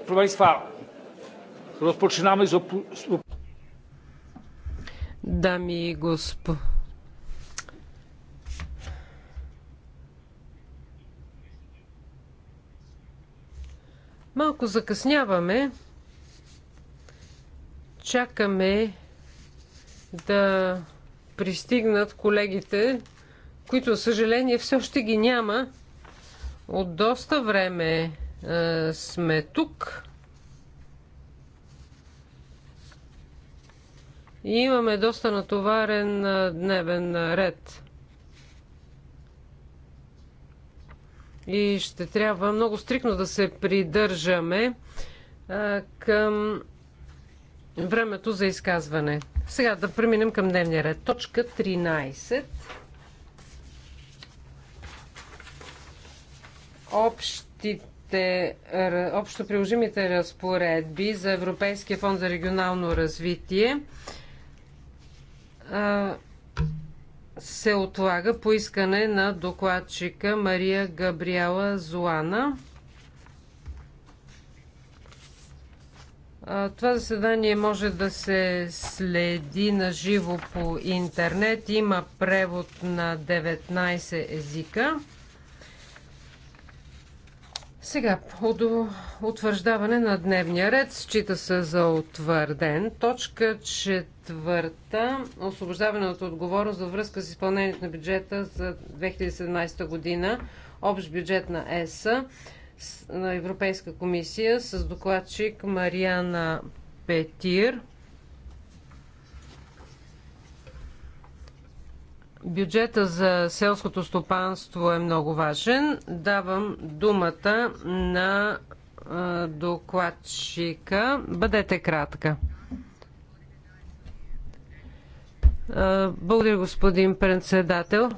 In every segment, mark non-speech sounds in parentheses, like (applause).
Proszę Państwa, rozpoczynamy z Dami i Малко закъсняваме. Чакаме да пристигнат колегите, които, съжаление, все още ги няма. От доста време е, сме тук. И имаме доста натоварен е, дневен ред. И ще трябва много стрикно да се придържаме а, е, към времето за изказване. Сега да преминем към дневния ред. Точка 13. Общите общите, общо приложимите разпоредби за Европейския фонд за регионално развитие се отлага по искане на докладчика Мария Габриела Зуана. Това заседание може да се следи на живо по интернет. Има превод на 19 езика. Сега, от утвърждаване на дневния ред счита се за утвърден. Точка четвърта. Освобождаване от отговорност във връзка с изпълнението на бюджета за 2017 година. Общ бюджет на ЕС на Европейска комисия с докладчик Мариана Петир. Бюджета за селското стопанство е много важен. Давам думата на докладчика. Бъдете кратка. Благодаря, господин председател.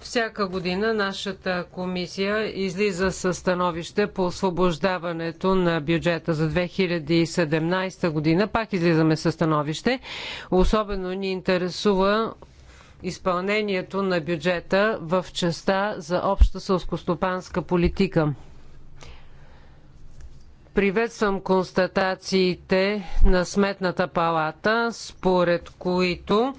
Всяка година нашата комисия излиза със становище по освобождаването на бюджета за 2017 година. Пак излизаме със становище. Особено ни интересува изпълнението на бюджета в частта за обща сълскостопанска политика. Приветствам констатациите на Сметната палата, според които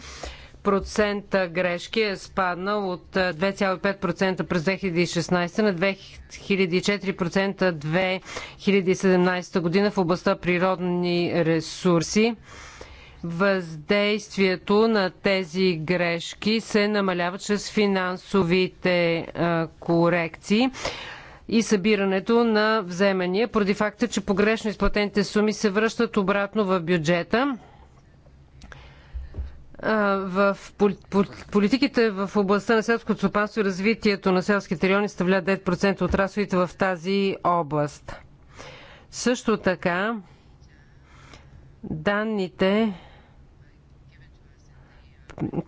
процента грешки е спаднал от 2,5% е, през 2016 на 2,4% 2017 година в областта природни ресурси въздействието на тези грешки се намалява чрез финансовите корекции и събирането на вземания, поради факта, че погрешно изплатените суми се връщат обратно в бюджета. В политиките в областта на селското стопанство и развитието на селските райони съставляват 9% от разходите в тази област. Също така, данните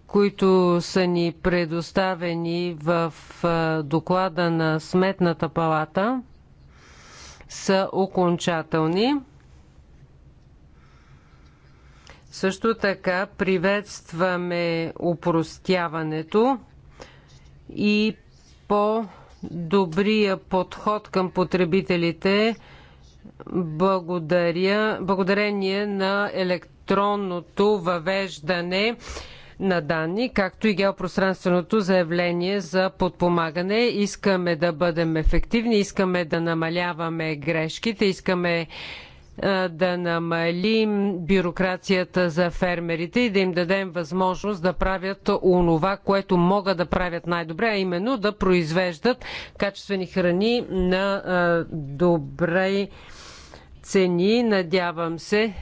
които са ни предоставени в доклада на Сметната палата, са окончателни. Също така приветстваме упростяването и по-добрия подход към потребителите благодаря, благодарение на електронното въвеждане на данни, както и геопространственото заявление за подпомагане. Искаме да бъдем ефективни, искаме да намаляваме грешките, искаме да намалим бюрокрацията за фермерите и да им дадем възможност да правят онова, което могат да правят най-добре, а именно да произвеждат качествени храни на добре цени. Надявам се,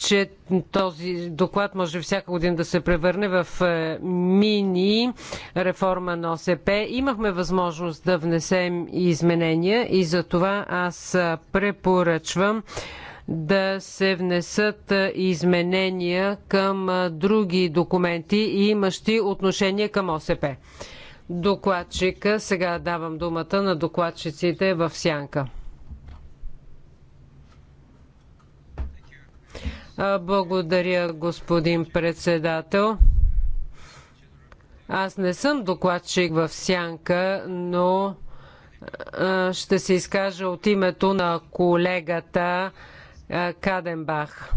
че този доклад може всяка година да се превърне в е, мини реформа на ОСП. Имахме възможност да внесем изменения и за това аз е, препоръчвам да се внесат е, изменения към други документи, имащи отношение към ОСП. Докладчика, сега давам думата на докладчиците в Сянка. Благодаря, господин председател. Аз не съм докладчик в Сянка, но ще се изкажа от името на колегата Каденбах.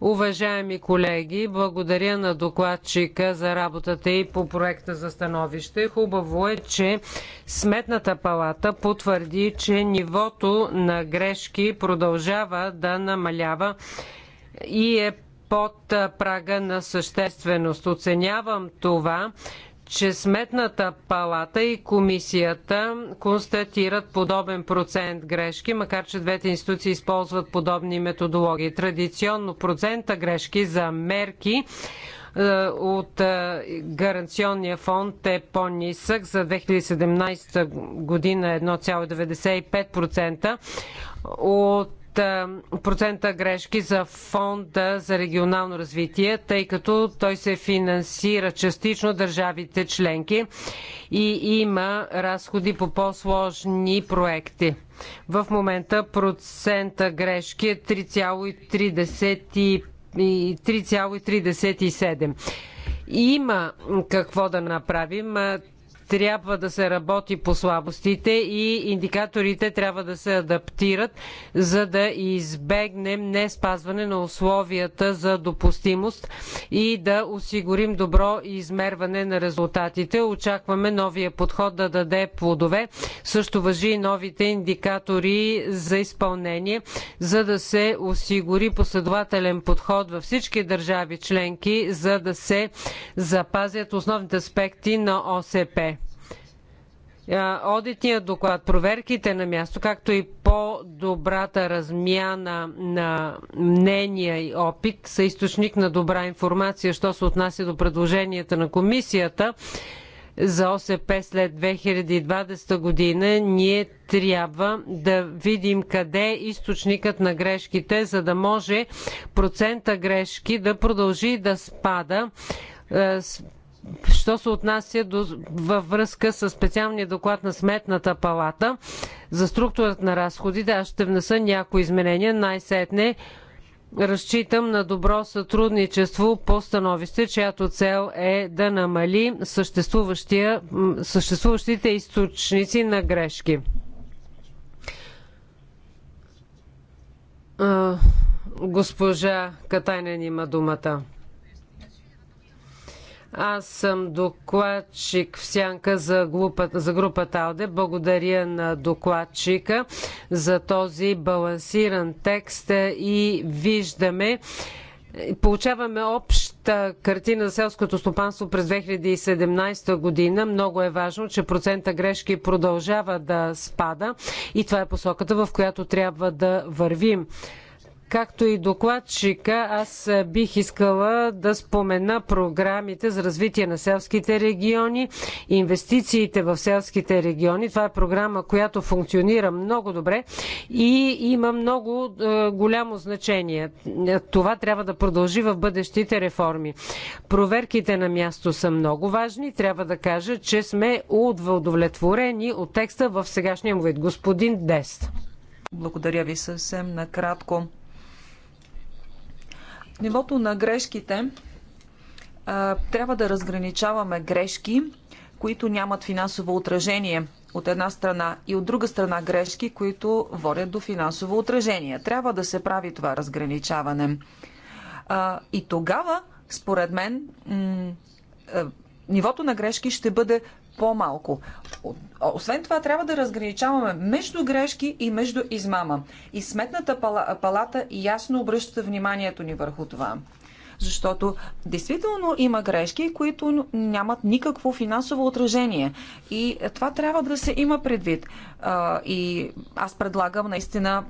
Уважаеми колеги, благодаря на докладчика за работата и по проекта за становище. Хубаво е, че Сметната палата потвърди, че нивото на грешки продължава да намалява и е под прага на същественост. Оценявам това, че Сметната палата и комисията констатират подобен процент грешки, макар че двете институции използват подобни методологии. Традиционно процента грешки за мерки е, от е, гаранционния фонд е по-нисък. За 2017 година 1,95% е от процента грешки за фонда за регионално развитие, тъй като той се финансира частично държавите членки и има разходи по по-сложни проекти. В момента процента грешки е 3,37. Има какво да направим трябва да се работи по слабостите и индикаторите трябва да се адаптират, за да избегнем не спазване на условията за допустимост и да осигурим добро измерване на резултатите. Очакваме новия подход да даде плодове. Също въжи и новите индикатори за изпълнение, за да се осигури последователен подход във всички държави членки, за да се запазят основните аспекти на ОСП одитният доклад, проверките на място, както и по-добрата размяна на мнения и опит са източник на добра информация, що се отнася до предложенията на комисията за ОСП след 2020 година, ние трябва да видим къде е източникът на грешките, за да може процента грешки да продължи да спада Що се отнася до, във връзка с специалния доклад на Сметната палата за структурата на разходите, аз ще внеса някои изменения. Най-сетне разчитам на добро сътрудничество по становище, чиято цел е да намали съществуващите източници на грешки. Госпожа Катайнен има думата. Аз съм докладчик в сянка за, глупата, за групата Алде. Благодаря на докладчика за този балансиран текст и виждаме Получаваме обща картина за селското стопанство през 2017 година. Много е важно, че процента грешки продължава да спада и това е посоката, в която трябва да вървим. Както и докладчика, аз бих искала да спомена програмите за развитие на селските региони, инвестициите в селските региони. Това е програма, която функционира много добре и има много е, голямо значение. Това трябва да продължи в бъдещите реформи. Проверките на място са много важни. Трябва да кажа, че сме удовлетворени от текста в сегашния му вид. Господин Дест. Благодаря ви съвсем накратко нивото на грешките а, трябва да разграничаваме грешки, които нямат финансово отражение от една страна и от друга страна грешки, които водят до финансово отражение. Трябва да се прави това разграничаване. А, и тогава, според мен, нивото на грешки ще бъде по-малко. Освен това, трябва да разграничаваме между грешки и между измама. И Сметната палата ясно обръща вниманието ни върху това. Защото действително има грешки, които нямат никакво финансово отражение. И е, това трябва да се има предвид. И аз предлагам наистина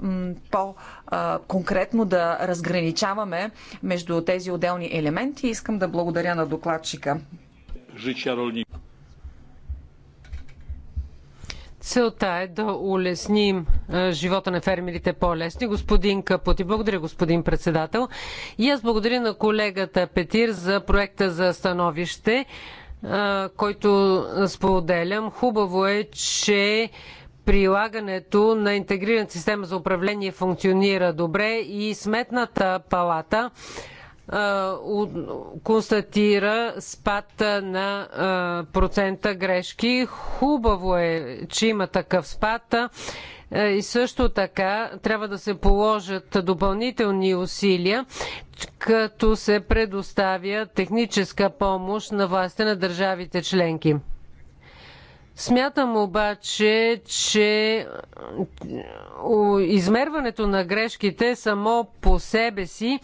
по-конкретно да разграничаваме между тези отделни елементи. Искам да благодаря на докладчика. Жича Ролник. Целта е да улесним живота на фермерите по-лесни. Господин Капоти, благодаря, господин председател. И аз благодаря на колегата Петир за проекта за становище, който споделям. Хубаво е, че прилагането на интегрираната система за управление функционира добре и сметната палата констатира спад на процента грешки. Хубаво е, че има такъв спад. И също така трябва да се положат допълнителни усилия, като се предоставя техническа помощ на властите на държавите членки. Смятам обаче, че измерването на грешките само по себе си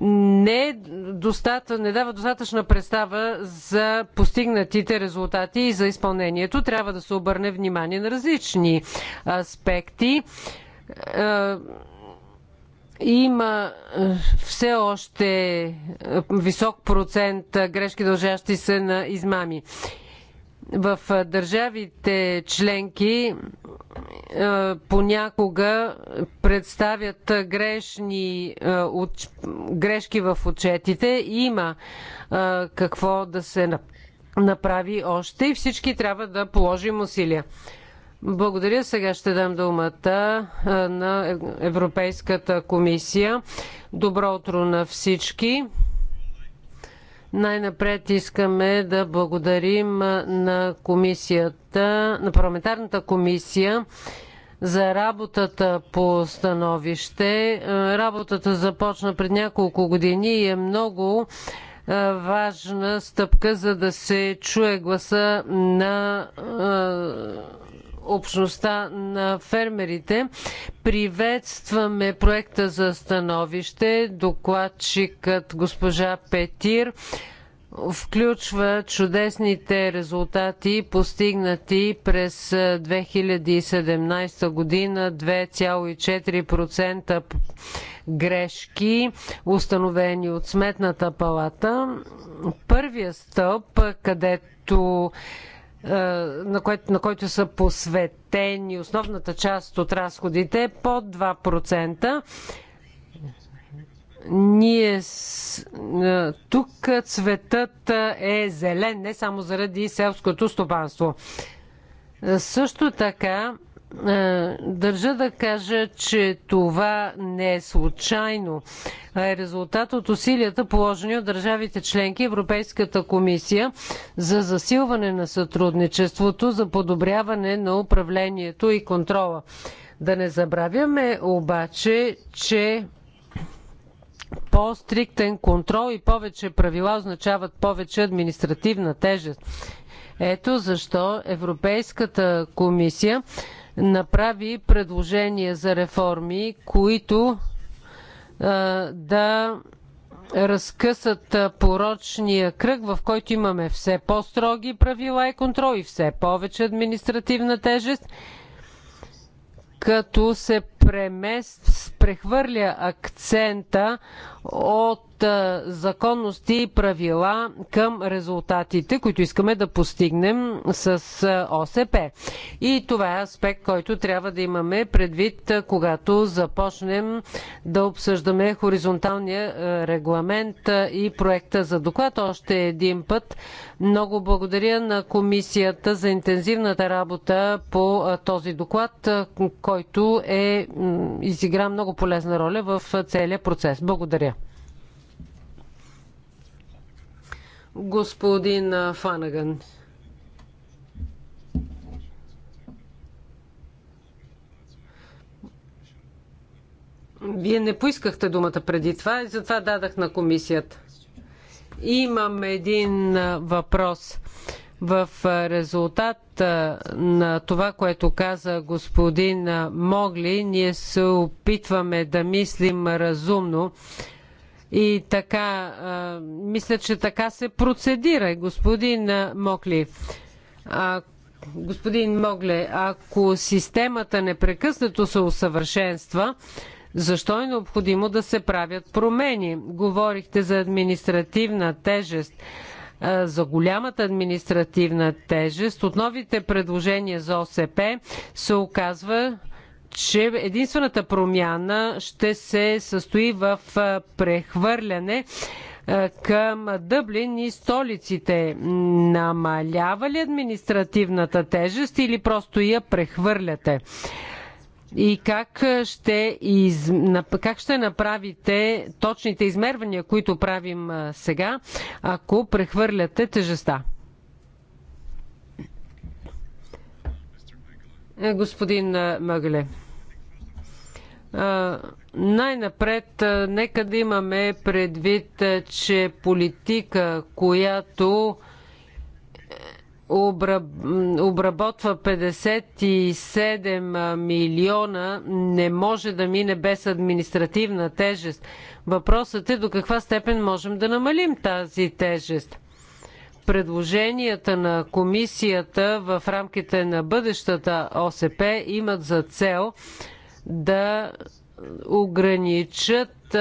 не, достата, не дава достатъчна представа за постигнатите резултати и за изпълнението. Трябва да се обърне внимание на различни аспекти. Е, има е, все още е, висок процент грешки, дължащи се на измами. В държавите членки е, понякога представят грешни, е, грешки в отчетите. Има е, какво да се направи още и всички трябва да положим усилия. Благодаря. Сега ще дам думата на Европейската комисия. Добро утро на всички. Най-напред искаме да благодарим на комисията, на парламентарната комисия за работата по становище. Работата започна пред няколко години и е много важна стъпка, за да се чуе гласа на общността на фермерите. Приветстваме проекта за становище. Докладчикът госпожа Петир включва чудесните резултати, постигнати през 2017 година 2,4% грешки, установени от Сметната палата. Първия стълб, където е, на, на който са посветени основната част от разходите, под 2%. Ние е, тук цветът е зелен, не само заради селското стопанство. Е, също така е, държа да кажа, че това не е случайно, а е резултат от усилията положени от държавите членки Европейската комисия за засилване на сътрудничеството, за подобряване на управлението и контрола. Да не забравяме обаче, че по-стриктен контрол и повече правила означават повече административна тежест. Ето защо Европейската комисия направи предложения за реформи, които да разкъсат порочния кръг, в който имаме все по-строги правила и контрол и все повече административна тежест, като се премест, прехвърля акцента от законности и правила към резултатите, които искаме да постигнем с ОСП. И това е аспект, който трябва да имаме предвид, когато започнем да обсъждаме хоризонталния регламент и проекта за доклад. Още един път много благодаря на комисията за интензивната работа по този доклад, който е изигра много полезна роля в целия процес. Благодаря. господин Фанаган. Вие не поискахте думата преди това и затова дадах на комисията. Имам един въпрос. В резултат на това, което каза господин Могли, ние се опитваме да мислим разумно и така, а, мисля, че така се процедира, господин Мокли. А, господин Могле, ако системата непрекъснато се усъвършенства, защо е необходимо да се правят промени? Говорихте за административна тежест, за голямата административна тежест. От новите предложения за ОСП се оказва, че единствената промяна ще се състои в прехвърляне към Дъблин и столиците. Намалява ли административната тежест или просто я прехвърляте? И как ще, из... как ще направите точните измервания, които правим сега, ако прехвърляте тежеста? Е, господин е, Мъгле, е, най-напред, нека да имаме предвид, че политика, която обработва 57 милиона, не може да мине без административна тежест. Въпросът е до каква степен можем да намалим тази тежест предложенията на комисията в рамките на бъдещата ОСП имат за цел да ограничат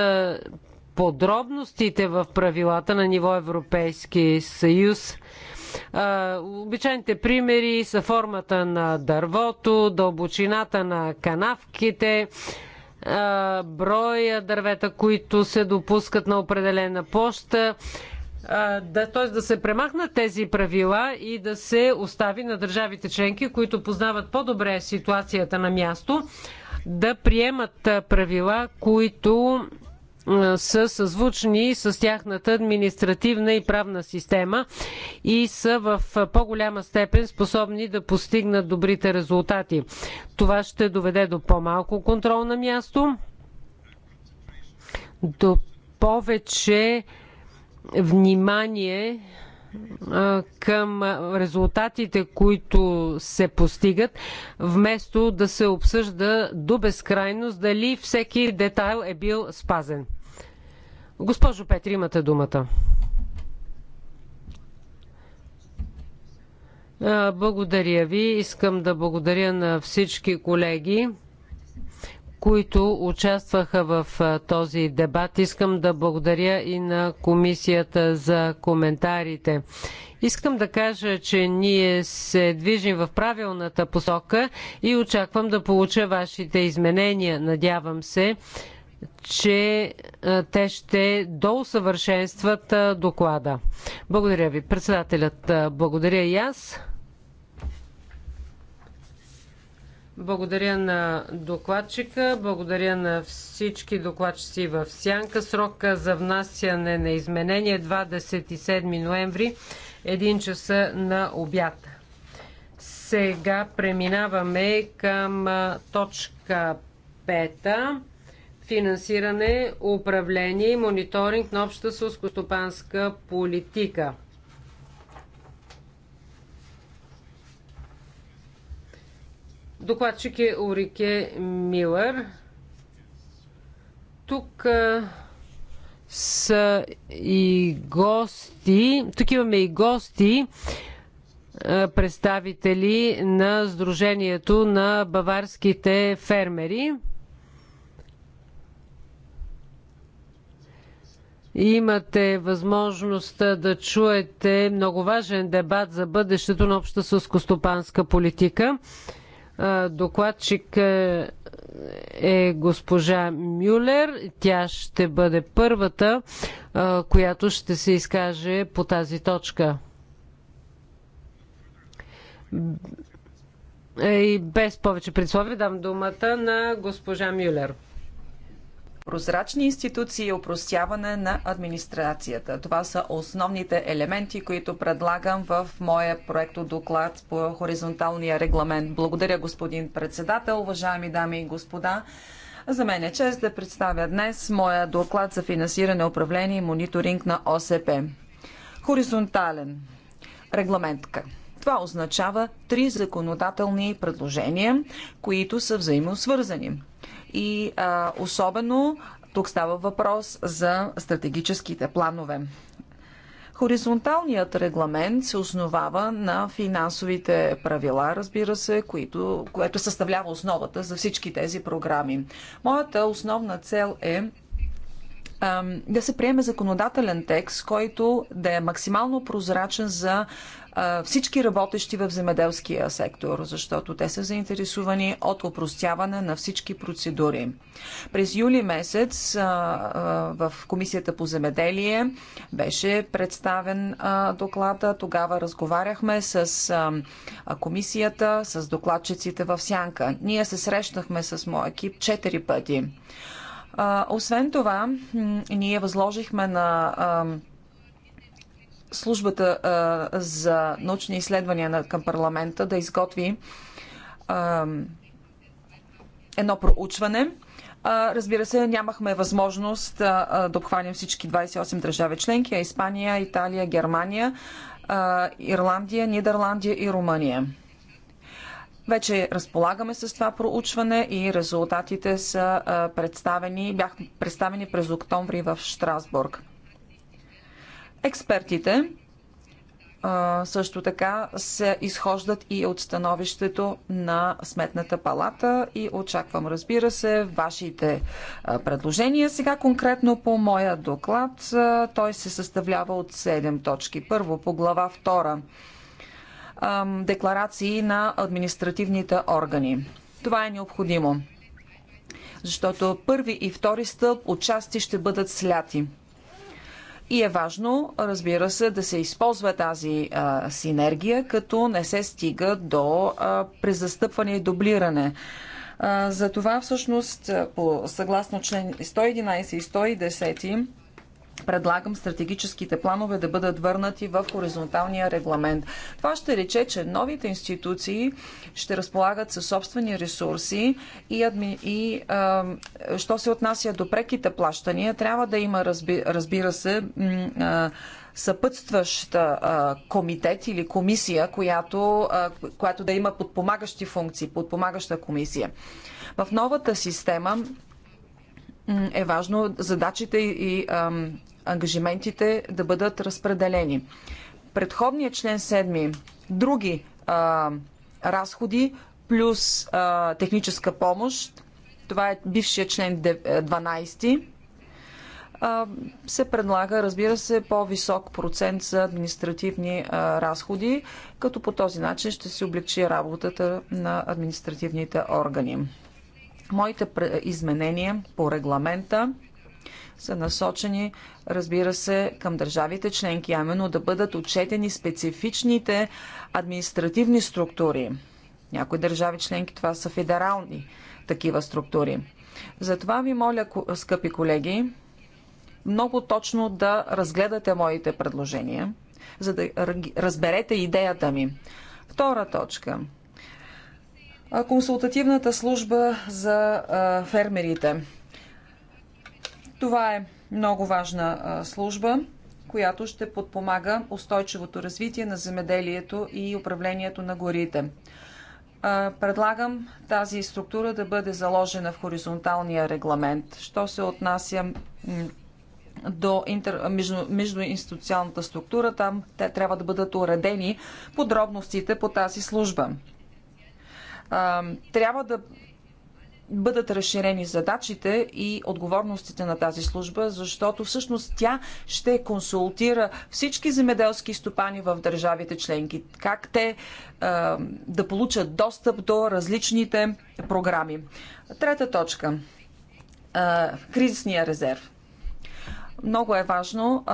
подробностите в правилата на ниво Европейски съюз. Обичайните примери са формата на дървото, дълбочината на канавките, броя дървета, които се допускат на определена площа да, т.е. да се премахнат тези правила и да се остави на държавите членки, които познават по-добре ситуацията на място, да приемат правила, които са съзвучни с тяхната административна и правна система и са в по-голяма степен способни да постигнат добрите резултати. Това ще доведе до по-малко контрол на място, до повече внимание към резултатите, които се постигат, вместо да се обсъжда до безкрайност дали всеки детайл е бил спазен. Госпожо Петри, имате думата. Благодаря ви. Искам да благодаря на всички колеги които участваха в този дебат. Искам да благодаря и на комисията за коментарите. Искам да кажа, че ние се движим в правилната посока и очаквам да получа вашите изменения. Надявам се, че те ще доусъвършенстват доклада. Благодаря ви. Председателят, благодаря и аз. Благодаря на докладчика, благодаря на всички докладчици в Сянка. Срока за внасяне на изменение 27 ноември, 1 часа на обяд. Сега преминаваме към точка 5. Финансиране, управление и мониторинг на обща сълскостопанска политика. Докладчик е Орике Милър. Тук а, са и гости. Тук имаме и гости а, представители на Сдружението на баварските фермери. Имате възможност да чуете много важен дебат за бъдещето на обща сълскостопанска политика. Докладчик е, е госпожа Мюлер. Тя ще бъде първата, която ще се изкаже по тази точка. Е, и без повече предслови дам думата на госпожа Мюлер прозрачни институции и упростяване на администрацията. Това са основните елементи, които предлагам в моя проекто доклад по хоризонталния регламент. Благодаря, господин председател, уважаеми дами и господа. За мен е чест да представя днес моя доклад за финансиране, управление и мониторинг на ОСП. Хоризонтален регламентка. Това означава три законодателни предложения, които са взаимосвързани и а, особено тук става въпрос за стратегическите планове. Хоризонталният регламент се основава на финансовите правила, разбира се, които, което съставлява основата за всички тези програми. Моята основна цел е да се приеме законодателен текст, който да е максимално прозрачен за всички работещи в земеделския сектор, защото те са заинтересувани от опростяване на всички процедури. През юли месец в Комисията по земеделие беше представен доклада. Тогава разговаряхме с комисията, с докладчиците в Сянка. Ние се срещнахме с моя екип четири пъти. Освен това, ние възложихме на службата за научни изследвания към парламента да изготви едно проучване. Разбира се, нямахме възможност да обхванем всички 28 държави членки, а Испания, Италия, Германия, Ирландия, Нидерландия и Румъния. Вече разполагаме с това проучване и резултатите са представени, бях представени през октомври в Штрасбург. Експертите също така се изхождат и от становището на Сметната палата и очаквам, разбира се, вашите предложения. Сега конкретно по моя доклад, той се съставлява от 7 точки. Първо по глава 2 декларации на административните органи. Това е необходимо, защото първи и втори стълб отчасти ще бъдат сляти. И е важно, разбира се, да се използва тази а, синергия, като не се стига до а, презастъпване и дублиране. А, за това всъщност, по, съгласно член 111 и 110, предлагам стратегическите планове да бъдат върнати в хоризонталния регламент. Това ще рече, че новите институции ще разполагат със собствени ресурси и, адми... и а, що се отнася до преките плащания, трябва да има, разби... разбира се, а, съпътстваща а, комитет или комисия, която, а, която да има подпомагащи функции, подпомагаща комисия. В новата система е важно задачите и ам, ангажиментите да бъдат разпределени. Предходният член 7. Други а, разходи плюс а, техническа помощ. Това е бившия член 12 се предлага, разбира се, по-висок процент за административни разходи, като по този начин ще се облегчи работата на административните органи. Моите изменения по регламента са насочени, разбира се, към държавите членки, а именно да бъдат отчетени специфичните административни структури. Някои държави членки това са федерални такива структури. Затова ви моля, скъпи колеги, много точно да разгледате моите предложения, за да разберете идеята ми. Втора точка. Консултативната служба за фермерите. Това е много важна служба, която ще подпомага устойчивото развитие на земеделието и управлението на горите. Предлагам тази структура да бъде заложена в хоризонталния регламент. Що се отнася до интер, между, институционалната структура, там те трябва да бъдат уредени подробностите по тази служба. Трябва да бъдат разширени задачите и отговорностите на тази служба, защото всъщност тя ще консултира всички земеделски стопани в държавите членки, как те е, да получат достъп до различните програми. Трета точка. Е, кризисния резерв. Много е важно. Е,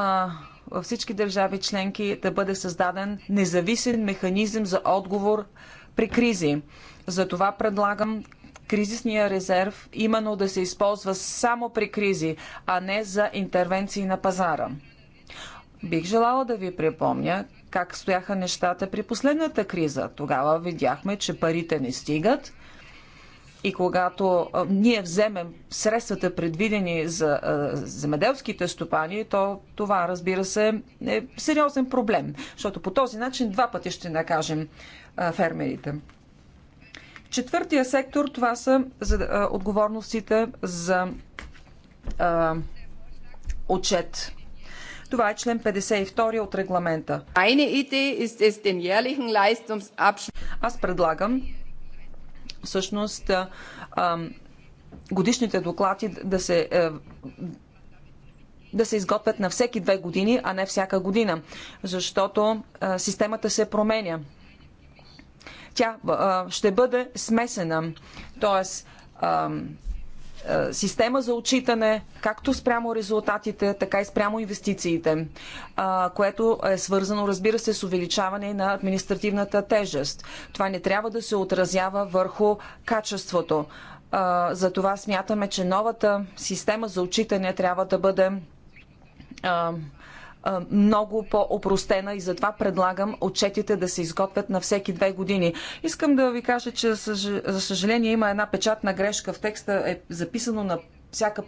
във всички държави членки да бъде създаден независим механизъм за отговор при кризи. Затова предлагам кризисния резерв именно да се използва само при кризи, а не за интервенции на пазара. Бих желала да ви припомня как стояха нещата при последната криза. Тогава видяхме, че парите не стигат и когато ние вземем средствата предвидени за земеделските стопани, то това, разбира се, е сериозен проблем, защото по този начин два пъти ще накажем фермерите. Четвъртия сектор това са отговорностите за а, отчет. Това е член 52 от регламента. Аз предлагам всъщност а, годишните доклади да се а, да се изготвят на всеки две години, а не всяка година, защото а, системата се променя тя ще бъде смесена. Тоест, система за отчитане, както спрямо резултатите, така и спрямо инвестициите, което е свързано, разбира се, с увеличаване на административната тежест. Това не трябва да се отразява върху качеството. Затова смятаме, че новата система за отчитане трябва да бъде много по-опростена и затова предлагам отчетите да се изготвят на всеки две години. Искам да ви кажа, че за съжаление има една печатна грешка в текста, е записано на всяка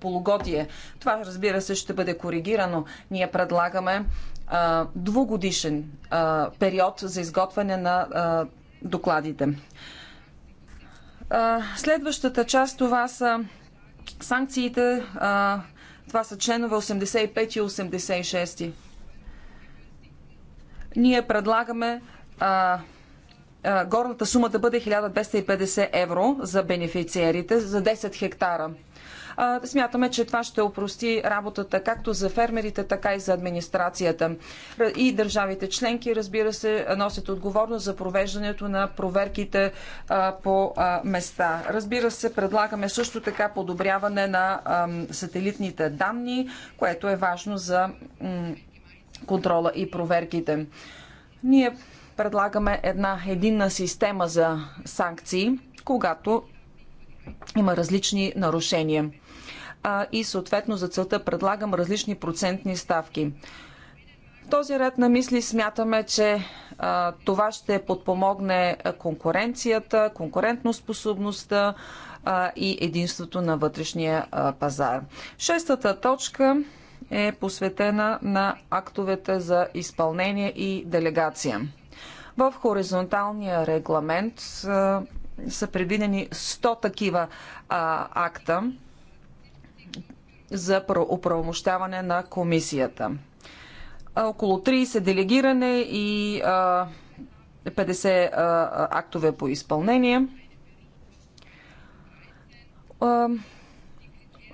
полугодие. Това, разбира се, ще бъде коригирано. Ние предлагаме а, двугодишен а, период за изготвяне на а, докладите. А, следващата част това са санкциите, а, това са членове 85 и 86. Ние предлагаме а, а, горната сума да бъде 1250 евро за бенефициерите за 10 хектара. Смятаме, че това ще опрости работата както за фермерите, така и за администрацията. И държавите членки, разбира се, носят отговорност за провеждането на проверките по места. Разбира се, предлагаме също така подобряване на сателитните данни, което е важно за контрола и проверките. Ние предлагаме една единна система за санкции, когато има различни нарушения а, и съответно за целта предлагам различни процентни ставки. В този ред на мисли смятаме, че а, това ще подпомогне конкуренцията, конкурентноспособността а, и единството на вътрешния а, пазар. Шестата точка е посветена на актовете за изпълнение и делегация. В хоризонталния регламент а, са предвидени 100 такива а, акта за оправомощаване на комисията. Около 30 делегиране и 50 актове по изпълнение.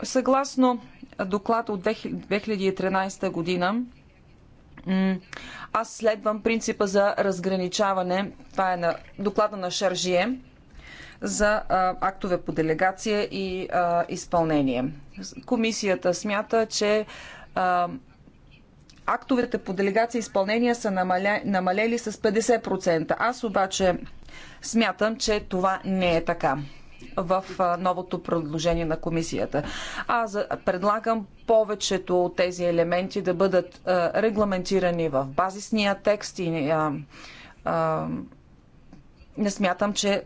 Съгласно доклад от 2013 година, аз следвам принципа за разграничаване. Това е на доклада на Шаржие за актове по делегация и изпълнение. Комисията смята, че актовете по делегация и изпълнение са намалели с 50%. Аз обаче смятам, че това не е така в новото предложение на комисията. Аз предлагам повечето от тези елементи да бъдат регламентирани в базисния текст и не смятам, че е,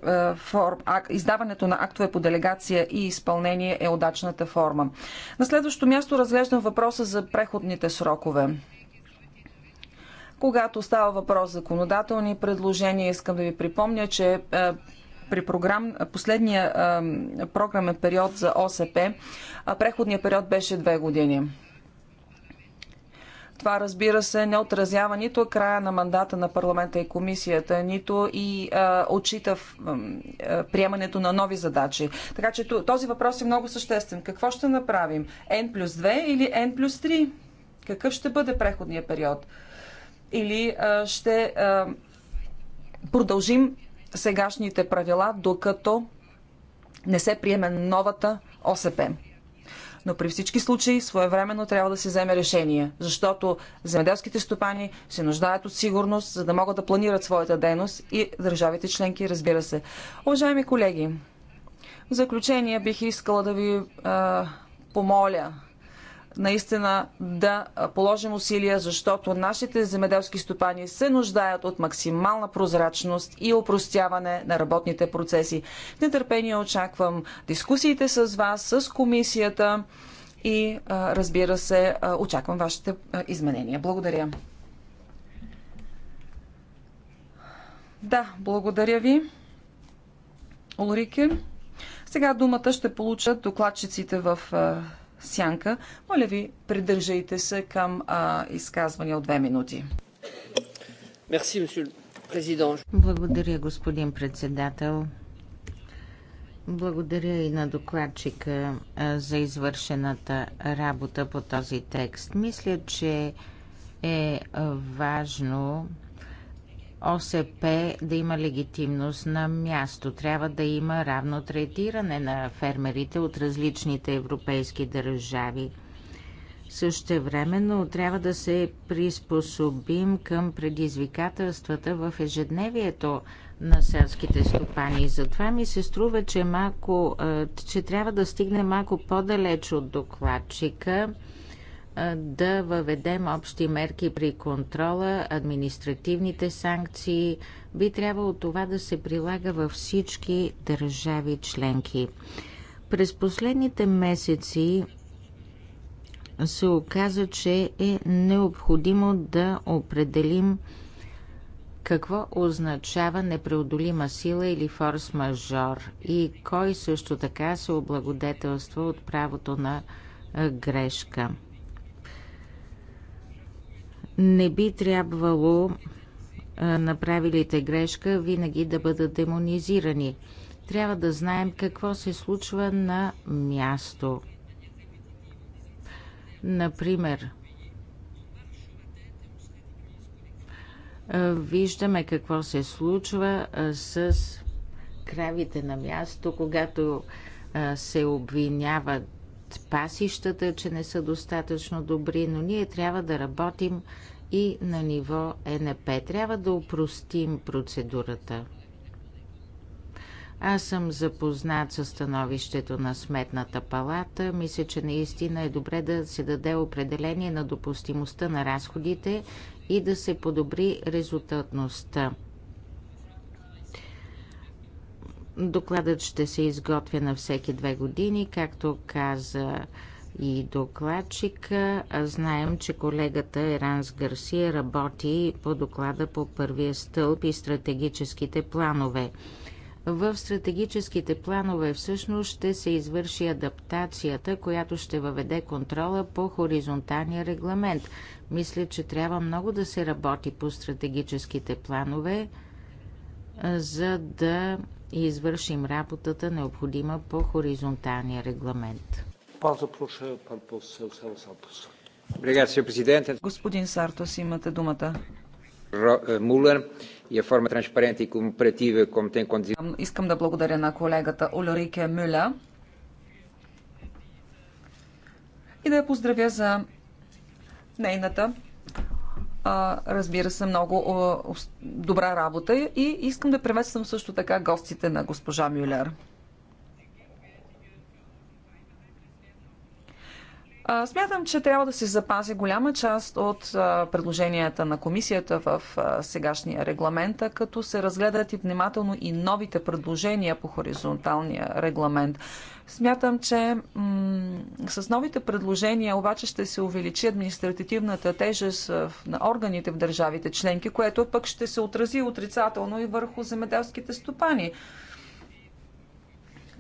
издаването на актове по делегация и изпълнение е удачната форма. На следващо място разглеждам въпроса за преходните срокове. Когато става въпрос за законодателни предложения, искам да ви припомня, че е, при програм, последния е, програмен период за ОСП, преходният период беше две години. Това, разбира се, не отразява нито края на мандата на парламента и комисията, нито и а, отчита в, а, приемането на нови задачи. Така че този въпрос е много съществен. Какво ще направим? N плюс 2 или N плюс 3? Какъв ще бъде преходния период? Или а, ще а, продължим сегашните правила, докато не се приеме новата ОСП? но при всички случаи своевременно трябва да се вземе решение, защото земеделските стопани се нуждаят от сигурност, за да могат да планират своята дейност и държавите членки, разбира се. Уважаеми колеги, в заключение бих искала да ви а, помоля наистина да положим усилия, защото нашите земеделски стопани се нуждаят от максимална прозрачност и упростяване на работните процеси. В нетърпение очаквам дискусиите с вас, с комисията и разбира се, очаквам вашите изменения. Благодаря. Да, благодаря ви. Олрике. Сега думата ще получат докладчиците в сянка. Моля ви, придържайте се към а, изказвания от две минути. Благодаря, господин председател. Благодаря и на докладчика за извършената работа по този текст. Мисля, че е важно ОСП да има легитимност на място. Трябва да има равно третиране на фермерите от различните европейски държави. Същевременно трябва да се приспособим към предизвикателствата в ежедневието на селските стопани. Затова ми се струва, че, малко, че трябва да стигне малко по-далеч от докладчика да въведем общи мерки при контрола, административните санкции. Би трябвало това да се прилага във всички държави членки. През последните месеци се оказа, че е необходимо да определим какво означава непреодолима сила или форс-мажор и кой също така се облагодетелства от правото на грешка. Не би трябвало направилите грешка винаги да бъдат демонизирани. Трябва да знаем какво се случва на място. Например, виждаме какво се случва с кравите на място, когато се обвиняват пасищата, че не са достатъчно добри, но ние трябва да работим и на ниво НП. Трябва да упростим процедурата. Аз съм запознат с становището на Сметната палата. Мисля, че наистина е добре да се даде определение на допустимостта на разходите и да се подобри резултатността. Докладът ще се изготвя на всеки две години, както каза и докладчика. Знаем, че колегата Еранс Гарсия работи по доклада по първия стълб и стратегическите планове. В стратегическите планове всъщност ще се извърши адаптацията, която ще въведе контрола по хоризонталния регламент. Мисля, че трябва много да се работи по стратегическите планове, за да и извършим работата необходима по хоризонталния регламент. Господин Сартос, имате думата. Е, е искам да благодаря на колегата Олерике Мюля и да я поздравя за нейната разбира се, много добра работа и искам да приветствам също така гостите на госпожа Мюлер. Смятам, че трябва да се запази голяма част от предложенията на комисията в сегашния регламент, като се разгледат и внимателно и новите предложения по хоризонталния регламент. Смятам, че с новите предложения обаче ще се увеличи административната тежест на органите в държавите членки, което пък ще се отрази отрицателно и върху земеделските стопани.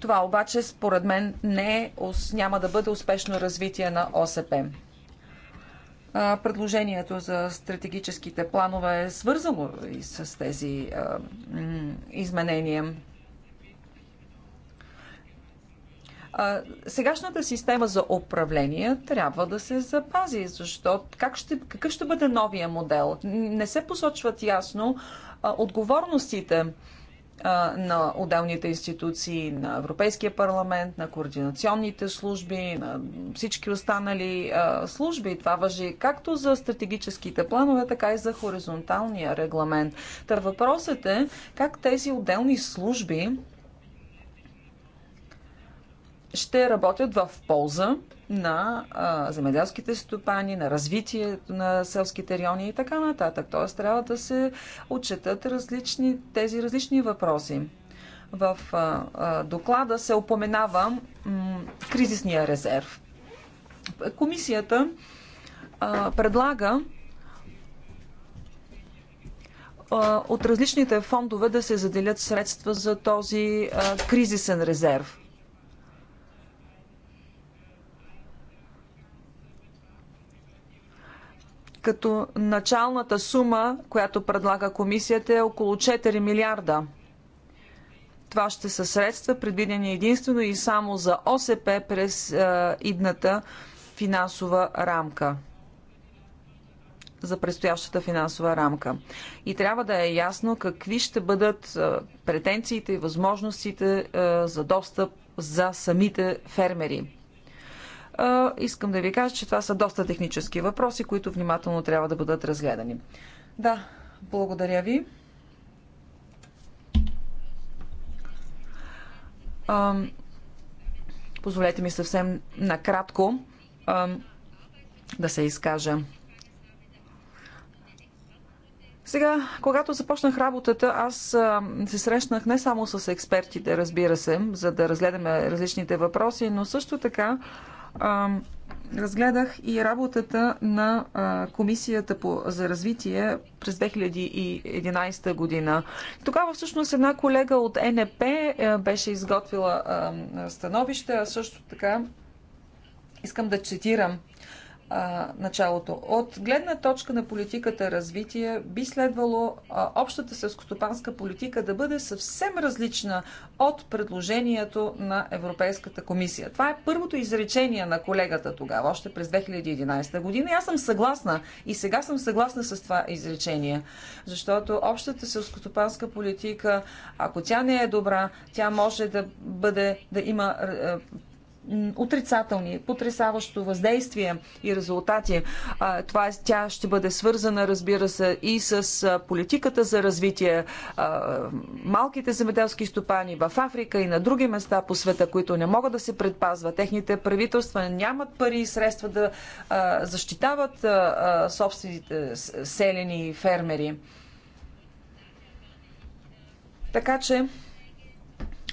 Това обаче, според мен, не е, няма да бъде успешно развитие на ОСП. Предложението за стратегическите планове е свързано и с тези изменения. сегашната система за управление трябва да се запази, защото как ще, какъв ще бъде новия модел? Не се посочват ясно а, отговорностите а, на отделните институции, на Европейския парламент, на координационните служби, на всички останали а, служби. Това въжи както за стратегическите планове, така и за хоризонталния регламент. Та въпросът е как тези отделни служби ще работят в полза на а, земеделските стопани, на развитието на селските райони и така нататък. Тоест трябва да се отчетат различни, тези различни въпроси. В а, а, доклада се упоменава м, кризисния резерв. Комисията а, предлага а, от различните фондове да се заделят средства за този а, кризисен резерв като началната сума, която предлага комисията е около 4 милиарда. Това ще са средства, предвидени единствено и само за ОСП през е, идната финансова рамка. За предстоящата финансова рамка. И трябва да е ясно какви ще бъдат е, претенциите и възможностите е, за достъп за самите фермери искам да ви кажа, че това са доста технически въпроси, които внимателно трябва да бъдат разгледани. Да, благодаря ви. позволете ми съвсем накратко да се изкажа. Сега, когато започнах работата, аз се срещнах не само с експертите, разбира се, за да разгледаме различните въпроси, но също така разгледах и работата на Комисията по, за развитие през 2011 година. Тогава всъщност една колега от НП беше изготвила становище, а също така искам да цитирам а, началото. От гледна точка на политиката развитие би следвало а, общата селскостопанска политика да бъде съвсем различна от предложението на Европейската комисия. Това е първото изречение на колегата тогава, още през 2011 година. И аз съм съгласна и сега съм съгласна с това изречение, защото общата селскостопанска политика, ако тя не е добра, тя може да бъде, да има отрицателни, потрясаващо въздействие и резултати. Това е, тя ще бъде свързана, разбира се, и с политиката за развитие. Малките земеделски стопани в Африка и на други места по света, които не могат да се предпазват, техните правителства нямат пари и средства да защитават собствените селени фермери. Така че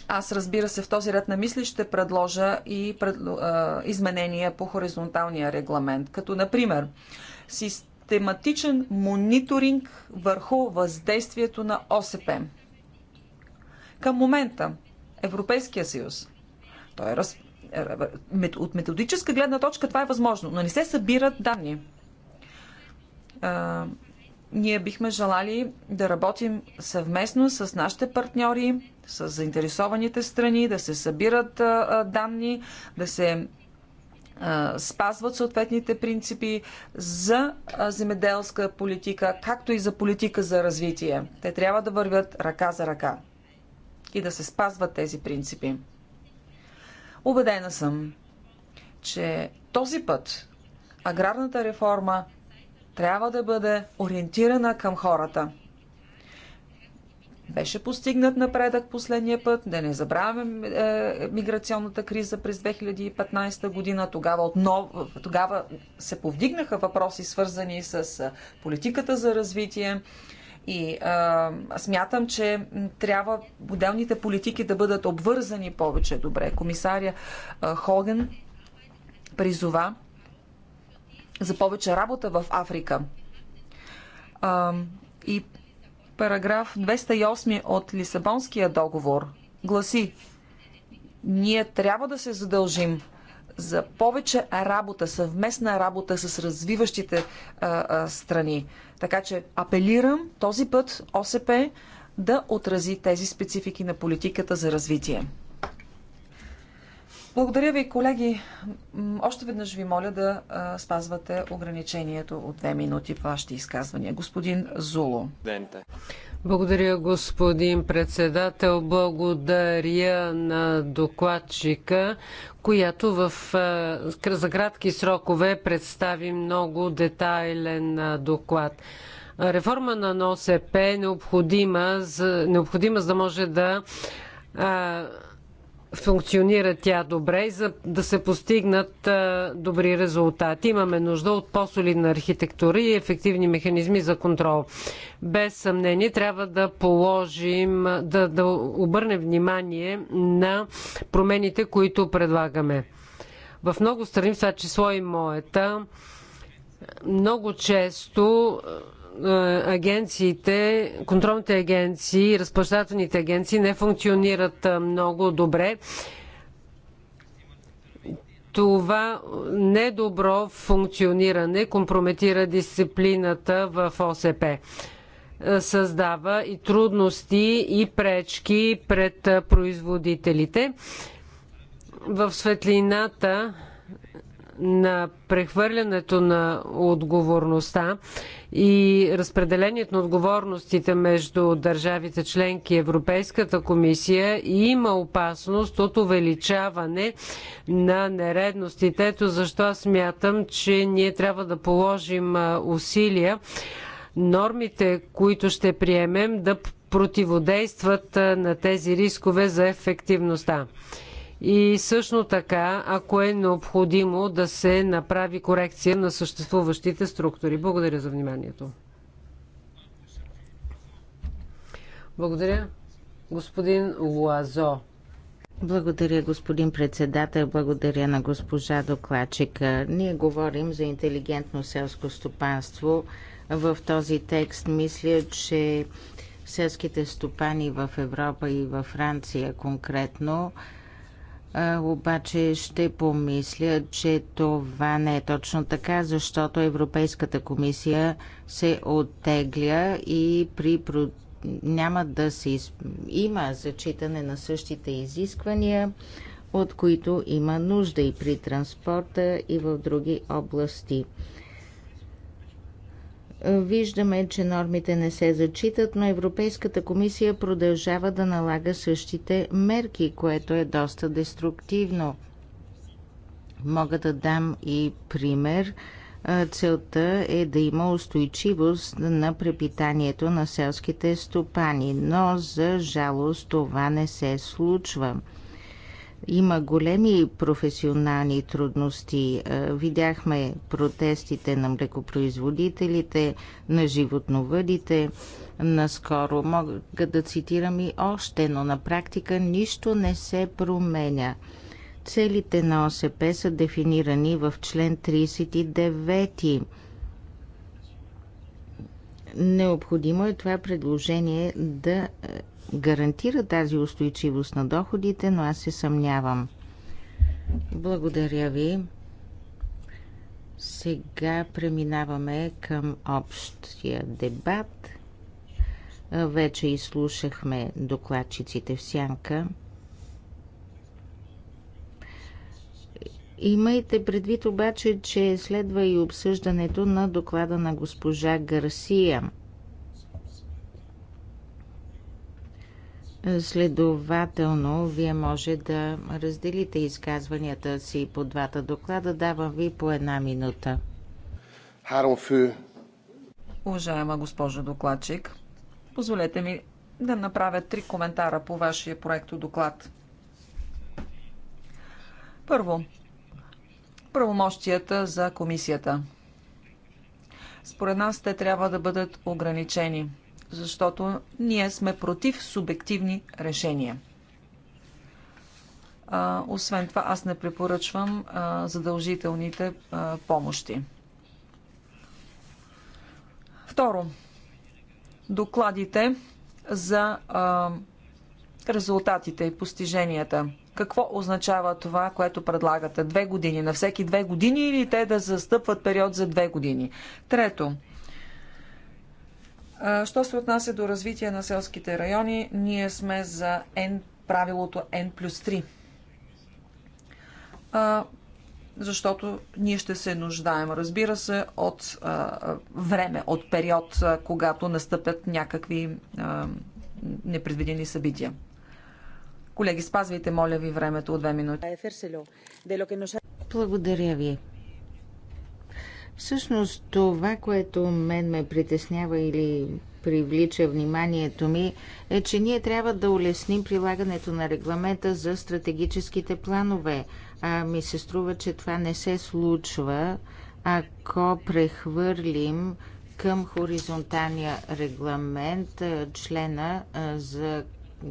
аз, разбира се, в този ред на мисли ще предложа и пред, а, изменения по хоризонталния регламент, като, например, систематичен мониторинг върху въздействието на ОСП. Към момента Европейския съюз, той е раз... от методическа гледна точка това е възможно, но не се събират данни. А, ние бихме желали да работим съвместно с нашите партньори, с заинтересованите страни, да се събират данни, да се спазват съответните принципи за земеделска политика, както и за политика за развитие. Те трябва да вървят ръка за ръка и да се спазват тези принципи. Убедена съм, че този път аграрната реформа трябва да бъде ориентирана към хората – беше постигнат напредък последния път, да не забравяме е, миграционната криза през 2015 година. Тогава, отново, тогава се повдигнаха въпроси, свързани с е, политиката за развитие. И е, смятам, че трябва отделните политики да бъдат обвързани повече добре. Комисаря е, Хоген призова за повече работа в Африка. Е, и Параграф 208 от Лисабонския договор гласи ние трябва да се задължим за повече работа, съвместна работа с развиващите а, а, страни. Така че апелирам този път ОСП да отрази тези специфики на политиката за развитие. Благодаря ви, колеги. Още веднъж ви моля да спазвате ограничението от две минути по вашите изказвания. Господин Зуло. Благодаря, господин председател. Благодаря на докладчика, която в, за кратки срокове представи много детайлен доклад. Реформа на НОСЕП е необходима, за, необходима за да може да функционира тя добре и за да се постигнат добри резултати. Имаме нужда от по-солидна архитектура и ефективни механизми за контрол. Без съмнение трябва да положим, да, да обърнем внимание на промените, които предлагаме. В много страни, в това число и моята, много често е, агенциите, контролните агенции, разплащателните агенции не функционират е, много добре. Това недобро функциониране компрометира дисциплината в ОСП. Е, създава и трудности и пречки пред производителите. В светлината на прехвърлянето на отговорността и разпределението на отговорностите между държавите членки и Европейската комисия има опасност от увеличаване на нередностите. Ето защо аз смятам, че ние трябва да положим усилия нормите, които ще приемем, да противодействат на тези рискове за ефективността. И също така, ако е необходимо да се направи корекция на съществуващите структури. Благодаря за вниманието. Благодаря. Господин Луазо. Благодаря, господин председател. Благодаря на госпожа докладчика. Ние говорим за интелигентно селско стопанство. В този текст мисля, че селските стопани в Европа и във Франция конкретно обаче ще помисля, че това не е точно така, защото Европейската комисия се оттегля и при няма да се из... има зачитане на същите изисквания, от които има нужда и при транспорта и в други области. Виждаме, че нормите не се зачитат, но Европейската комисия продължава да налага същите мерки, което е доста деструктивно. Мога да дам и пример. Целта е да има устойчивост на препитанието на селските стопани, но за жалост това не се случва има големи професионални трудности. Видяхме протестите на млекопроизводителите, на животновъдите. Наскоро мога да цитирам и още, но на практика нищо не се променя. Целите на ОСП са дефинирани в член 39. Необходимо е това предложение да е, гарантира тази устойчивост на доходите, но аз се съмнявам. Благодаря ви. Сега преминаваме към общия дебат. Вече изслушахме докладчиците в сянка. Имайте предвид обаче, че следва и обсъждането на доклада на госпожа Гарсия – Следователно, вие може да разделите изказванията си по двата доклада. Давам ви по една минута. Уважаема госпожо докладчик, позволете ми да направя три коментара по вашия проекто доклад. Първо, правомощията за комисията. Според нас те трябва да бъдат ограничени – защото ние сме против субективни решения. А, освен това, аз не препоръчвам а, задължителните а, помощи. Второ, докладите за а, резултатите и постиженията. Какво означава това, което предлагате? Две години. На всеки две години или те да застъпват период за две години? Трето, Що се отнася до развитие на селските райони, ние сме за N, правилото N плюс 3. А, защото ние ще се нуждаем, разбира се, от а, време, от период, а, когато настъпят някакви а, непредвидени събития. Колеги, спазвайте, моля ви, времето от две минути. Благодаря ви. Всъщност това, което мен ме притеснява или привлича вниманието ми, е, че ние трябва да улесним прилагането на регламента за стратегическите планове. А ми се струва, че това не се случва, ако прехвърлим към хоризонталния регламент члена за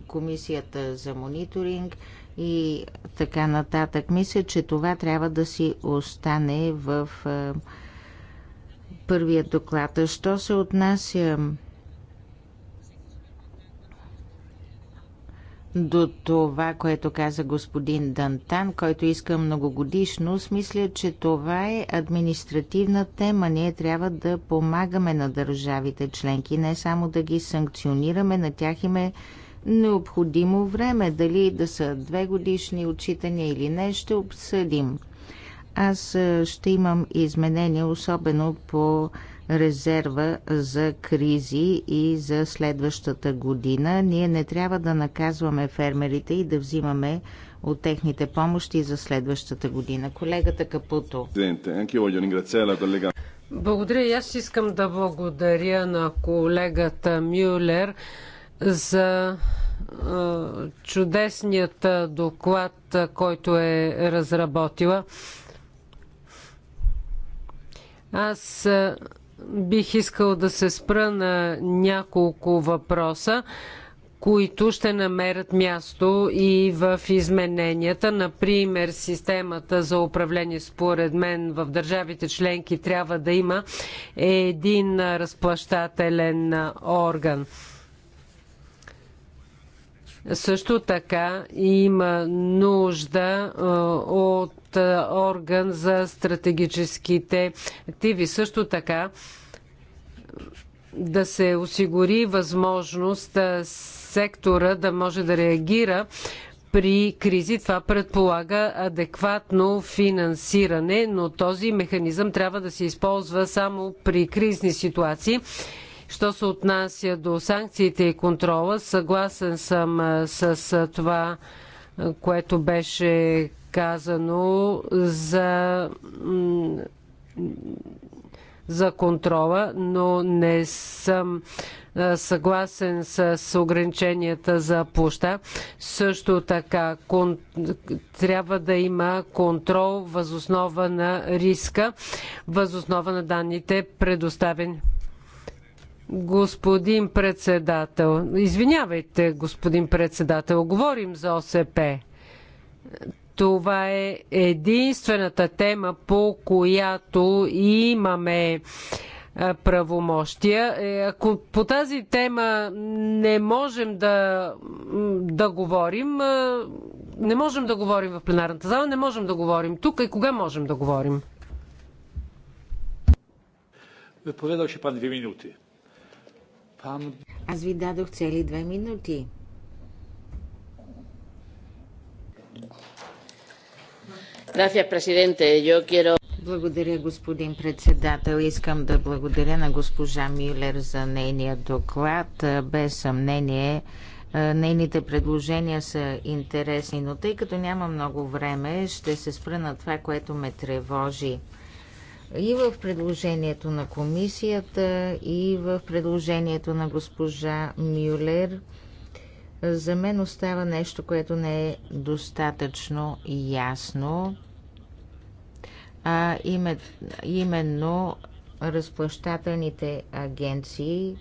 комисията за мониторинг и така нататък. Мисля, че това трябва да си остане в първия доклад. А що се отнася до това, което каза господин Дантан, който иска многогодишност, мисля, че това е административна тема. Ние трябва да помагаме на държавите членки, не само да ги санкционираме, на тях им е необходимо време. Дали да са две годишни отчитания или не, ще обсъдим. Аз е, ще имам изменения, особено по резерва за кризи и за следващата година. Ние не трябва да наказваме фермерите и да взимаме от техните помощи за следващата година. Колегата Капуто. Благодаря. Аз искам да благодаря на колегата Мюлер за чудесният доклад, който е разработила. Аз бих искал да се спра на няколко въпроса, които ще намерят място и в измененията. Например, системата за управление, според мен, в държавите членки трябва да има един разплащателен орган. Също така има нужда от орган за стратегическите активи. Също така да се осигури възможност сектора да може да реагира при кризи. Това предполага адекватно финансиране, но този механизъм трябва да се използва само при кризни ситуации Що се отнася до санкциите и контрола, съгласен съм с това, което беше казано за, за контрола, но не съм съгласен с ограниченията за площа. Също така кон... трябва да има контрол възоснова на риска, възоснова на данните предоставени. Господин председател, извинявайте, господин председател, говорим за ОСП. Това е единствената тема, по която имаме правомощия. Е, ако по тази тема не можем да, да говорим, не можем да говорим в пленарната зала, не можем да говорим тук и кога можем да говорим? Wypowiadał ще пан две минути. Аз ви дадох цели две минути. Благодаря, господин председател. Искам да благодаря на госпожа Милер за нейния доклад. Без съмнение, е, нейните предложения са интересни, но тъй като няма много време, ще се спра на това, което ме тревожи – и в предложението на комисията, и в предложението на госпожа Мюлер. За мен остава нещо, което не е достатъчно ясно, а именно разплащателните агенции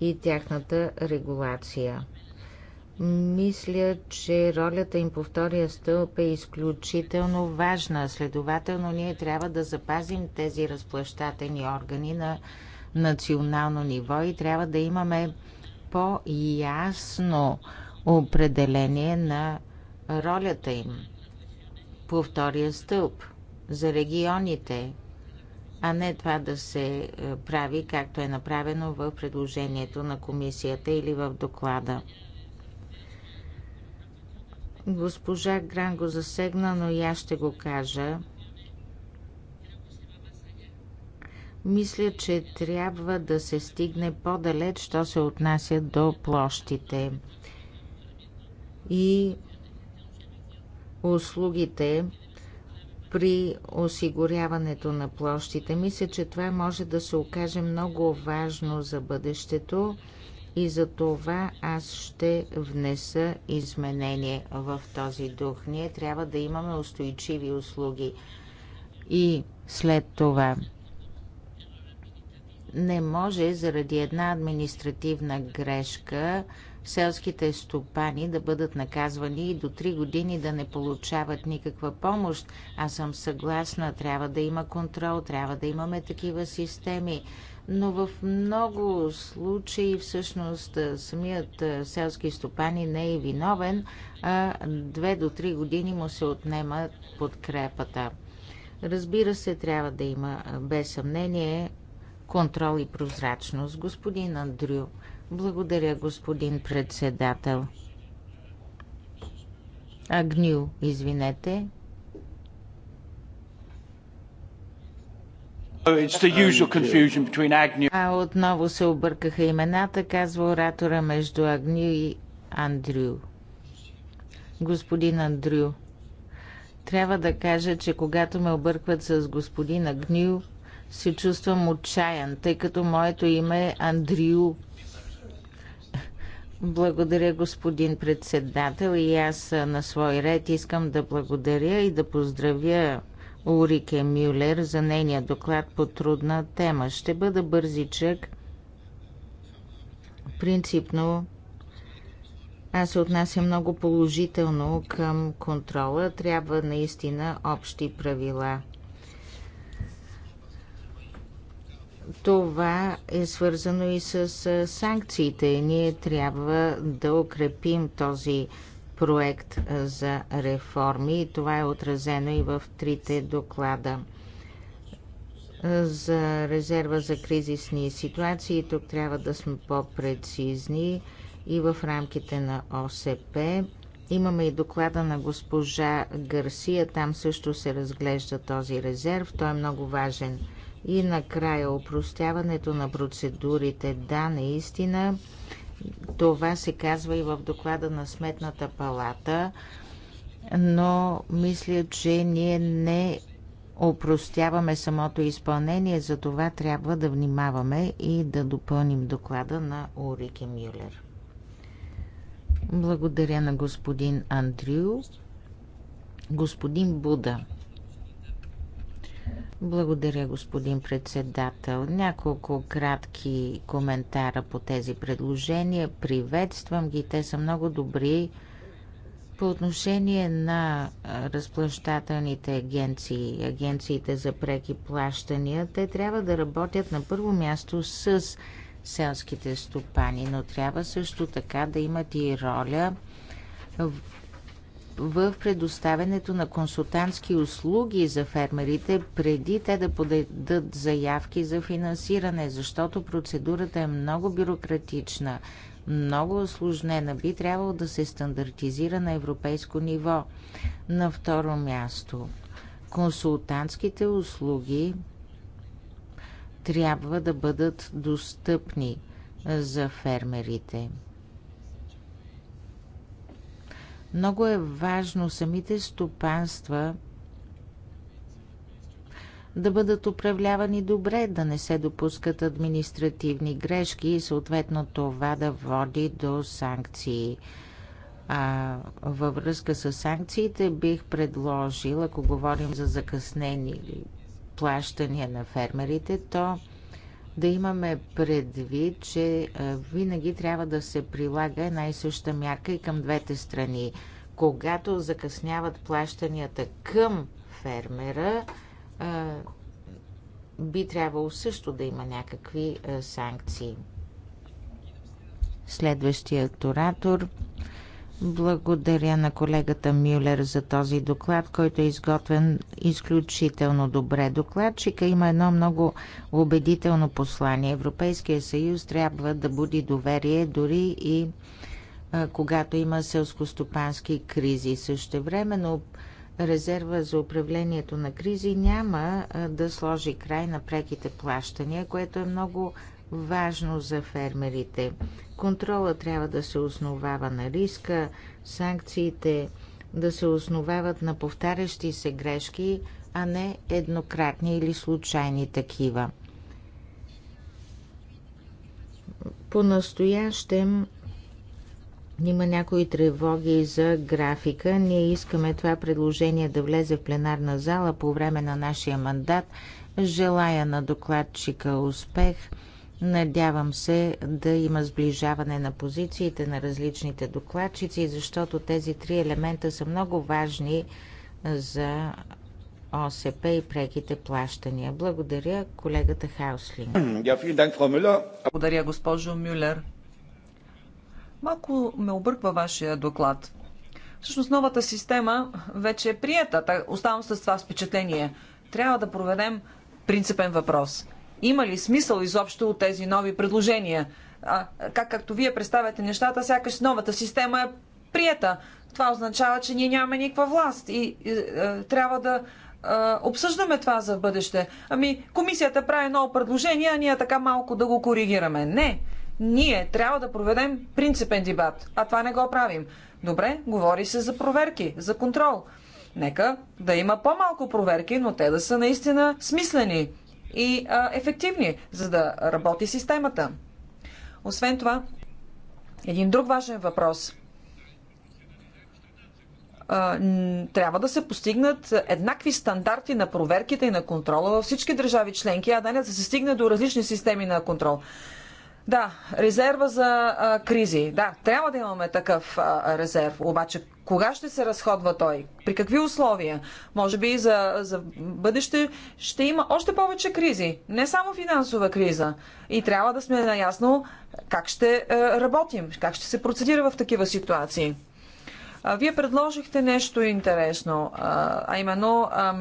и тяхната регулация – мисля, че ролята им по втория стълб е изключително важна. Следователно, ние трябва да запазим тези разплащатени органи на национално ниво и трябва да имаме по-ясно определение на ролята им по втория стълб за регионите, а не това да се е, прави както е направено в предложението на комисията или в доклада. Госпожа Гран го засегна, но и аз ще го кажа. Мисля, че трябва да се стигне по-далеч, що се отнася до площите и услугите при осигуряването на площите. Мисля, че това може да се окаже много важно за бъдещето и за това аз ще внеса изменение в този дух. Ние трябва да имаме устойчиви услуги и след това. Не може заради една административна грешка селските стопани да бъдат наказвани и до 3 години да не получават никаква помощ. Аз съм съгласна, трябва да има контрол, трябва да имаме такива системи но в много случаи всъщност самият селски стопанин не е виновен, а две до три години му се отнема подкрепата. Разбира се, трябва да има без съмнение контрол и прозрачност. Господин Андрю, благодаря, господин председател. Агню, извинете, А отново се объркаха имената, казва оратора между Агню и Андрю. Господин Андрю. Трябва да кажа, че когато ме объркват с господин Агню, се чувствам отчаян, тъй като моето име е Андрю. Благодаря, господин председател, и аз на свой ред искам да благодаря и да поздравя Урике Мюлер за нейния доклад по трудна тема. Ще бъда бързичък. Принципно аз се отнася много положително към контрола. Трябва наистина общи правила. Това е свързано и с санкциите. Ние трябва да укрепим този контрол проект за реформи и това е отразено и в трите доклада. За резерва за кризисни ситуации тук трябва да сме по-прецизни и в рамките на ОСП. Имаме и доклада на госпожа Гарсия, там също се разглежда този резерв, той е много важен. И накрая, упростяването на процедурите. Да, наистина, това се казва и в доклада на Сметната палата, но мисля, че ние не опростяваме самото изпълнение, за това трябва да внимаваме и да допълним доклада на Урике Мюлер. Благодаря на господин Андрю. Господин Буда. Благодаря, господин председател. Няколко кратки коментара по тези предложения. Приветствам ги, те са много добри. По отношение на разплащателните агенции, агенциите за преки плащания, те трябва да работят на първо място с селските стопани, но трябва също така да имат и роля в предоставянето на консултантски услуги за фермерите преди те да подадат заявки за финансиране, защото процедурата е много бюрократична, много осложнена, би трябвало да се стандартизира на европейско ниво. На второ място, консултантските услуги трябва да бъдат достъпни за фермерите. Много е важно самите стопанства да бъдат управлявани добре, да не се допускат административни грешки и съответно това да води до санкции. А, във връзка с санкциите бих предложил, ако говорим за закъснени плащания на фермерите, то да имаме предвид, че винаги трябва да се прилага една и съща мярка и към двете страни. Когато закъсняват плащанията към фермера, би трябвало също да има някакви санкции. Следващият оратор. Благодаря на колегата Мюлер за този доклад, който е изготвен изключително добре. Докладчика има едно много убедително послание. Европейския съюз трябва да буди доверие дори и а, когато има селскостопански кризи. Също времено резерва за управлението на кризи няма а, да сложи край на преките плащания, което е много важно за фермерите. Контрола трябва да се основава на риска, санкциите да се основават на повтарящи се грешки, а не еднократни или случайни такива. По-настоящем има някои тревоги за графика. Ние искаме това предложение да влезе в пленарна зала по време на нашия мандат. Желая на докладчика успех – Надявам се да има сближаване на позициите на различните докладчици, защото тези три елемента са много важни за ОСП и преките плащания. Благодаря колегата Хауслин. Благодаря, госпожо Мюлер. Малко ме обърква вашия доклад. Всъщност новата система вече е прията. Оставам с това впечатление. Трябва да проведем принципен въпрос – има ли смисъл изобщо от тези нови предложения. А, как както вие представяте нещата, сякаш новата система е прията. Това означава, че ние нямаме никаква власт и, и, и е, трябва да а, е, обсъждаме това за бъдеще. Ами, комисията прави ново предложение, а ние така малко да го коригираме. Не, ние трябва да проведем принципен дебат, а това не го правим. Добре, говори се за проверки, за контрол. Нека да има по-малко проверки, но те да са наистина смислени и а, ефективни, за да работи системата. Освен това, един друг важен въпрос. А, трябва да се постигнат еднакви стандарти на проверките и на контрола във всички държави членки, а да не да се стигне до различни системи на контрол. Да, резерва за а, кризи. Да, трябва да имаме такъв а, резерв. Обаче, кога ще се разходва той? При какви условия? Може би за, за бъдеще ще има още повече кризи. Не само финансова криза. И трябва да сме наясно как ще а, работим, как ще се процедира в такива ситуации. А, вие предложихте нещо интересно, а, а именно а,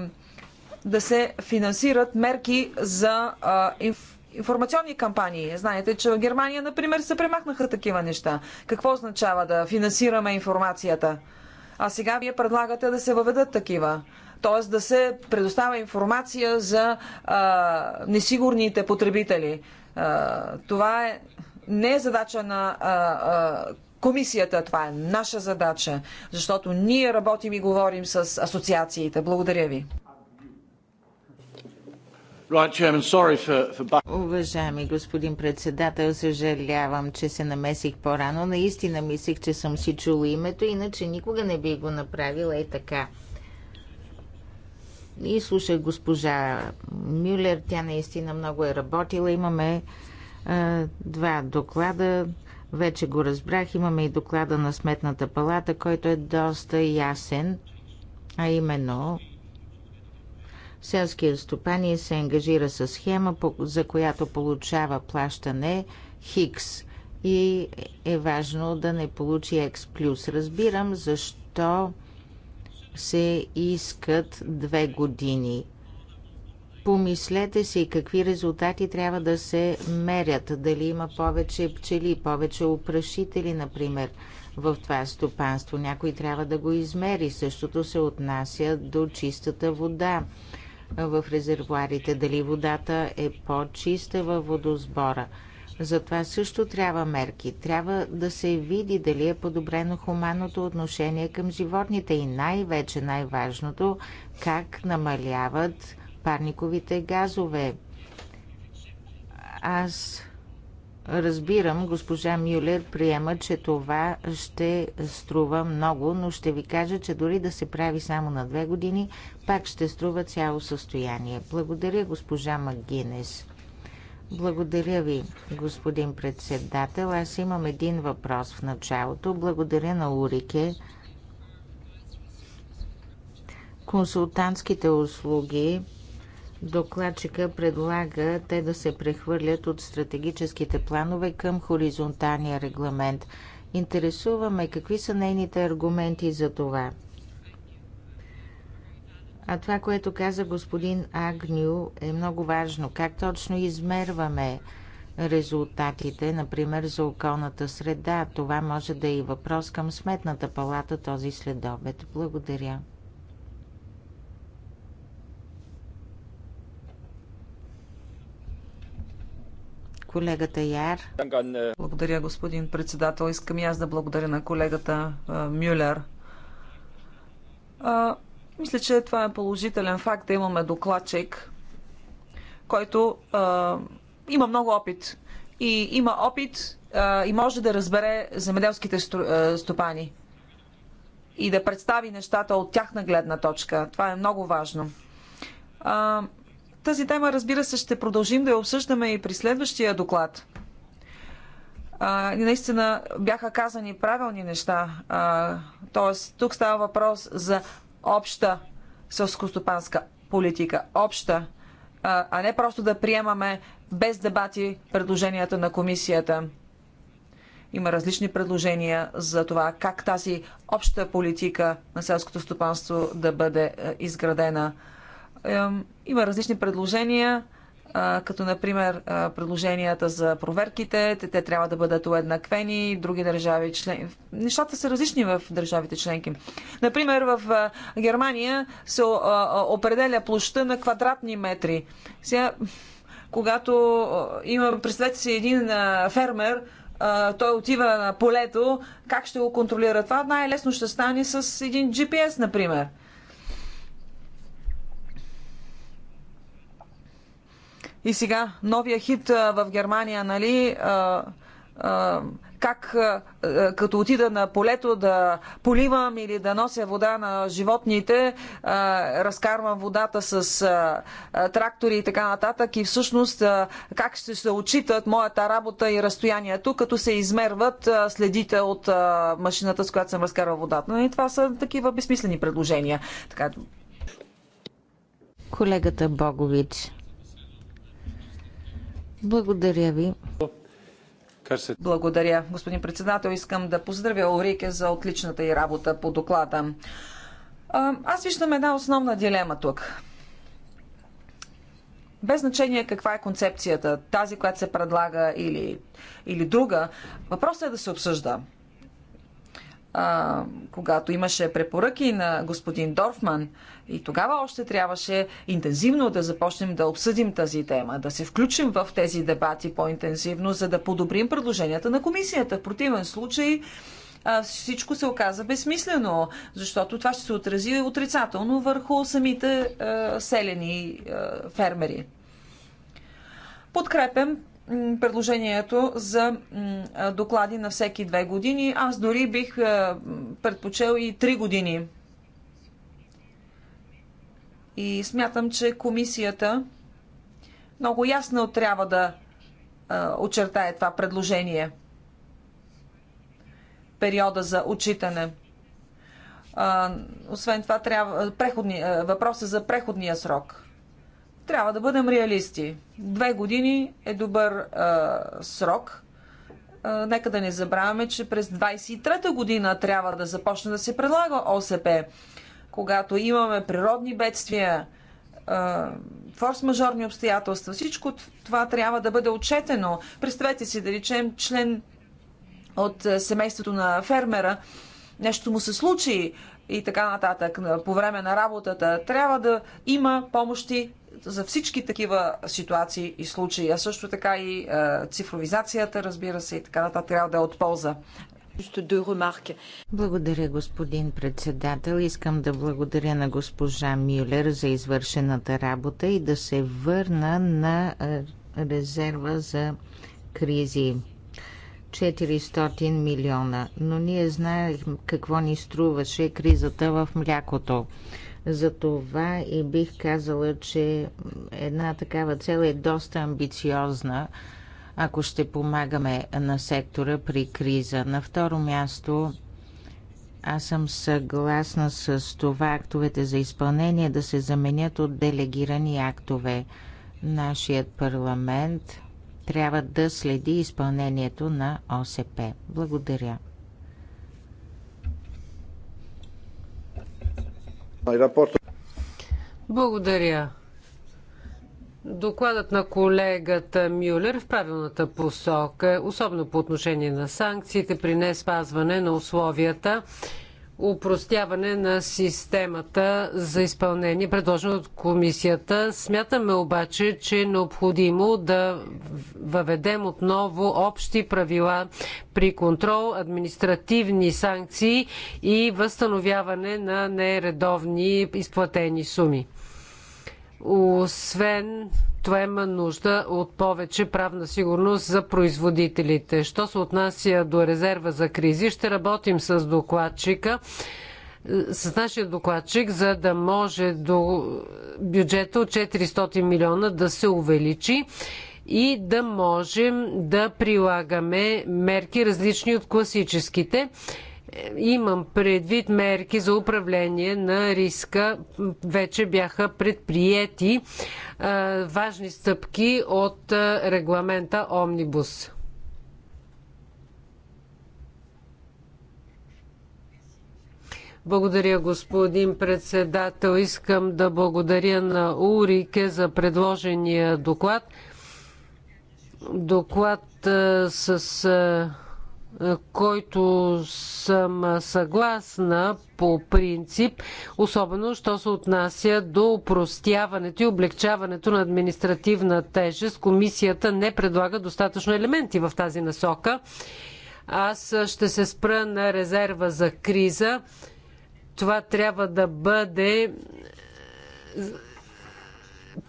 да се финансират мерки за а, инф информационни кампании. Знаете, че в Германия, например, се премахнаха такива неща. Какво означава да финансираме информацията? А сега вие предлагате да се въведат такива. Т.е. да се предоставя информация за а, несигурните потребители. А, това е, не е задача на а, а, комисията, това е наша задача, защото ние работим и говорим с асоциациите. Благодаря ви. Уважаеми господин председател, съжалявам, че се намесих по-рано. Наистина мислих, че съм си чула името, иначе никога не би го направила и е така. И слушах госпожа Мюлер, тя наистина много е работила. Имаме два доклада, вече го разбрах. Имаме и доклада на Сметната палата, който е доста ясен, а именно Селският стопанин се ангажира с схема, за която получава плащане Хикс и е важно да не получи Екс плюс. Разбирам защо се искат две години. Помислете си какви резултати трябва да се мерят. Дали има повече пчели, повече опрашители, например, в това стопанство. Някой трябва да го измери. Същото се отнася до чистата вода в резервуарите, дали водата е по-чиста във водосбора. Затова също трябва мерки. Трябва да се види дали е подобрено хуманното отношение към животните и най-вече, най-важното, как намаляват парниковите газове. Аз Разбирам, госпожа Мюлер приема, че това ще струва много, но ще ви кажа, че дори да се прави само на две години, пак ще струва цяло състояние. Благодаря, госпожа Магинес. Благодаря ви, господин председател. Аз имам един въпрос в началото. Благодаря на Урике. Консултантските услуги Докладчика предлага те да се прехвърлят от стратегическите планове към хоризонталния регламент. Интересуваме какви са нейните аргументи за това. А това, което каза господин Агню, е много важно. Как точно измерваме резултатите, например за околната среда? Това може да е и въпрос към Сметната палата този следобед. Благодаря. Колегата Яр. Благодаря, господин председател. Искам и аз да благодаря на колегата Мюлер. А, мисля, че това е положителен факт да имаме докладчик, който а, има много опит. И има опит а, и може да разбере земеделските стопани. И да представи нещата от тяхна гледна точка. Това е много важно. А, тази тема, разбира се, ще продължим да я обсъждаме и при следващия доклад. А, наистина бяха казани правилни неща. А, тоест, тук става въпрос за обща селскостопанска политика. Обща, а, а не просто да приемаме без дебати предложенията на комисията. Има различни предложения за това как тази обща политика на селското стопанство да бъде е, изградена. Има различни предложения, като например предложенията за проверките, те, те трябва да бъдат уеднаквени, други държави членки. Нещата са различни в държавите членки. Например, в Германия се определя площта на квадратни метри. Сега, когато има, представете си един фермер, той отива на полето, как ще го контролира това? Най-лесно ще стане с един GPS, например – И сега новия хит в Германия, нали? как като отида на полето да поливам или да нося вода на животните, разкарвам водата с трактори и така нататък и всъщност как ще се отчитат моята работа и разстоянието, като се измерват следите от машината, с която съм разкарвал водата. И нали, това са такива безсмислени предложения. Така... Колегата Богович, благодаря ви. Благодаря, господин председател. Искам да поздравя Орике за отличната й работа по доклада. Аз виждам една основна дилема тук. Без значение каква е концепцията, тази, която се предлага или, или друга, въпросът е да се обсъжда а, когато имаше препоръки на господин Дорфман. И тогава още трябваше интензивно да започнем да обсъдим тази тема, да се включим в тези дебати по-интензивно, за да подобрим предложенията на комисията. В противен случай а, всичко се оказа безсмислено, защото това ще се отрази отрицателно върху самите а, селени а, фермери. Подкрепям предложението за доклади на всеки две години. Аз дори бих предпочел и три години. И смятам, че комисията много ясно трябва да очертае това предложение. Периода за отчитане. Освен това, трябва преходни, въпроса за преходния срок – трябва да бъдем реалисти. Две години е добър а, срок. А, нека да не забравяме, че през 23-та година трябва да започне да се предлага ОСП. Когато имаме природни бедствия, форс-мажорни обстоятелства, всичко това трябва да бъде отчетено. Представете си, да речем, член от семейството на фермера, нещо му се случи, и така нататък по време на работата. Трябва да има помощи за всички такива ситуации и случаи, а също така и е, цифровизацията, разбира се, и така нататък трябва да е от полза. Благодаря, господин председател. Искам да благодаря на госпожа Мюлер за извършената работа и да се върна на е, резерва за кризи. 400 милиона, но ние знаехме какво ни струваше кризата в млякото. Затова и бих казала, че една такава цел е доста амбициозна, ако ще помагаме на сектора при криза. На второ място, аз съм съгласна с това актовете за изпълнение да се заменят от делегирани актове. Нашият парламент трябва да следи изпълнението на ОСП. Благодаря. Благодаря. Докладът на колегата Мюлер в правилната посока, особено по отношение на санкциите при неспазване на условията упростяване на системата за изпълнение, предложено от комисията. Смятаме обаче, че е необходимо да въведем отново общи правила при контрол, административни санкции и възстановяване на нередовни изплатени суми. Освен това има нужда от повече правна сигурност за производителите. Що се отнася до резерва за кризи, ще работим с докладчика с нашия докладчик, за да може до бюджета от 400 милиона да се увеличи и да можем да прилагаме мерки различни от класическите. Имам предвид мерки за управление на риска. Вече бяха предприяти важни стъпки от регламента Омнибус. Благодаря, господин председател. Искам да благодаря на Урике за предложения доклад. Доклад с който съм съгласна по принцип, особено що се отнася до упростяването и облегчаването на административна тежест. Комисията не предлага достатъчно елементи в тази насока. Аз ще се спра на резерва за криза. Това трябва да бъде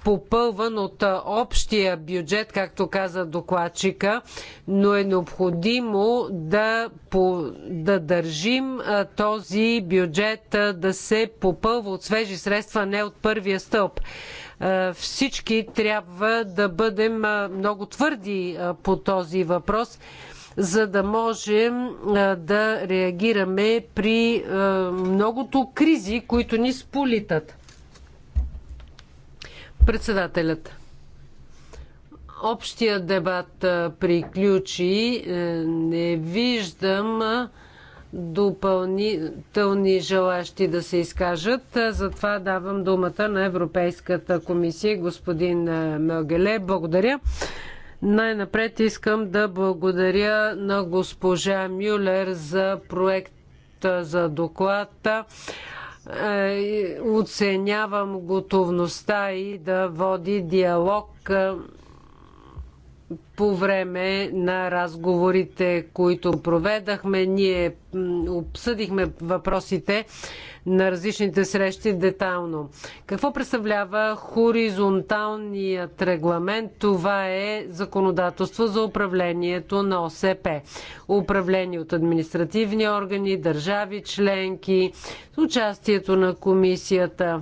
попълван от общия бюджет, както каза докладчика, но е необходимо да, по, да държим този бюджет да се попълва от свежи средства, не от първия стълб. Всички трябва да бъдем много твърди по този въпрос за да можем да реагираме при многото кризи, които ни сполитат. Председателят. Общия дебат приключи. Е, не виждам допълнителни желащи да се изкажат. Затова давам думата на Европейската комисия, господин Мелгеле. Благодаря. Най-напред искам да благодаря на госпожа Мюлер за проект за доклада. Е, оценявам готовността и да води диалог е, по време на разговорите, които проведахме, ние обсъдихме въпросите на различните срещи детайлно. Какво представлява хоризонталният регламент? Това е законодателство за управлението на ОСП. Управление от административни органи, държави членки, участието на комисията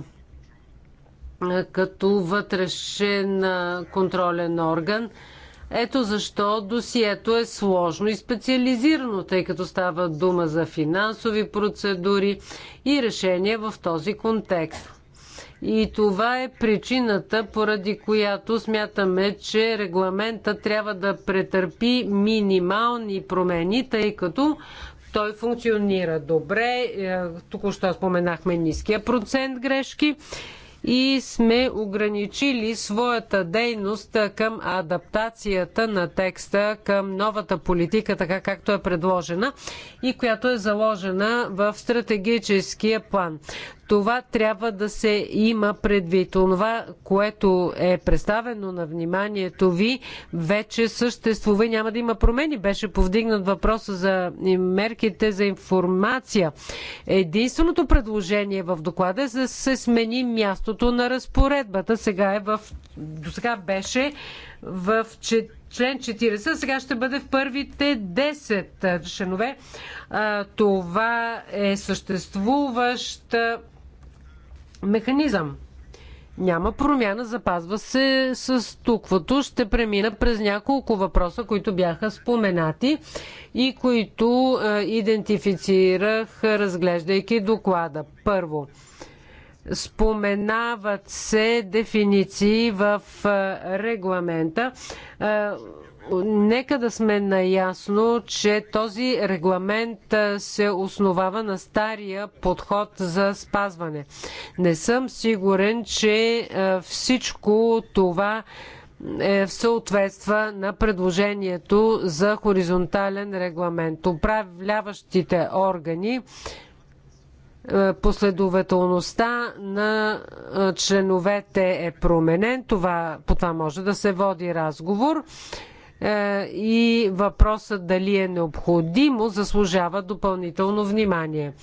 като вътрешен контролен орган – ето защо досието е сложно и специализирано, тъй като става дума за финансови процедури и решения в този контекст. И това е причината, поради която смятаме, че регламента трябва да претърпи минимални промени, тъй като той функционира добре. Е, Тук що споменахме ниския процент грешки и сме ограничили своята дейност към адаптацията на текста към новата политика, така както е предложена и която е заложена в стратегическия план. Това трябва да се има предвид. Това, което е представено на вниманието ви, вече съществува и няма да има промени. Беше повдигнат въпроса за мерките за информация. Единственото предложение в доклада е да се смени мястото на разпоредбата. Сега е в... До сега беше в член 40, сега ще бъде в първите 10 членове. Това е съществуващ механизъм. Няма промяна, запазва се с туквото. Ще премина през няколко въпроса, които бяха споменати и които е, идентифицирах, разглеждайки доклада. Първо, споменават се дефиниции в е, регламента е, Нека да сме наясно, че този регламент се основава на стария подход за спазване. Не съм сигурен, че всичко това е в съответства на предложението за хоризонтален регламент. Управляващите органи последователността на членовете е променен. Това, по това може да се води разговор. Е, и въпросът дали е необходимо заслужава допълнително внимание.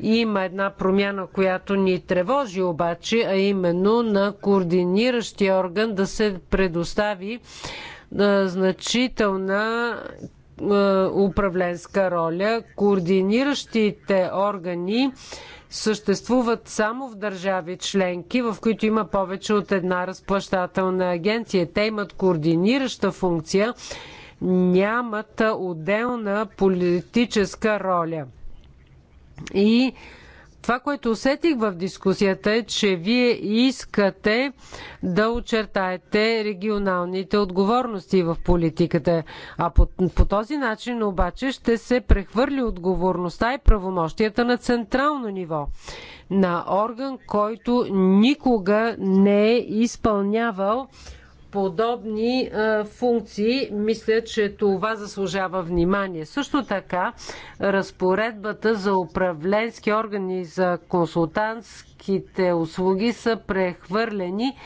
Има една промяна, която ни тревожи обаче, а именно на координиращия орган да се предостави е, значителна е, управленска роля. Координиращите органи съществуват само в държави членки, в които има повече от една разплащателна агенция. Те имат координираща функция, нямат отделна политическа роля. И това, което усетих в дискусията е, че вие искате да очертаете регионалните отговорности в политиката. А по, по този начин обаче ще се прехвърли отговорността и правомощията на централно ниво. На орган, който никога не е изпълнявал подобни а, функции. Мисля, че това заслужава внимание. Също така, разпоредбата за управленски органи за консултантските услуги са прехвърлени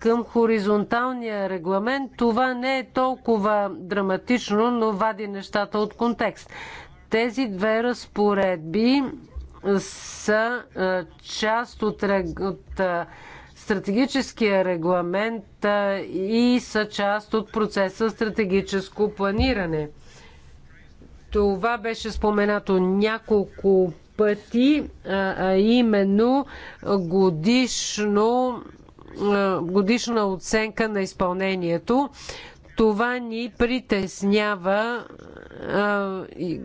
към хоризонталния регламент. Това не е толкова драматично, но вади нещата от контекст. Тези две разпоредби са а, част от, от стратегическия регламент и са част от процеса стратегическо планиране. Това беше споменато няколко пъти, а именно годишно, годишна оценка на изпълнението. Това ни притеснява.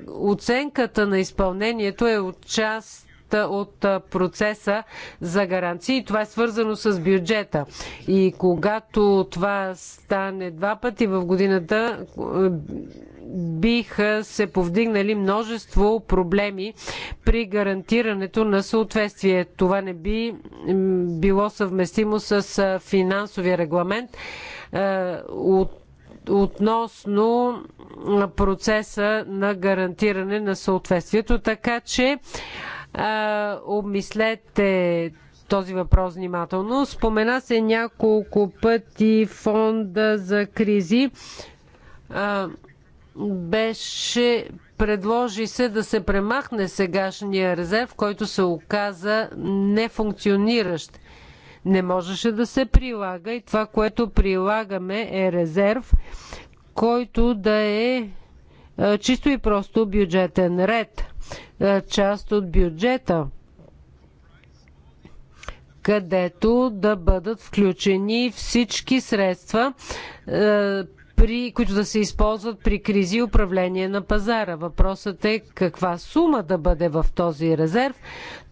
Оценката на изпълнението е от част от процеса за гаранции. Това е свързано с бюджета. И когато това стане два пъти в годината, е, биха се повдигнали множество проблеми при гарантирането на съответствие. Това не би било съвместимо с финансовия регламент. От относно процеса на гарантиране на съответствието. Така че обмислете този въпрос внимателно. Спомена се няколко пъти фонда за кризи. Беше предложи се да се премахне сегашния резерв, който се оказа нефункциониращ. Не можеше да се прилага и това, което прилагаме е резерв, който да е чисто и просто бюджетен ред – е, част от бюджета, където да бъдат включени всички средства, е, при, които да се използват при кризи и управление на пазара. Въпросът е каква сума да бъде в този резерв.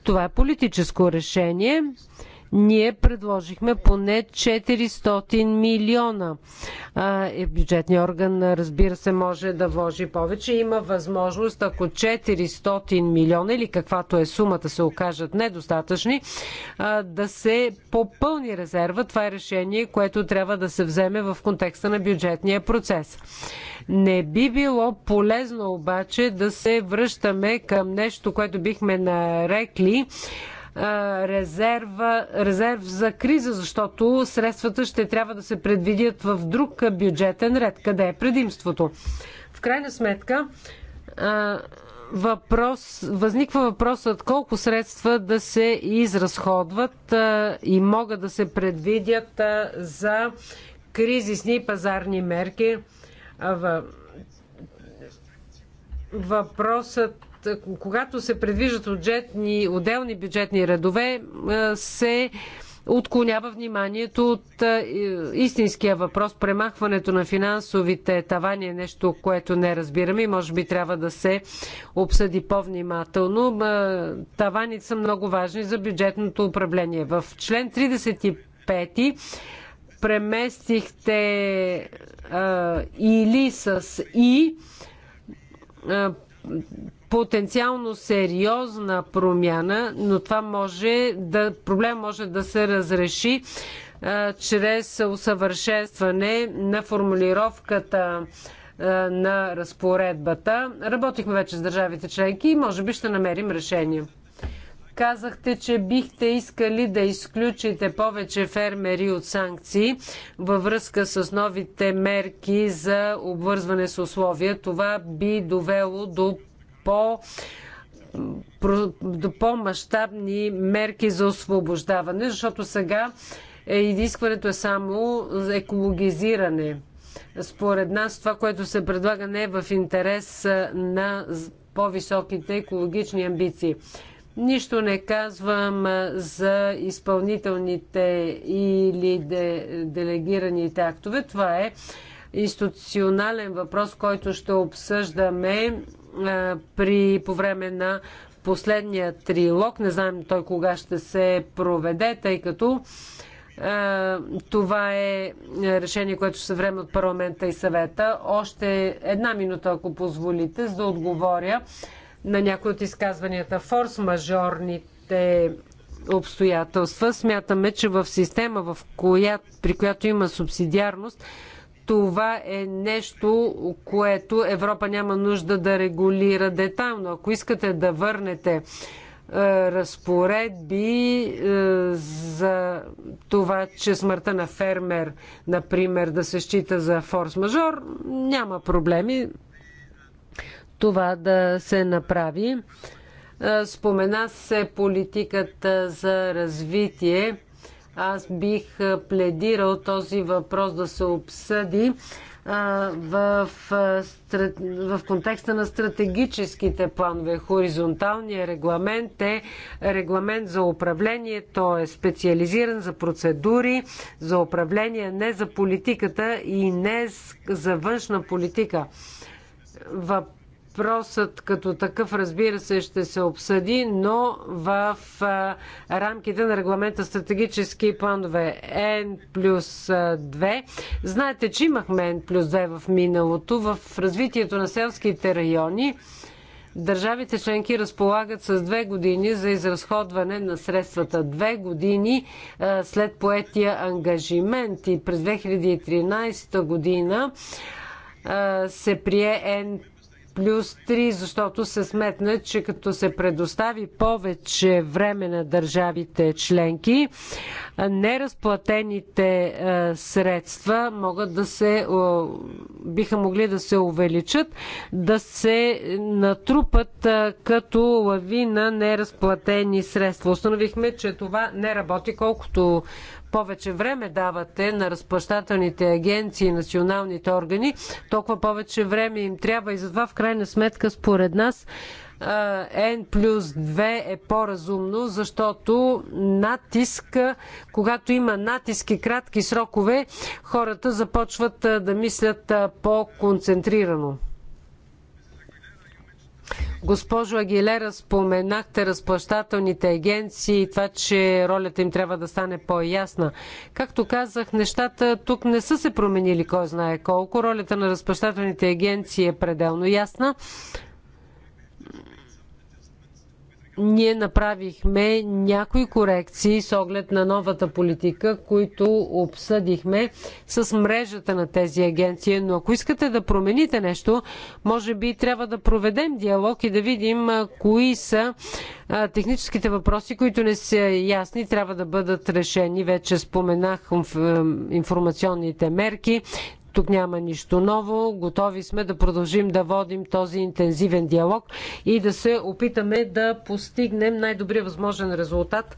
Това е политическо решение. Ние предложихме поне 400 милиона. А, е бюджетният орган, разбира се, може да вложи повече. Има възможност, ако 400 милиона или каквато е сумата се окажат недостатъчни, а, да се попълни резерва. Това е решение, което трябва да се вземе в контекста на бюджетния процес. Не би било полезно обаче да се връщаме към нещо, което бихме нарекли резерва, резерв за криза, защото средствата ще трябва да се предвидят в друг бюджетен ред. Къде е предимството? В крайна сметка, въпрос, възниква въпросът колко средства да се изразходват и могат да се предвидят за кризисни пазарни мерки. Въпросът когато се предвиждат отжетни, отделни бюджетни редове, е, се отклонява вниманието от е, истинския въпрос. Премахването на финансовите тавани е нещо, което не разбираме и може би трябва да се обсъди по-внимателно. Е, таваните са много важни за бюджетното управление. В член 35 преместихте а, или с и а, потенциално сериозна промяна, но това може да, проблем може да се разреши а, чрез усъвършенстване на формулировката а, на разпоредбата. Работихме вече с държавите членки и може би ще намерим решение. Казахте, че бихте искали да изключите повече фермери от санкции във връзка с новите мерки за обвързване с условия. Това би довело до по до по-масштабни мерки за освобождаване, защото сега е, изискването е само екологизиране. Според нас това, което се предлага, не е в интерес на по-високите екологични амбиции. Нищо не казвам за изпълнителните или делегираните актове. Това е институционален въпрос, който ще обсъждаме при, по време на последния трилог. Не знаем той кога ще се проведе, тъй като това е решение, което ще се време от парламента и съвета. Още една минута, ако позволите, за да отговоря на някои от изказванията. Форс-мажорните обстоятелства. Смятаме, че в система, в която, при която има субсидиарност, това е нещо, което Европа няма нужда да регулира детално. Ако искате да върнете е, разпоредби е, за това, че смъртта на фермер, например, да се счита за форс-мажор, няма проблеми това да се направи. Е, спомена се политиката за развитие. Аз бих пледирал този въпрос да се обсъди в, в контекста на стратегическите планове. Хоризонталният регламент е регламент за управление, то е специализиран за процедури, за управление, не за политиката и не за външна политика. Въп Въпросът като такъв, разбира се, ще се обсъди, но в рамките на регламента стратегически планове N плюс 2. Знаете, че имахме N плюс 2 в миналото. В развитието на селските райони държавите членки разполагат с две години за изразходване на средствата. Две години след поетия ангажимент и през 2013 година се прие N плюс 3, защото се сметна, че като се предостави повече време на държавите членки, неразплатените средства могат да се, биха могли да се увеличат, да се натрупат като лавина неразплатени средства. Установихме, че това не работи колкото повече време давате на разплащателните агенции и националните органи, толкова повече време им трябва и затова в крайна сметка според нас N плюс 2 е по-разумно, защото натиск, когато има натиск и кратки срокове, хората започват да мислят по-концентрирано. Госпожо Агилера, споменахте разплащателните агенции и това, че ролята им трябва да стане по-ясна. Както казах, нещата тук не са се променили кой знае колко. Ролята на разплащателните агенции е пределно ясна ние направихме някои корекции с оглед на новата политика, които обсъдихме с мрежата на тези агенции. Но ако искате да промените нещо, може би трябва да проведем диалог и да видим кои са техническите въпроси, които не са ясни, трябва да бъдат решени. Вече споменах информационните мерки, тук няма нищо ново. Готови сме да продължим да водим този интензивен диалог и да се опитаме да постигнем най-добрия възможен резултат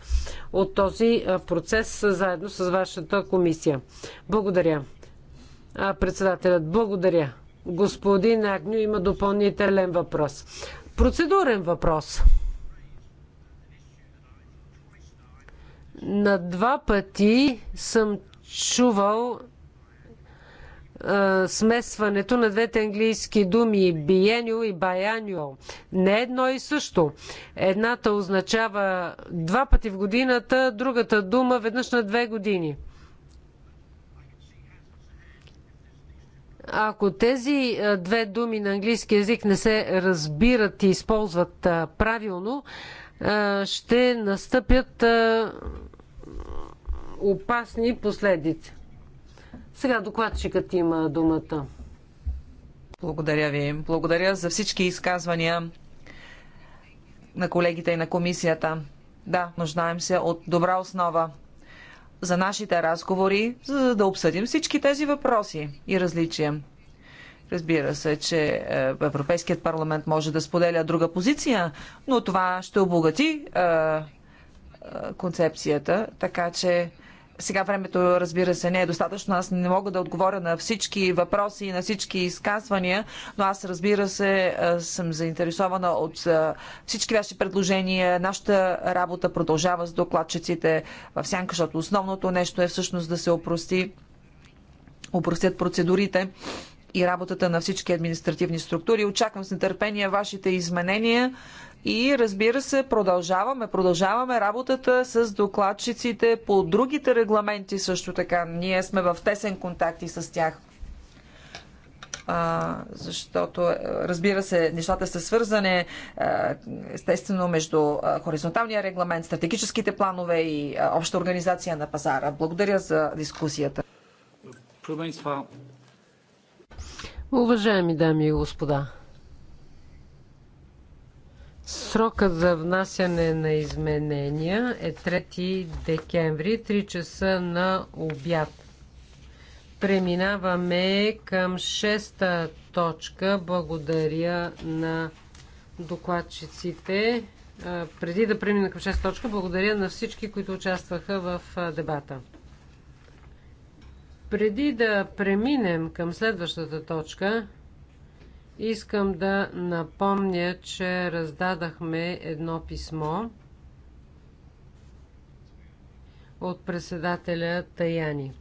от този процес заедно с вашата комисия. Благодаря. Председателят, благодаря. Господин Агню има допълнителен въпрос. Процедурен въпрос. На два пъти съм чувал смесването на двете английски думи биенио и баянио. Не е едно и също. Едната означава два пъти в годината, другата дума веднъж на две години. Ако тези две думи на английски язик не се разбират и използват правилно, ще настъпят опасни последици. Сега докладчикът има думата. Благодаря ви. Благодаря за всички изказвания на колегите и на комисията. Да, нуждаем се от добра основа за нашите разговори, за да обсъдим всички тези въпроси и различия. Разбира се, че е, Европейският парламент може да споделя друга позиция, но това ще обогати е, е концепцията, така че сега времето, разбира се, не е достатъчно. Аз не мога да отговоря на всички въпроси и на всички изказвания, но аз, разбира се, съм заинтересована от всички ваши предложения. Нашата работа продължава с докладчиците в сянка, защото основното нещо е всъщност да се опрости, опростят процедурите и работата на всички административни структури. Очаквам с нетърпение вашите изменения и разбира се, продължаваме, продължаваме работата с докладчиците по другите регламенти също така. Ние сме в тесен контакт и с тях. А, защото, е, разбира се, нещата са свързани е, естествено между е, хоризонталния регламент, стратегическите планове и обща организация на пазара. Благодаря за дискусията. Proszę това. Уважаеми дами и господа, срокът за внасяне на изменения е 3 декември, 3 часа на обяд. Преминаваме към шеста точка. Благодаря на докладчиците. Преди да премина към шеста точка, благодаря на всички, които участваха в дебата. Преди да преминем към следващата точка, искам да напомня, че раздадахме едно писмо от председателя Таяни.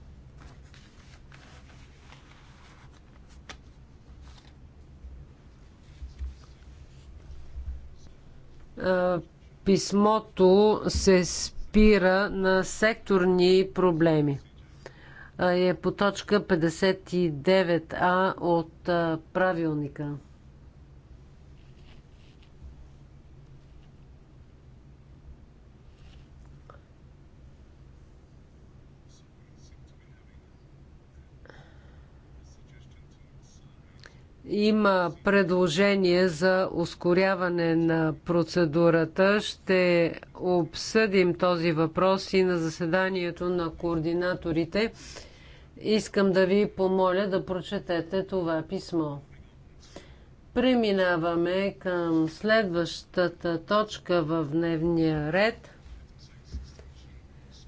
Писмото се спира на секторни проблеми е по точка 59А от правилника. Има предложение за ускоряване на процедурата. Ще обсъдим този въпрос и на заседанието на координаторите. Искам да ви помоля да прочетете това писмо. Преминаваме към следващата точка в дневния ред.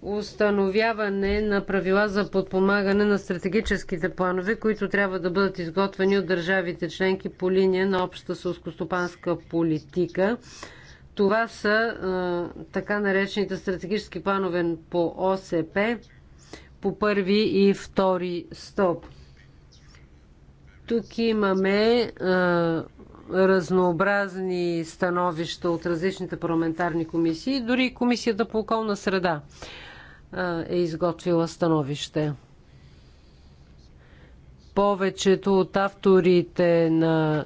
Установяване на правила за подпомагане на стратегическите планове, които трябва да бъдат изготвени от държавите членки по линия на общата сълскостопанска политика. Това са а, така наречените стратегически планове по ОСП по първи и втори стоп. Тук имаме а, разнообразни становища от различните парламентарни комисии, дори Комисията по околна среда а, е изготвила становище. Повечето от авторите на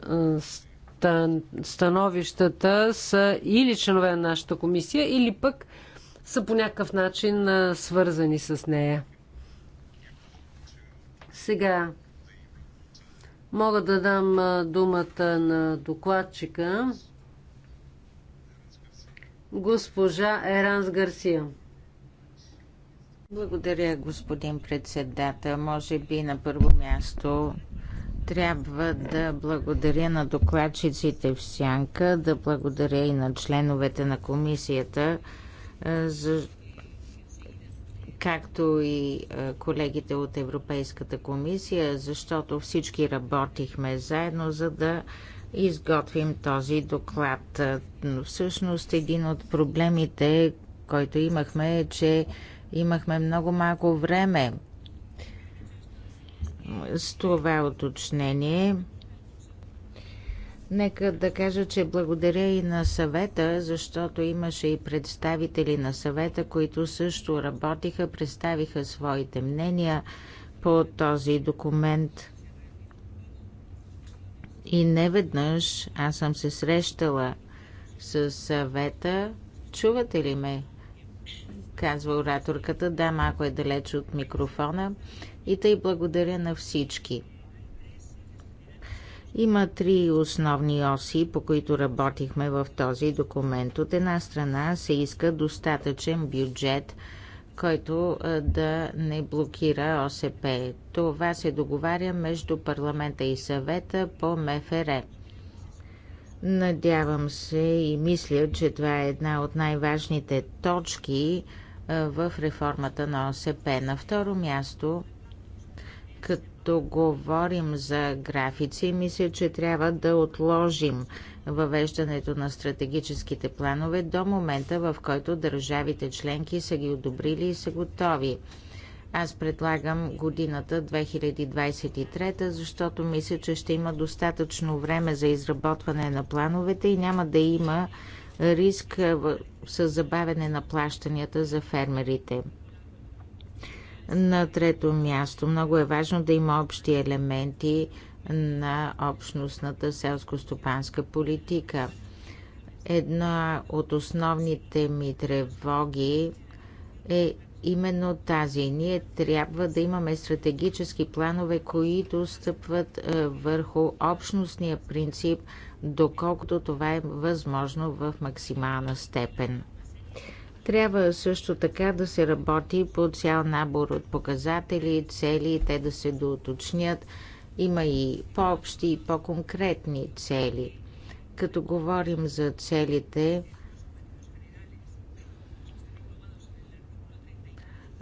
становищата са или членове на нашата комисия, или пък са по някакъв начин свързани с нея. Сега мога да дам думата на докладчика госпожа Еранс Гарсия. Благодаря, господин председател. Може би на първо място трябва да благодаря на докладчиците в Сянка, да благодаря и на членовете на комисията, за както и колегите от Европейската комисия, защото всички работихме заедно, за да изготвим този доклад. Но всъщност един от проблемите, който имахме, е, че имахме много малко време. С това уточнение Нека да кажа, че благодаря и на съвета, защото имаше и представители на съвета, които също работиха, представиха своите мнения по този документ. И неведнъж аз съм се срещала с съвета. Чувате ли ме? Казва ораторката. Да, малко е далеч от микрофона. И тъй благодаря на всички. Има три основни оси, по които работихме в този документ. От една страна се иска достатъчен бюджет, който да не блокира ОСП. Това се договаря между парламента и съвета по МФР. Надявам се и мисля, че това е една от най-важните точки в реформата на ОСП. На второ място, като като говорим за графици, мисля, че трябва да отложим въвеждането на стратегическите планове до момента, в който държавите членки са ги одобрили и са готови. Аз предлагам годината 2023, защото мисля, че ще има достатъчно време за изработване на плановете и няма да има риск с забавяне на плащанията за фермерите. На трето място много е важно да има общи елементи на общностната селско-стопанска политика. Една от основните ми тревоги е именно тази. Ние трябва да имаме стратегически планове, които стъпват е, върху общностния принцип, доколкото това е възможно в максимална степен. Трябва също така да се работи по цял набор от показатели, цели, те да се доуточнят. Има и по-общи и по-конкретни цели. Като говорим за целите,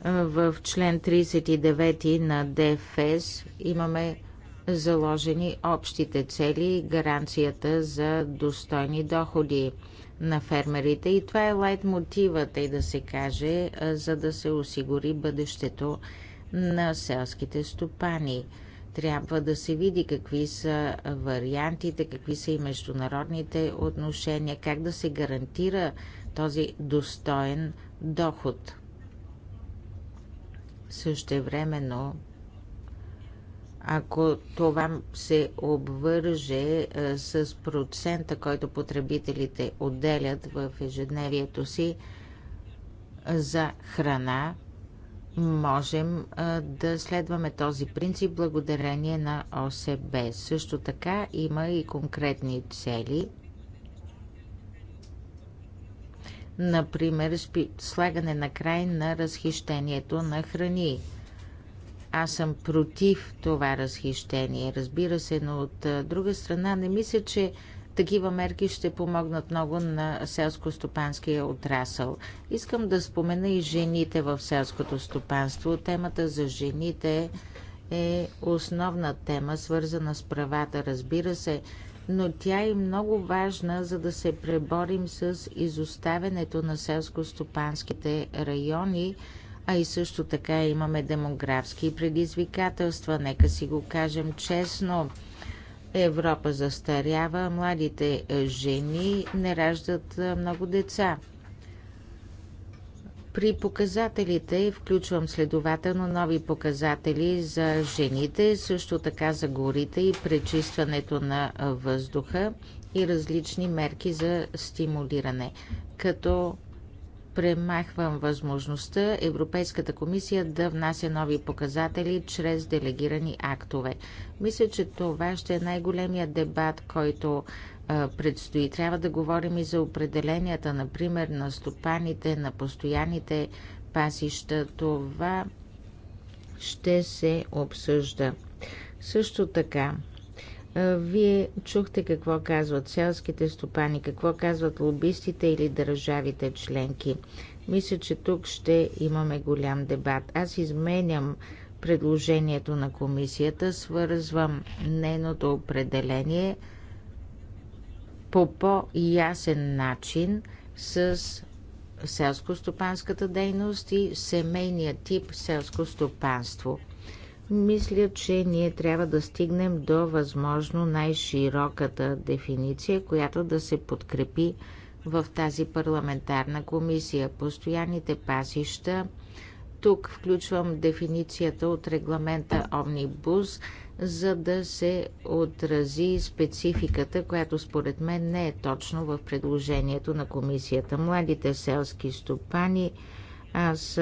в член 39 на ДФС имаме заложени общите цели и гаранцията за достойни доходи на фермерите и това е лайт мотивът, и да се каже, за да се осигури бъдещето на селските стопани. Трябва да се види какви са вариантите, какви са и международните отношения, как да се гарантира този достоен доход. времено ако това се обвърже с процента, който потребителите отделят в ежедневието си за храна, можем да следваме този принцип благодарение на ОСБ. Също така има и конкретни цели. Например, слагане на край на разхищението на храни – аз съм против това разхищение, разбира се, но от друга страна не мисля, че такива мерки ще помогнат много на селско-стопанския отрасъл. Искам да спомена и жените в селското стопанство. Темата за жените е основна тема, свързана с правата, разбира се, но тя е много важна, за да се преборим с изоставянето на селско-стопанските райони – а и също така имаме демографски предизвикателства. Нека си го кажем честно. Европа застарява, младите е, жени не раждат е, много деца. При показателите включвам следователно нови показатели за жените, също така за горите и пречистването на е, въздуха и различни мерки за стимулиране, като премахвам възможността Европейската комисия да внася нови показатели чрез делегирани актове. Мисля, че това ще е най-големия дебат, който а, предстои. Трябва да говорим и за определенията, например, на стопаните, на постоянните пасища. Това ще се обсъжда. Също така, вие чухте какво казват селските стопани, какво казват лобистите или държавите членки. Мисля, че тук ще имаме голям дебат. Аз изменям предложението на комисията, свързвам нейното определение по по-ясен начин с селско-стопанската дейност и семейния тип селско стопанство. Мисля, че ние трябва да стигнем до възможно най-широката дефиниция, която да се подкрепи в тази парламентарна комисия. Постоянните пасища. Тук включвам дефиницията от регламента Омнибус, за да се отрази спецификата, която според мен не е точно в предложението на комисията. Младите селски стопани. Аз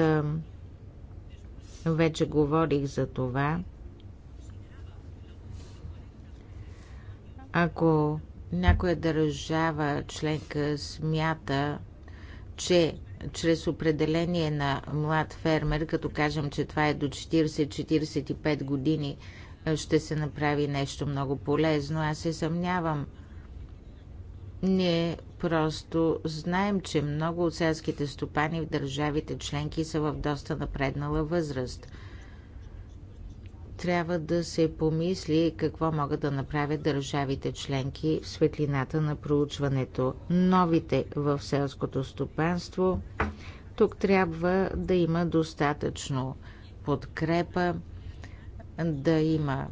вече говорих за това. Ако някоя държава членка смята, че чрез определение на млад фермер, като кажем, че това е до 40-45 години, ще се направи нещо много полезно. Аз се съмнявам. Ние просто знаем, че много от селските стопани в държавите членки са в доста напреднала възраст. Трябва да се помисли какво могат да направят държавите членки в светлината на проучването. Новите в селското стопанство. Тук трябва да има достатъчно подкрепа, да има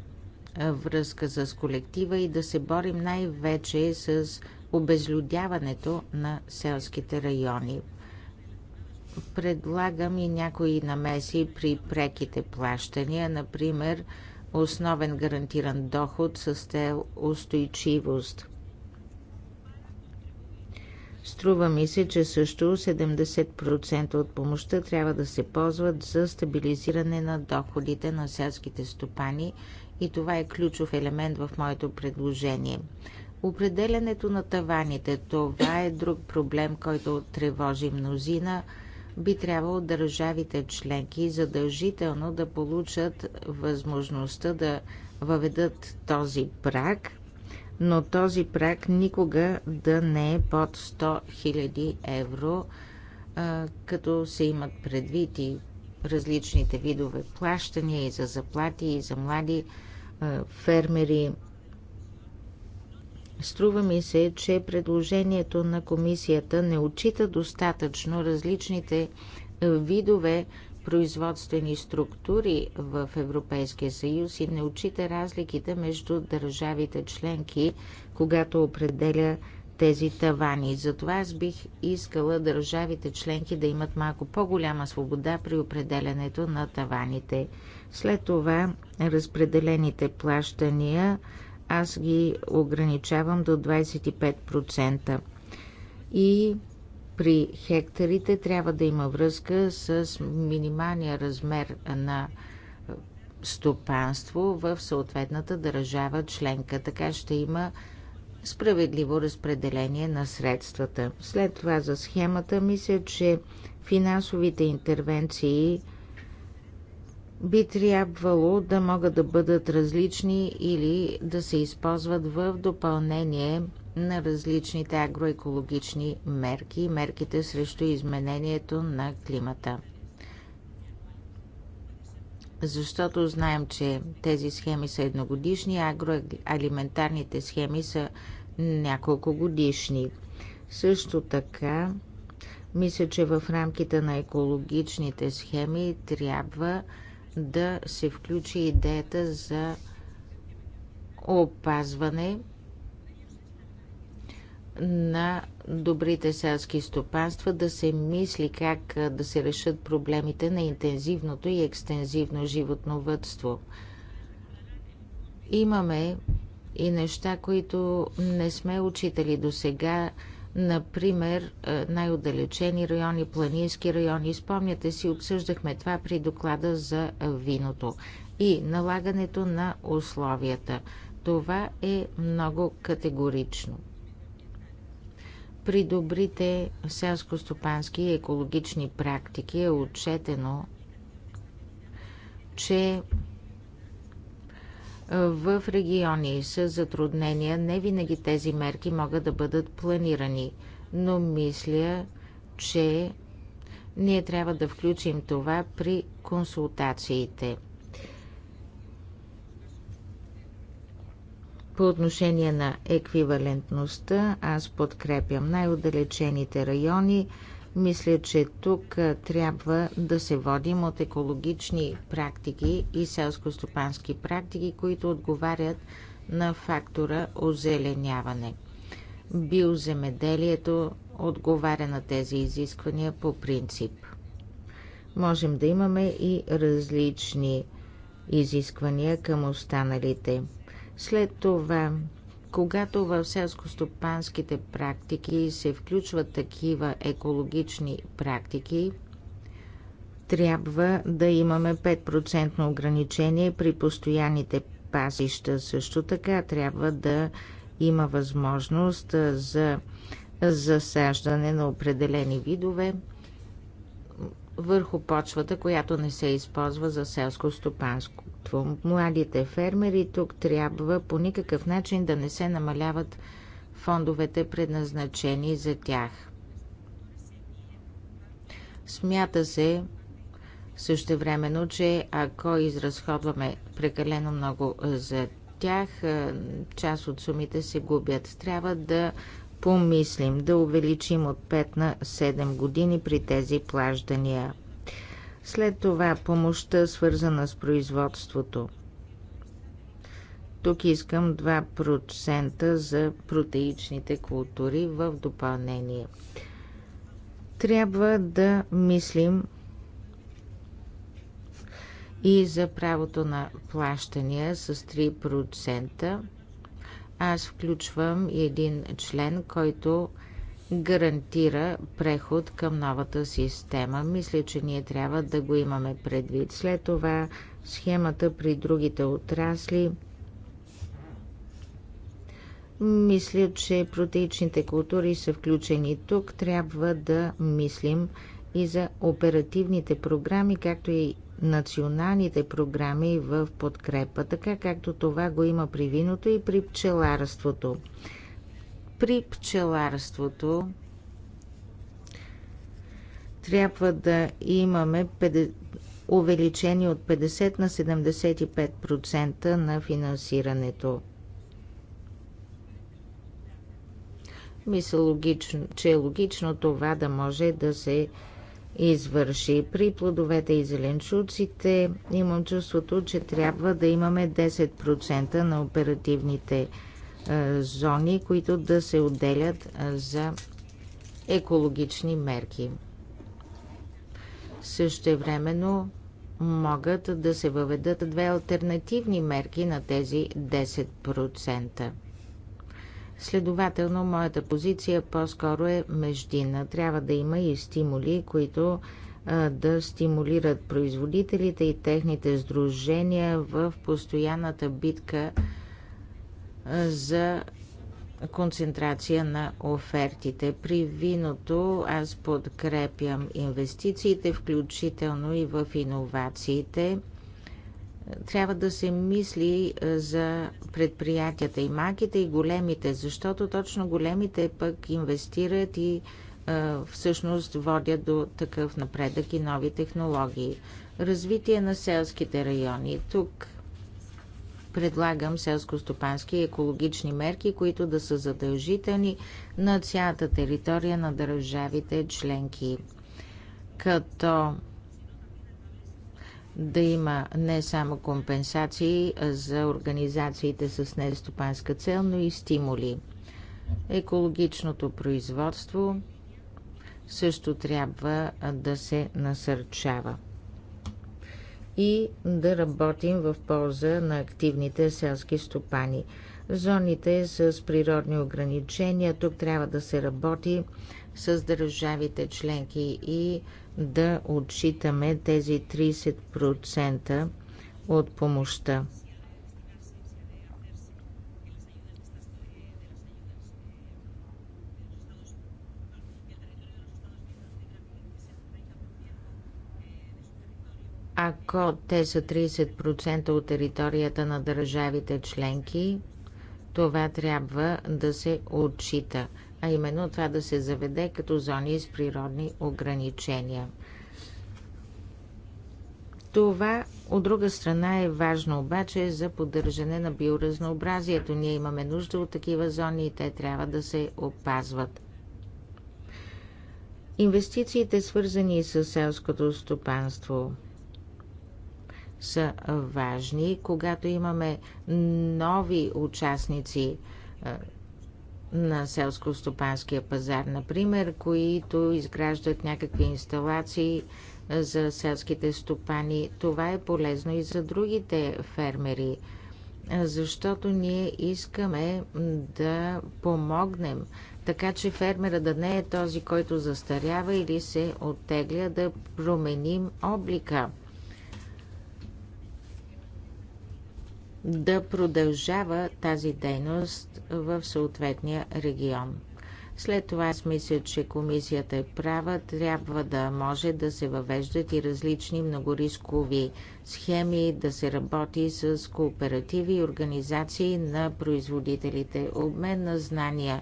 връзка с колектива и да се борим най-вече с обезлюдяването на селските райони. Предлагам и някои намеси при преките плащания, например основен гарантиран доход с цел устойчивост. Струва ми се, че също 70% от помощта трябва да се ползват за стабилизиране на доходите на селските стопани и това е ключов елемент в моето предложение. Определянето на таваните – това е друг проблем, който тревожи мнозина. Би трябвало държавите членки задължително да получат възможността да въведат този праг, но този праг никога да не е под 100 000 евро, като се имат предвид и различните видове плащания и за заплати, и за млади фермери – Струва ми се, че предложението на комисията не отчита достатъчно различните видове производствени структури в Европейския съюз и не отчита разликите между държавите членки, когато определя тези тавани. Затова аз бих искала държавите членки да имат малко по-голяма свобода при определенето на таваните. След това разпределените плащания аз ги ограничавам до 25%. И при хектарите трябва да има връзка с минималния размер на стопанство в съответната държава членка. Така ще има справедливо разпределение на средствата. След това за схемата мисля, че финансовите интервенции – би трябвало да могат да бъдат различни или да се използват в допълнение на различните агроекологични мерки и мерките срещу изменението на климата. Защото знаем, че тези схеми са едногодишни, а агроалиментарните схеми са няколко годишни. Също така, мисля, че в рамките на екологичните схеми трябва да се включи идеята за опазване на добрите селски стопанства, да се мисли как да се решат проблемите на интензивното и екстензивно животновътство. Имаме и неща, които не сме учители до сега Например, е, най-отдалечени райони, планински райони. Спомняте си, обсъждахме това при доклада за виното и налагането на условията. Това е много категорично. При добрите селско-стопански и екологични практики е отчетено, че в региони с затруднения. Не винаги тези мерки могат да бъдат планирани, но мисля, че ние трябва да включим това при консултациите. По отношение на еквивалентността, аз подкрепям най-отдалечените райони – мисля, че тук трябва да се водим от екологични практики и селско-стопански практики, които отговарят на фактора озеленяване. Биоземеделието отговаря на тези изисквания по принцип. Можем да имаме и различни изисквания към останалите. След това когато в селско-стопанските практики се включват такива екологични практики, трябва да имаме 5% ограничение при постоянните пазища. Също така трябва да има възможност за засаждане на определени видове – върху почвата, която не се използва за селско стопанство. Младите фермери тук трябва по никакъв начин да не се намаляват фондовете предназначени за тях. Смята се същевременно, че ако изразходваме прекалено много за тях, част от сумите се губят. Трябва да помислим да увеличим от 5 на 7 години при тези плаждания. След това помощта, свързана с производството. Тук искам 2% за протеичните култури в допълнение. Трябва да мислим и за правото на плащания с 3% аз включвам и един член, който гарантира преход към новата система. Мисля, че ние трябва да го имаме предвид. След това схемата при другите отрасли. Мисля, че протеичните култури са включени тук. Трябва да мислим и за оперативните програми, както и националните програми в подкрепа, така както това го има при виното и при пчеларството. При пчеларството трябва да имаме увеличени увеличение от 50 на 75% на финансирането. Мисля, логично, че е логично това да може да се извърши. При плодовете и зеленчуците имам чувството, че трябва да имаме 10% на оперативните е, зони, които да се отделят е, за екологични мерки. Същевременно могат да се въведат две альтернативни мерки на тези 10%. Следователно, моята позиция по-скоро е междинна. Трябва да има и стимули, които да стимулират производителите и техните сдружения в постоянната битка за концентрация на офертите. При виното аз подкрепям инвестициите, включително и в иновациите трябва да се мисли е, за предприятията и малките и големите, защото точно големите пък инвестират и е, всъщност водят до такъв напредък и нови технологии. Развитие на селските райони. Тук предлагам селско-стопански и екологични мерки, които да са задължителни на цялата територия на държавите членки. Като да има не само компенсации за организациите с нестопанска цел, но и стимули. Екологичното производство също трябва да се насърчава и да работим в полза на активните селски стопани. Зоните с природни ограничения, тук трябва да се работи с държавите членки и да отчитаме тези 30% от помощта. Ако те са 30% от територията на държавите членки, това трябва да се отчита – а именно това да се заведе като зони с природни ограничения. Това, от друга страна, е важно обаче за поддържане на биоразнообразието. Ние имаме нужда от такива зони и те трябва да се опазват. Инвестициите, свързани с селското стопанство, са важни, когато имаме нови участници на селско-стопанския пазар, например, които изграждат някакви инсталации за селските стопани. Това е полезно и за другите фермери, защото ние искаме да помогнем, така че фермера да не е този, който застарява или се оттегля, да променим облика. да продължава тази дейност в съответния регион. След това аз мисля, че комисията е права. Трябва да може да се въвеждат и различни многорискови схеми, да се работи с кооперативи и организации на производителите. Обмен на знания.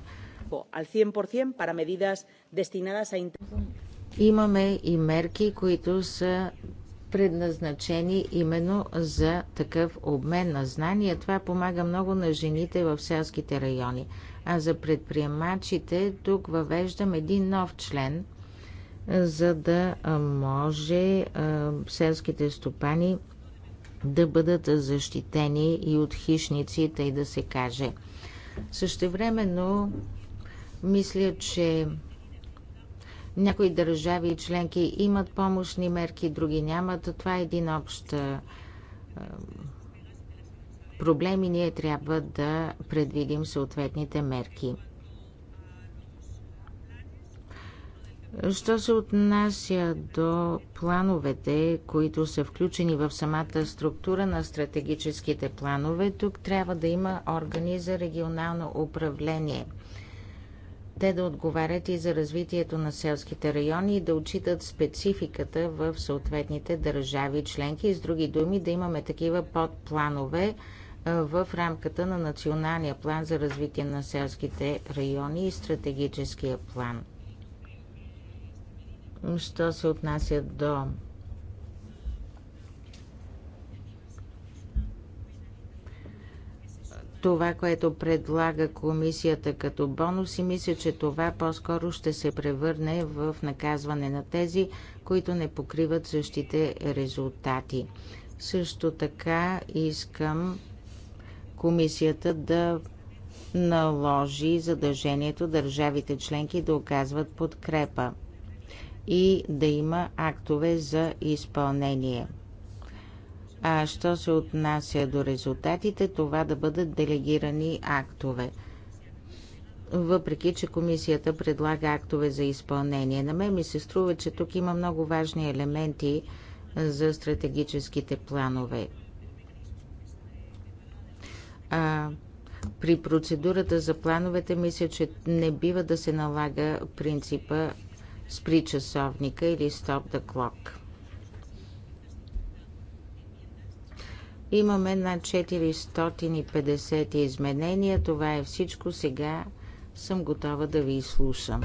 Имаме и мерки, които са предназначени именно за такъв обмен на знания. Това помага много на жените в селските райони. А за предприемачите тук въвеждам един нов член, за да може селските стопани да бъдат защитени и от хищници, тъй да се каже. Същевременно, мисля, че някои държави и членки имат помощни мерки, други нямат. Това е един общ е, проблем и ние трябва да предвидим съответните мерки. Що се отнася до плановете, които са включени в самата структура на стратегическите планове, тук трябва да има органи за регионално управление – те да отговарят и за развитието на селските райони и да отчитат спецификата в съответните държави членки. И с други думи, да имаме такива подпланове в рамката на Националния план за развитие на селските райони и стратегическия план. Що се отнася до това, което предлага комисията като бонус и мисля, че това по-скоро ще се превърне в наказване на тези, които не покриват същите резултати. Също така искам комисията да наложи задължението държавите членки да оказват подкрепа и да има актове за изпълнение – а що се отнася до резултатите, това да бъдат делегирани актове. Въпреки, че комисията предлага актове за изпълнение, на мен ми се струва, че тук има много важни елементи за стратегическите планове. А, при процедурата за плановете мисля, че не бива да се налага принципа с причасовника или stop the clock. Имаме над 450 изменения. Това е всичко. Сега съм готова да ви изслушам.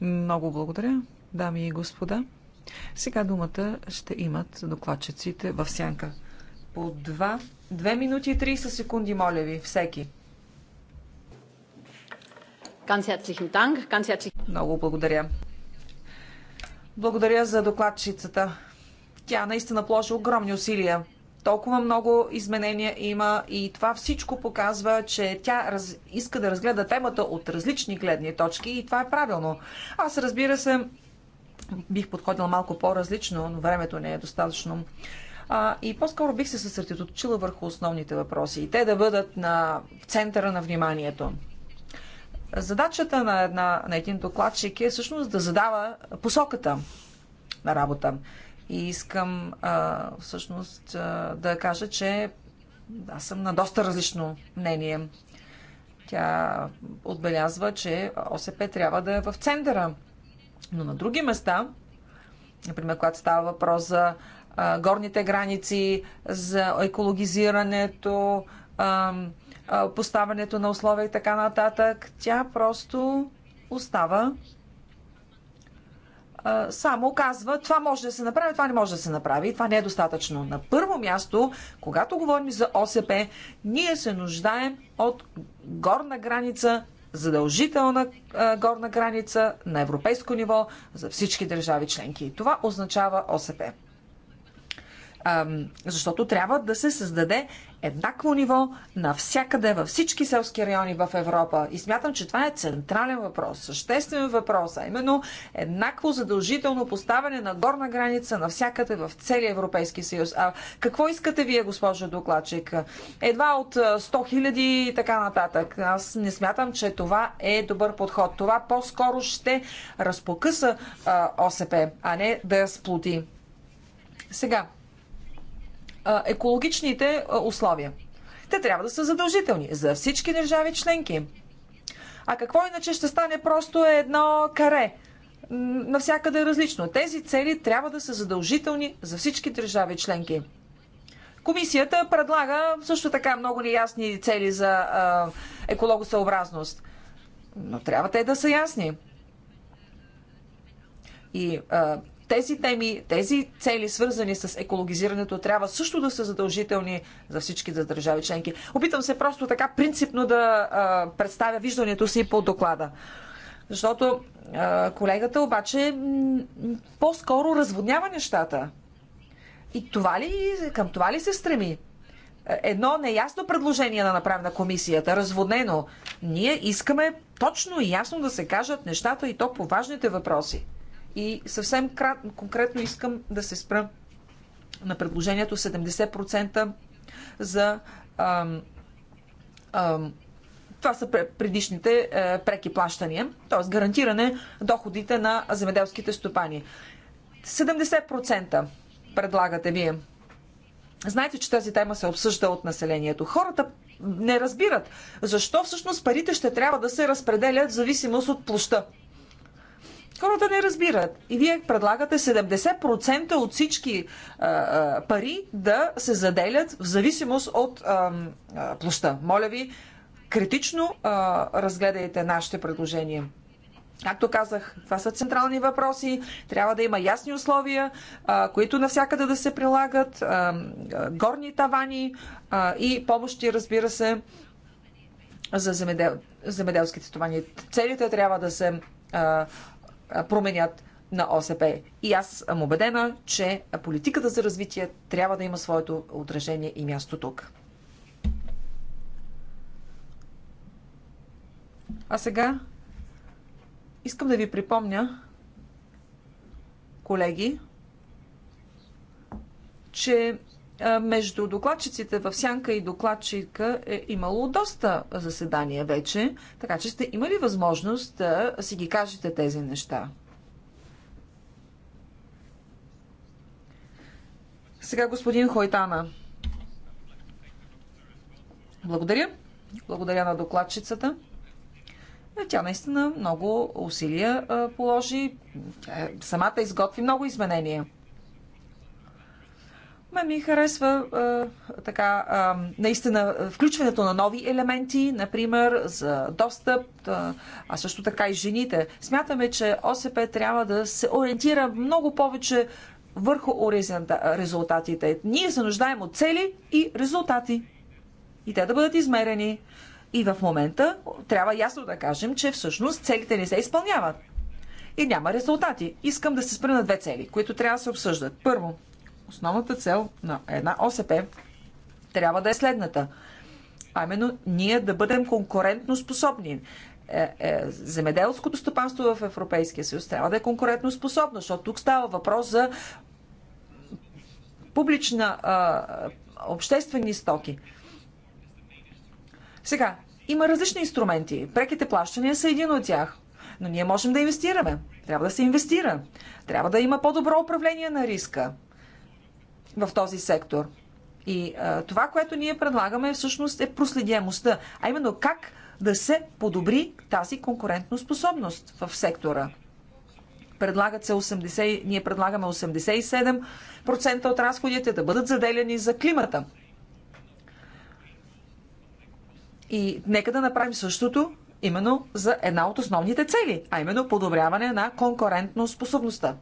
Много благодаря, дами и господа. Сега думата ще имат докладчиците в сянка. По 2, 2 минути и 30 секунди, моля ви, всеки. Много благодаря. Благодаря за докладчицата. Тя наистина положи огромни усилия. Толкова много изменения има и това всичко показва, че тя раз... иска да разгледа темата от различни гледни точки и това е правилно. Аз разбира се, бих подходила малко по-различно, но времето не е достатъчно. А, и по-скоро бих се съсредоточила върху основните въпроси и те да бъдат на, в центъра на вниманието. Задачата на, една, на един докладчик е всъщност да задава посоката на работа. И искам а, всъщност а, да кажа, че аз съм на доста различно мнение. Тя отбелязва, че ОСП трябва да е в центъра. Но на други места, например, когато става въпрос за а, горните граници, за екологизирането, а, поставянето на условия и така нататък. Тя просто остава само казва, това може да се направи, това не може да се направи, това не е достатъчно. На първо място, когато говорим за ОСП, ние се нуждаем от горна граница, задължителна горна граница на европейско ниво за всички държави членки. Това означава ОСП защото трябва да се създаде еднакво ниво навсякъде, във всички селски райони в Европа. И смятам, че това е централен въпрос, съществен въпрос, а именно еднакво задължително поставяне на горна граница навсякъде в целия Европейски съюз. А какво искате вие, госпожо докладчик? Едва от 100 хиляди и така нататък. Аз не смятам, че това е добър подход. Това по-скоро ще разпокъса ОСП, а не да я сплоти. Сега, екологичните условия. Те трябва да са задължителни за всички държави членки. А какво иначе ще стане просто едно каре? Навсякъде е различно. Тези цели трябва да са задължителни за всички държави членки. Комисията предлага също така много неясни цели за а, екологосъобразност. Но трябва те да са ясни. И а, тези теми, тези цели, свързани с екологизирането, трябва също да са задължителни за всичките държави членки. Опитам се просто така принципно да а, представя виждането си по доклада. Защото а, колегата обаче по-скоро разводнява нещата. И това ли, към това ли се стреми? Едно неясно предложение на направена комисията, разводнено. Ние искаме точно и ясно да се кажат нещата и то по важните въпроси. И съвсем крат, конкретно искам да се спра на предложението 70% за. Ам, ам, това са предишните е, преки плащания, т.е. гарантиране доходите на земеделските стопани. 70% предлагате вие. Знаете, че тази тема се обсъжда от населението. Хората не разбират защо всъщност парите ще трябва да се разпределят в зависимост от площа. Хората не разбират. И вие предлагате 70% от всички а, а, пари да се заделят в зависимост от а, площа. Моля ви, критично а, разгледайте нашите предложения. Както казах, това са централни въпроси. Трябва да има ясни условия, а, които навсякъде да се прилагат, а, горни тавани а, и помощи, разбира се, за земедел... земеделските стомани. Целите трябва да се а, променят на ОСП. И аз съм убедена, че политиката за развитие трябва да има своето отражение и място тук. А сега искам да ви припомня, колеги, че е, между докладчиците в Сянка и докладчика е имало доста заседания вече, така че сте имали възможност да си ги кажете тези неща. Сега господин Хойтана. Благодаря. Благодаря на докладчицата. Е, тя наистина много усилия е, положи. Самата изготви много изменения. Ме ми харесва а, така, а, наистина включването на нови елементи, например за достъп, а, а също така и жените. Смятаме, че ОСП трябва да се ориентира много повече върху резултатите. Ние се нуждаем от цели и резултати. И те да бъдат измерени. И в момента трябва ясно да кажем, че всъщност целите не се изпълняват. И няма резултати. Искам да се спра на две цели, които трябва да се обсъждат. Първо, основната цел на една ОСП трябва да е следната. А именно ние да бъдем конкурентно способни. Е, е, земеделското стопанство в Европейския съюз трябва да е конкурентно способно, защото тук става въпрос за публична, е, обществени стоки. Сега, има различни инструменти. Преките плащания са един от тях. Но ние можем да инвестираме. Трябва да се инвестира. Трябва да има по-добро управление на риска в този сектор. И а, това, което ние предлагаме, всъщност е проследяемостта, а именно как да се подобри тази способност в сектора. Предлагат се 80, ние предлагаме 87% от разходите да бъдат заделени за климата. И нека да направим същото именно за една от основните цели, а именно подобряване на конкурентно способността.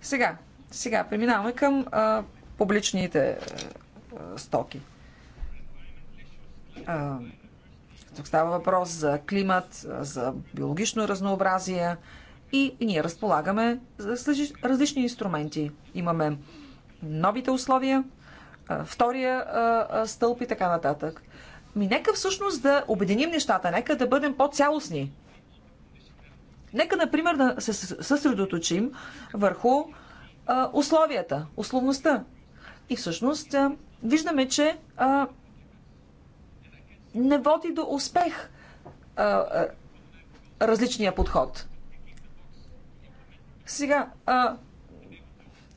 Сега, сега преминаваме към а, публичните а, стоки. А, тук става въпрос за климат, за биологично разнообразие и ние разполагаме с различни инструменти. Имаме новите условия, втория стълб и така нататък. Ми нека всъщност да обединим нещата, нека да бъдем по-цялостни. Нека, например, да се съсредоточим върху а, условията, условността. И всъщност а, виждаме, че а, не води до успех а, а, различния подход. Сега, а,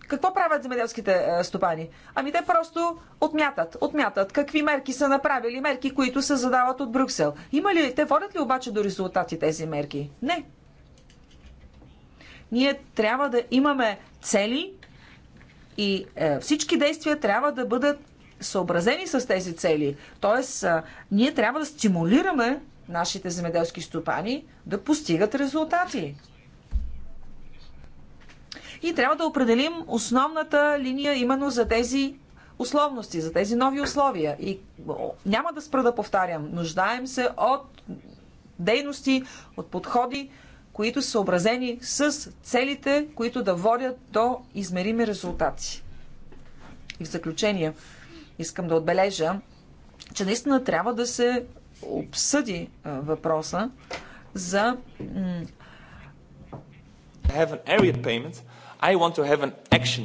какво правят земеделските стопани? Ами те просто отмятат, отмятат какви мерки са направили, мерки, които се задават от Брюксел. Има ли, те водят ли обаче до резултати тези мерки? Не. Ние трябва да имаме цели и е, всички действия трябва да бъдат съобразени с тези цели. Тоест, е, ние трябва да стимулираме нашите земеделски стопани да постигат резултати. И трябва да определим основната линия именно за тези условности, за тези нови условия. И няма да спра да повтарям. Нуждаем се от дейности, от подходи, които са съобразени с целите, които да водят до измерими резултати. И в заключение искам да отбележа, че наистина трябва да се обсъди въпроса за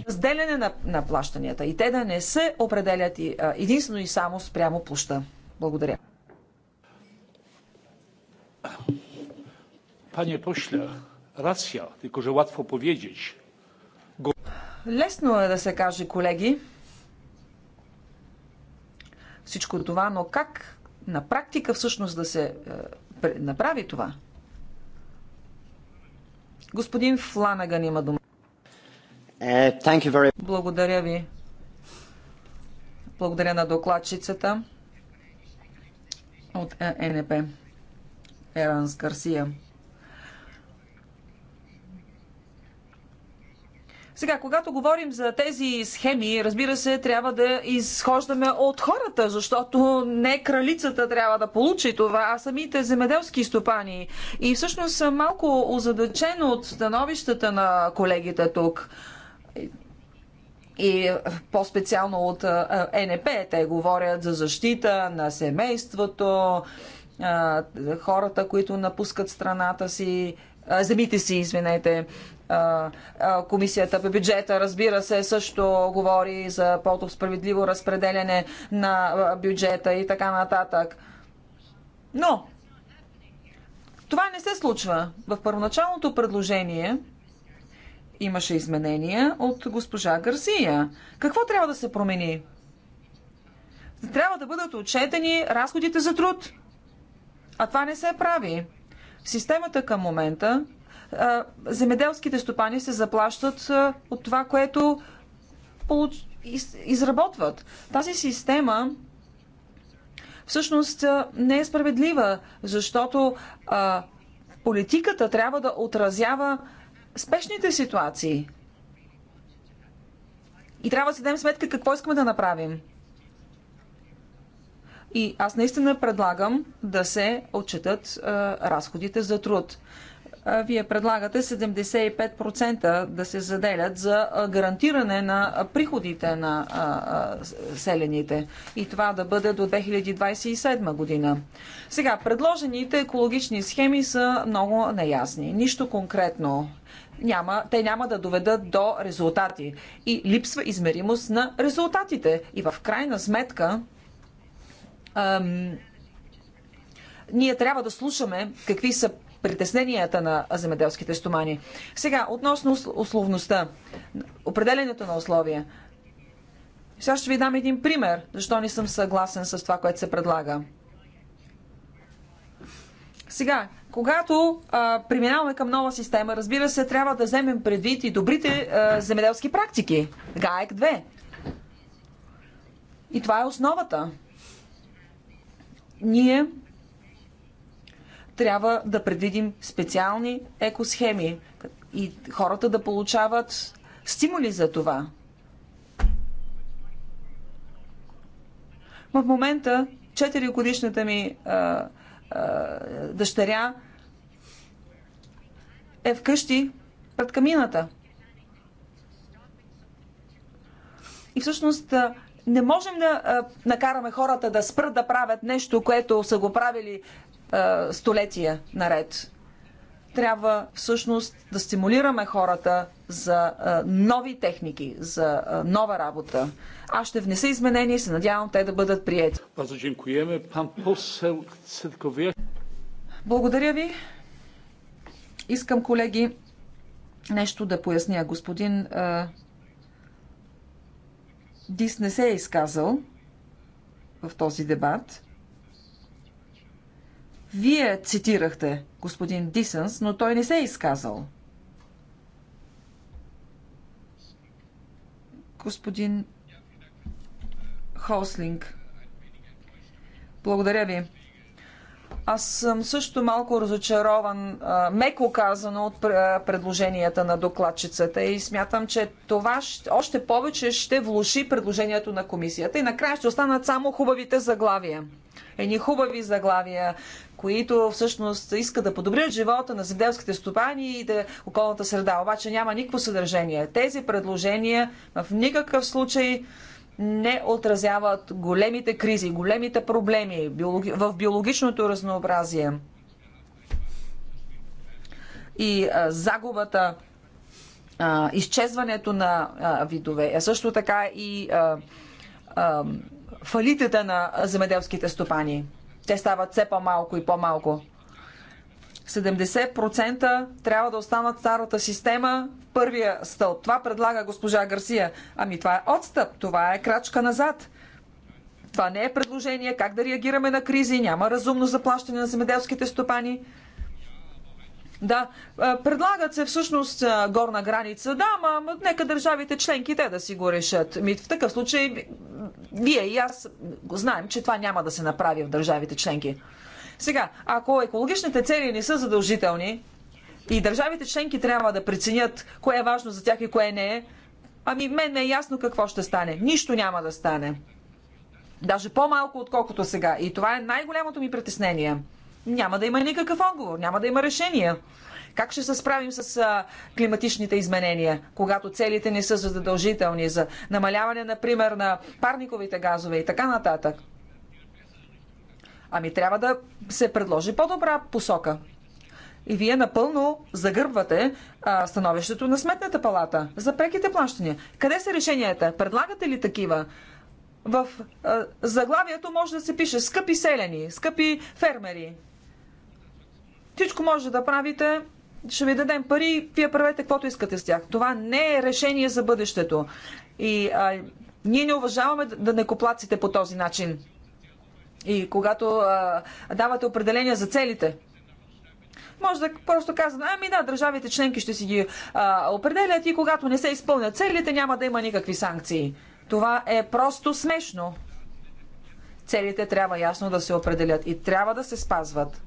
разделяне на, на плащанията и те да не се определят и, а, единствено и само спрямо площа. Благодаря. Panie pośle, racja, tylko że łatwo powiedzieć. Go... Лесно е да се каже, колеги, всичко това, но как на практика всъщност да се е, направи това? Господин Фланаган има дума. Uh, very... Благодаря ви. Благодаря на докладчицата от ЕНП е Еранс Гарсия. Сега, когато говорим за тези схеми, разбира се, трябва да изхождаме от хората, защото не кралицата трябва да получи това, а самите земеделски стопани. И всъщност съм малко озадачен от становищата на колегите тук и по-специално от НП. Те говорят за защита на семейството, хората, които напускат страната си, земите си, извинете. Комисията по бюджета, разбира се, също говори за по справедливо разпределяне на бюджета и така нататък. Но това не се случва. В първоначалното предложение имаше изменения от госпожа Гарсия. Какво трябва да се промени? Трябва да бъдат отчетени разходите за труд. А това не се прави. Системата към момента земеделските стопани се заплащат от това, което изработват. Тази система всъщност не е справедлива, защото политиката трябва да отразява спешните ситуации. И трябва да си дадем сметка какво искаме да направим. И аз наистина предлагам да се отчетат разходите за труд вие предлагате 75% да се заделят за гарантиране на приходите на селените и това да бъде до 2027 година. Сега, предложените екологични схеми са много неясни. Нищо конкретно. Няма, те няма да доведат до резултати. И липсва измеримост на резултатите. И в крайна сметка. Ам, ние трябва да слушаме какви са притесненията на земеделските стомани. Сега, относно условността, определенето на условия. Сега ще ви дам един пример, защо не съм съгласен с това, което се предлага. Сега, когато а, преминаваме към нова система, разбира се, трябва да вземем предвид и добрите а, земеделски практики. ГАЕК 2. И това е основата. Ние трябва да предвидим специални екосхеми и хората да получават стимули за това. В момента 4-годишната ми а, а, дъщеря е вкъщи пред камината. И всъщност не можем да накараме хората да спрат да правят нещо, което са го правили столетия наред. Трябва всъщност да стимулираме хората за нови техники, за нова работа. Аз ще внеса изменения и се надявам те да бъдат приятели. Благодаря ви. Искам, колеги, нещо да поясня. Господин а, Дис не се е изказал в този дебат. Вие цитирахте господин Дисънс, но той не се е изказал. Господин Хослинг. Благодаря ви. Аз съм също малко разочарован, меко казано, от предложенията на докладчицата и смятам, че това още повече ще влуши предложението на комисията и накрая ще останат само хубавите заглавия. Едни хубави заглавия, които всъщност искат да подобрят живота на земеделските стопани и да околната среда. Обаче няма никакво съдържание. Тези предложения в никакъв случай не отразяват големите кризи, големите проблеми в биологичното разнообразие и а, загубата, а, изчезването на а, видове, а също така и а, а, на земеделските стопани те стават все по-малко и по-малко. 70% трябва да останат старата система в първия стълб. Това предлага госпожа Гарсия. Ами това е отстъп, това е крачка назад. Това не е предложение как да реагираме на кризи, няма разумно заплащане на земеделските стопани. Да, предлагат се всъщност горна граница. Да, ама нека държавите членки те да си го решат. Ми, в такъв случай, вие и аз знаем, че това няма да се направи в държавите членки. Сега, ако екологичните цели не са задължителни и държавите членки трябва да преценят кое е важно за тях и кое не е, ами мен не е ясно какво ще стане. Нищо няма да стане. Даже по-малко, отколкото сега. И това е най-голямото ми притеснение няма да има никакъв отговор, няма да има решение. Как ще се справим с а, климатичните изменения, когато целите не са задължителни за намаляване, например, на парниковите газове и така нататък? Ами трябва да се предложи по-добра посока. И вие напълно загърбвате а, становището на Сметната палата за преките плащания. Къде са решенията? Предлагате ли такива? В а, заглавието може да се пише скъпи селени, скъпи фермери, всичко може да правите, ще ви дадем пари, вие правете каквото искате с тях. Това не е решение за бъдещето. И а, ние не уважаваме да не коплаците по този начин. И когато а, давате определения за целите, може да просто казват, ами да, държавите членки ще си ги а, определят и когато не се изпълнят целите, няма да има никакви санкции. Това е просто смешно. Целите трябва ясно да се определят и трябва да се спазват.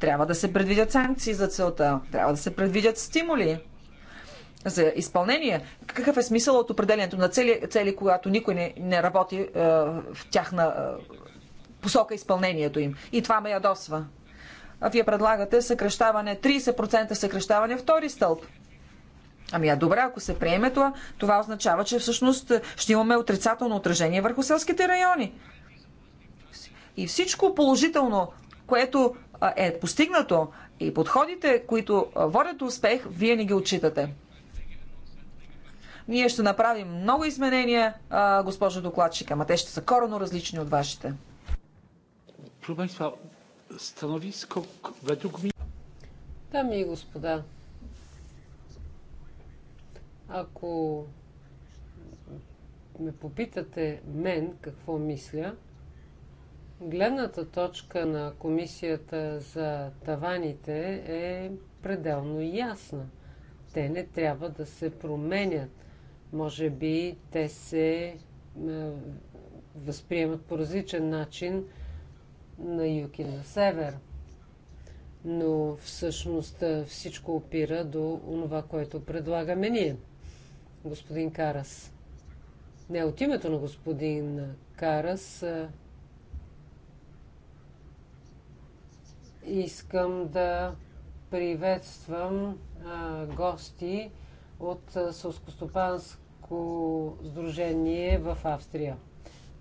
Трябва да се предвидят санкции за целта. Трябва да се предвидят стимули за изпълнение. Какъв е смисъл от определението на цели, цели когато никой не, не работи е, в тяхна е, посока изпълнението им? И това ме ядосва. А вие предлагате съкрещаване, 30% съкрещаване втори стълб. Ами а добре, ако се приеме това, това означава, че всъщност ще имаме отрицателно отражение върху селските райони. И всичко положително, което е постигнато и подходите, които водят до успех, вие не ги отчитате. Ние ще направим много изменения, госпожо докладчика, ама те ще са коренно различни от вашите. Дами и господа, ако ме попитате мен какво мисля, Гледната точка на комисията за таваните е пределно ясна. Те не трябва да се променят. Може би те се е, възприемат по различен начин на юг и на север. Но всъщност е, всичко опира до това, което предлагаме ние. Господин Карас. Не, от името на господин Карас е, Искам да приветствам а, гости от Сълскостопанско сдружение в Австрия.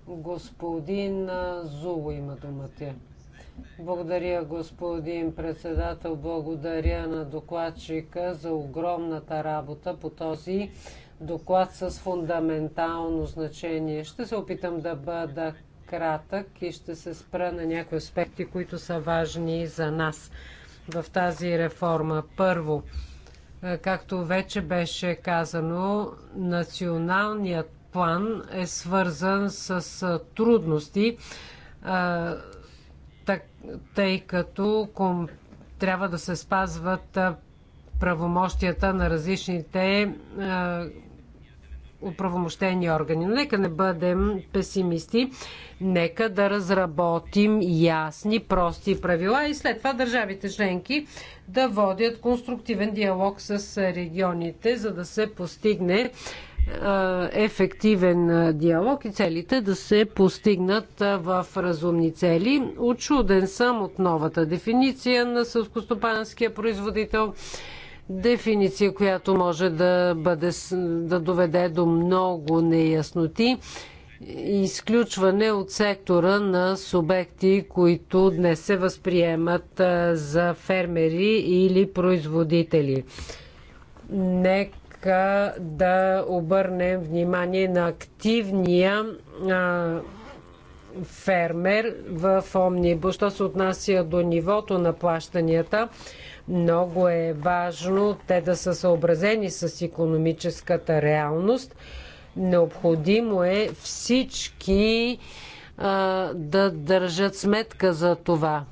Господин Зуло има думата. Благодаря, господин председател. Благодаря на докладчика за огромната работа по този доклад с фундаментално значение. Ще се опитам да бъда кратък и ще се спра на някои аспекти, които са важни за нас в тази реформа. Първо, е, както вече беше казано, националният план е свързан с е, трудности, е, тъй като трябва да се спазват правомощията на различните оправомощени органи. Но нека не бъдем песимисти. Нека да разработим ясни, прости правила и след това държавите членки да водят конструктивен диалог с регионите, за да се постигне ефективен диалог и целите да се постигнат в разумни цели. Очуден съм от новата дефиниция на сълскостопанския производител дефиниция, която може да, бъде, да доведе до много неясноти изключване от сектора на субекти, които днес се възприемат за фермери или производители. Нека да обърнем внимание на активния фермер в Омнибус. Що се отнася до нивото на плащанията, много е важно те да са съобразени с економическата реалност. Необходимо е всички а, да държат сметка за това.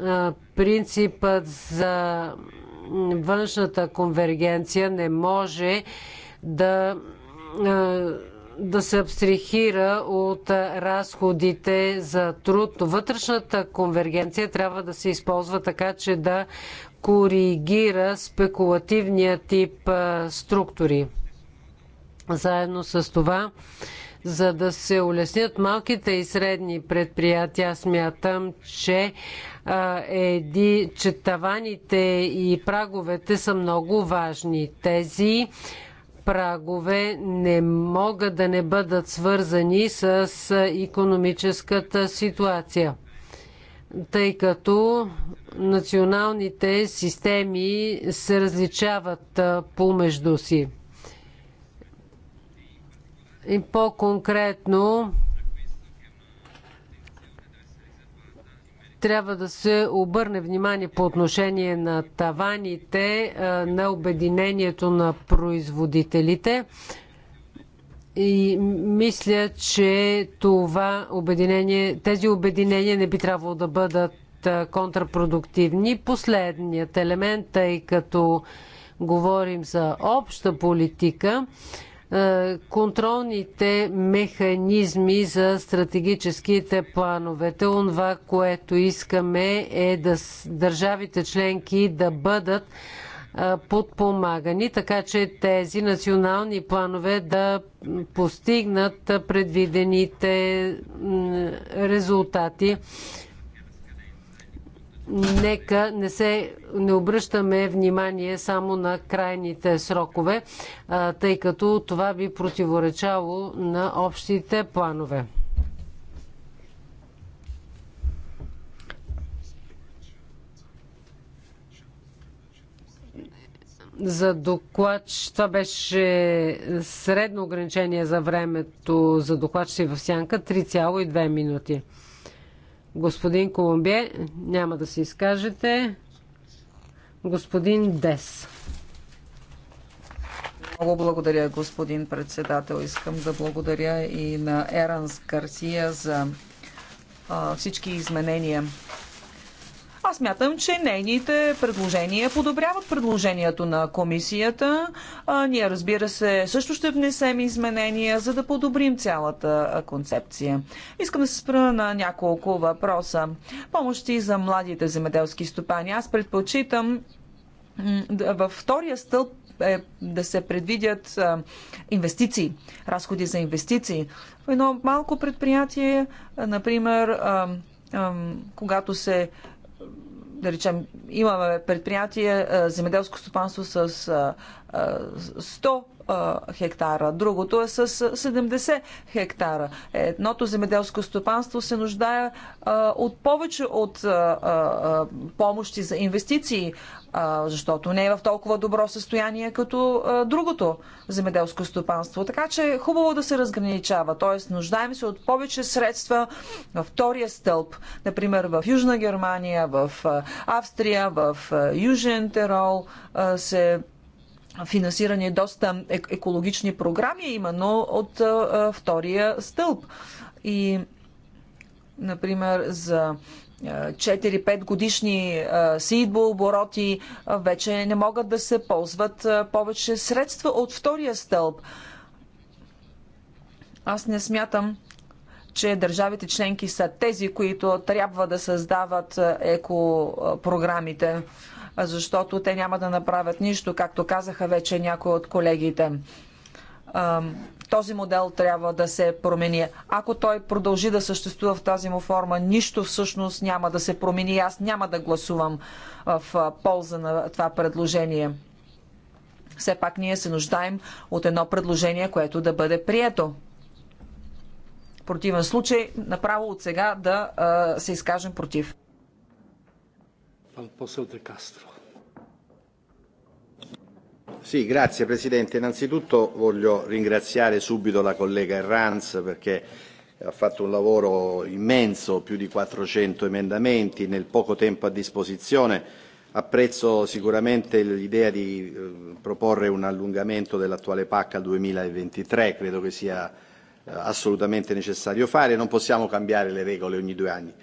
А, принципът за външната конвергенция не може да, да се абстрихира от разходите за труд. Вътрешната конвергенция трябва да се използва така, че да коригира спекулативния тип структури. Заедно с това, за да се улеснят малките и средни предприятия, смятам, че, а, еди, че таваните и праговете са много важни. Тези прагове не могат да не бъдат свързани с економическата ситуация тъй като националните системи се различават помежду си. И по-конкретно трябва да се обърне внимание по отношение на таваните на обединението на производителите. И мисля, че това обединение, тези обединения не би трябвало да бъдат контрапродуктивни. Последният елемент, тъй като говорим за обща политика, контролните механизми за стратегическите планове. Онова, което искаме е да държавите членки да бъдат подпомагани, така че тези национални планове да постигнат предвидените резултати. Нека не се не обръщаме внимание само на крайните срокове, тъй като това би противоречало на общите планове. за доклад. Това беше средно ограничение за времето за докладчици в сянка 3,2 минути. Господин Колумбие, няма да се изкажете. Господин Дес. Много благодаря, господин председател. Искам да благодаря и на Еранс Гарсия за а, всички изменения аз мятам, че нейните предложения подобряват предложението на комисията. А, ние, разбира се, също ще внесем изменения, за да подобрим цялата концепция. Искам да се спра на няколко въпроса. Помощи за младите земеделски стопани. Аз предпочитам във втория стълб е да се предвидят а, инвестиции, разходи за инвестиции. В едно малко предприятие, а, например, а, когато се да речем, имаме предприятие земеделско стопанство с 100 хектара, другото е с 70 хектара. Едното земеделско стопанство се нуждае от повече от помощи за инвестиции, защото не е в толкова добро състояние като другото земеделско стопанство. Така че е хубаво да се разграничава, т.е. нуждаем се от повече средства във втория стълб, например в Южна Германия, в Австрия, в Южен Терол се финансирани доста екологични програми, именно от втория стълб. И, например, за 4-5 годишни сидбо обороти вече не могат да се ползват повече средства от втория стълб. Аз не смятам, че държавите членки са тези, които трябва да създават екопрограмите. програмите защото те няма да направят нищо, както казаха вече някои от колегите. Този модел трябва да се промени. Ако той продължи да съществува в тази му форма, нищо всъщност няма да се промени. Аз няма да гласувам в полза на това предложение. Все пак ние се нуждаем от едно предложение, което да бъде прието противен случай, направо от сега да а, се изкажем против. Pan poseł De Castro. Sì, grazie Presidente. Innanzitutto voglio ringraziare subito la collega Erranz perché ha fatto un lavoro immenso, più di 400 emendamenti nel poco tempo a disposizione. Apprezzo sicuramente l'idea di proporre un allungamento dell'attuale PAC al 2023, credo che sia assolutamente necessario fare, non possiamo cambiare le regole ogni due anni.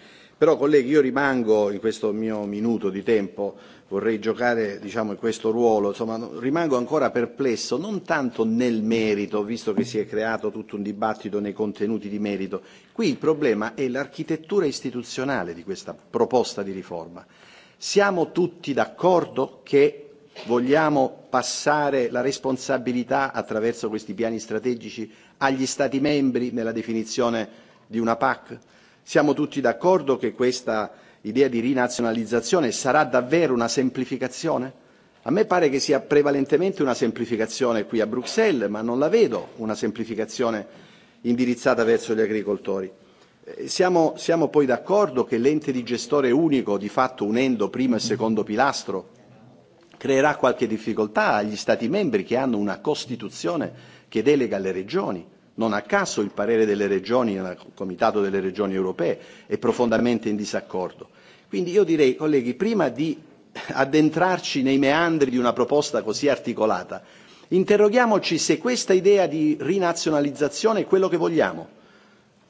Però, colleghi, io rimango in questo mio minuto di tempo, vorrei giocare diciamo, in questo ruolo, insomma, rimango ancora perplesso, non tanto nel merito, visto che si è creato tutto un dibattito nei contenuti di merito. Qui il problema è l'architettura istituzionale di questa proposta di riforma. Siamo tutti d'accordo che vogliamo passare la responsabilità attraverso questi piani strategici agli Stati membri nella definizione di una PAC? Siamo tutti d'accordo che questa idea di rinazionalizzazione sarà davvero una semplificazione? A me pare che sia prevalentemente una semplificazione qui a Bruxelles, ma non la vedo una semplificazione indirizzata verso gli agricoltori. Siamo, siamo poi d'accordo che l'ente di gestore unico, di fatto unendo primo e secondo pilastro, creerà qualche difficoltà agli Stati membri che hanno una Costituzione che delega alle regioni Non a caso il parere delle regioni, il Comitato delle regioni europee, è profondamente in disaccordo. Quindi io direi, colleghi, prima di addentrarci nei meandri di una proposta così articolata, interroghiamoci se questa idea di rinazionalizzazione è quello che vogliamo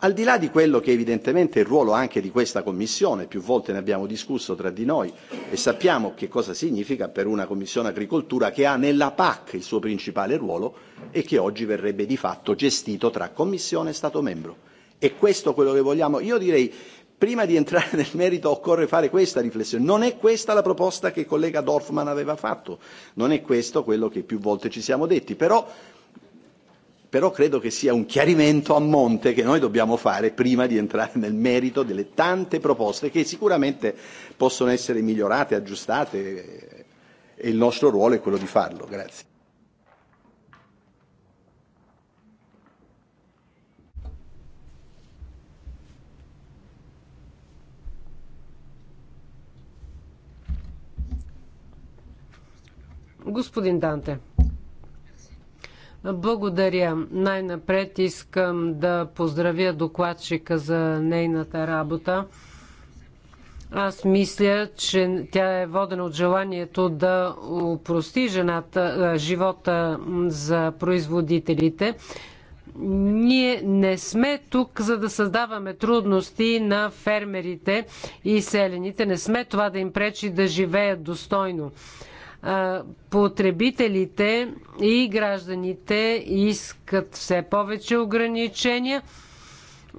Al di là di quello che evidentemente è il ruolo anche di questa Commissione, più volte ne abbiamo discusso tra di noi e sappiamo che cosa significa per una Commissione agricoltura che ha nella PAC il suo principale ruolo e che oggi verrebbe di fatto gestito tra Commissione e Stato membro. È questo quello che vogliamo? Io direi, prima di entrare nel merito occorre fare questa riflessione. Non è questa la proposta che il collega Dorfman aveva fatto, non è questo quello che più volte ci siamo detti, però però credo che sia un chiarimento a monte che noi dobbiamo fare prima di entrare nel merito delle tante proposte che sicuramente possono essere migliorate, aggiustate e il nostro ruolo è quello di farlo. Grazie. Господин Данте. Благодаря. Най-напред искам да поздравя докладчика за нейната работа. Аз мисля, че тя е водена от желанието да упрости жената, живота за производителите. Ние не сме тук, за да създаваме трудности на фермерите и селените. Не сме това да им пречи да живеят достойно потребителите и гражданите искат все повече ограничения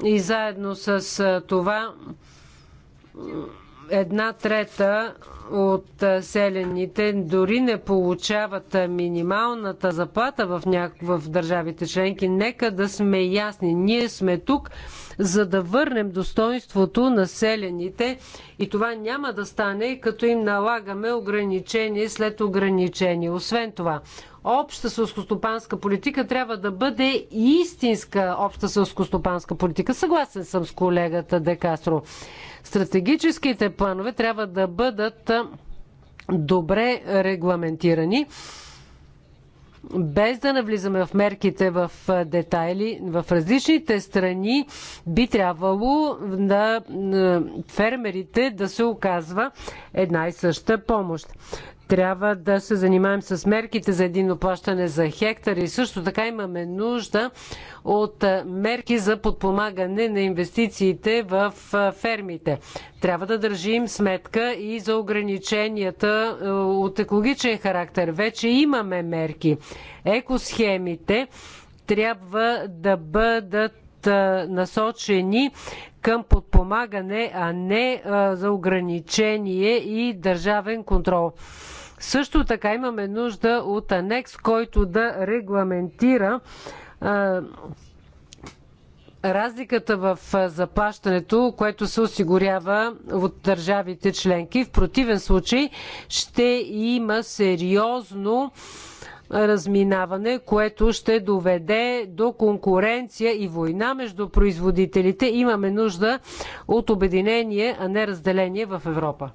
и заедно с това една трета от селените дори не получават минималната заплата в, ня... в държавите членки. Нека да сме ясни. Ние сме тук, за да върнем достоинството на селените и това няма да стане, като им налагаме ограничение след ограничение. Освен това, обща селскостопанска политика трябва да бъде истинска обща селскостопанска политика. Съгласен съм с колегата Декастро. Кастро Стратегическите планове трябва да бъдат добре регламентирани, без да навлизаме в мерките в детайли. В различните страни би трябвало на фермерите да се оказва една и съща помощ. Трябва да се занимаем с мерките за единно плащане за хектар и също така имаме нужда от мерки за подпомагане на инвестициите в фермите. Трябва да държим сметка и за ограниченията от екологичен характер. Вече имаме мерки. Екосхемите трябва да бъдат насочени към подпомагане, а не за ограничение и държавен контрол. Също така имаме нужда от анекс, който да регламентира разликата в заплащането, което се осигурява от държавите членки. В противен случай ще има сериозно разминаване, което ще доведе до конкуренция и война между производителите. Имаме нужда от обединение, а не разделение в Европа.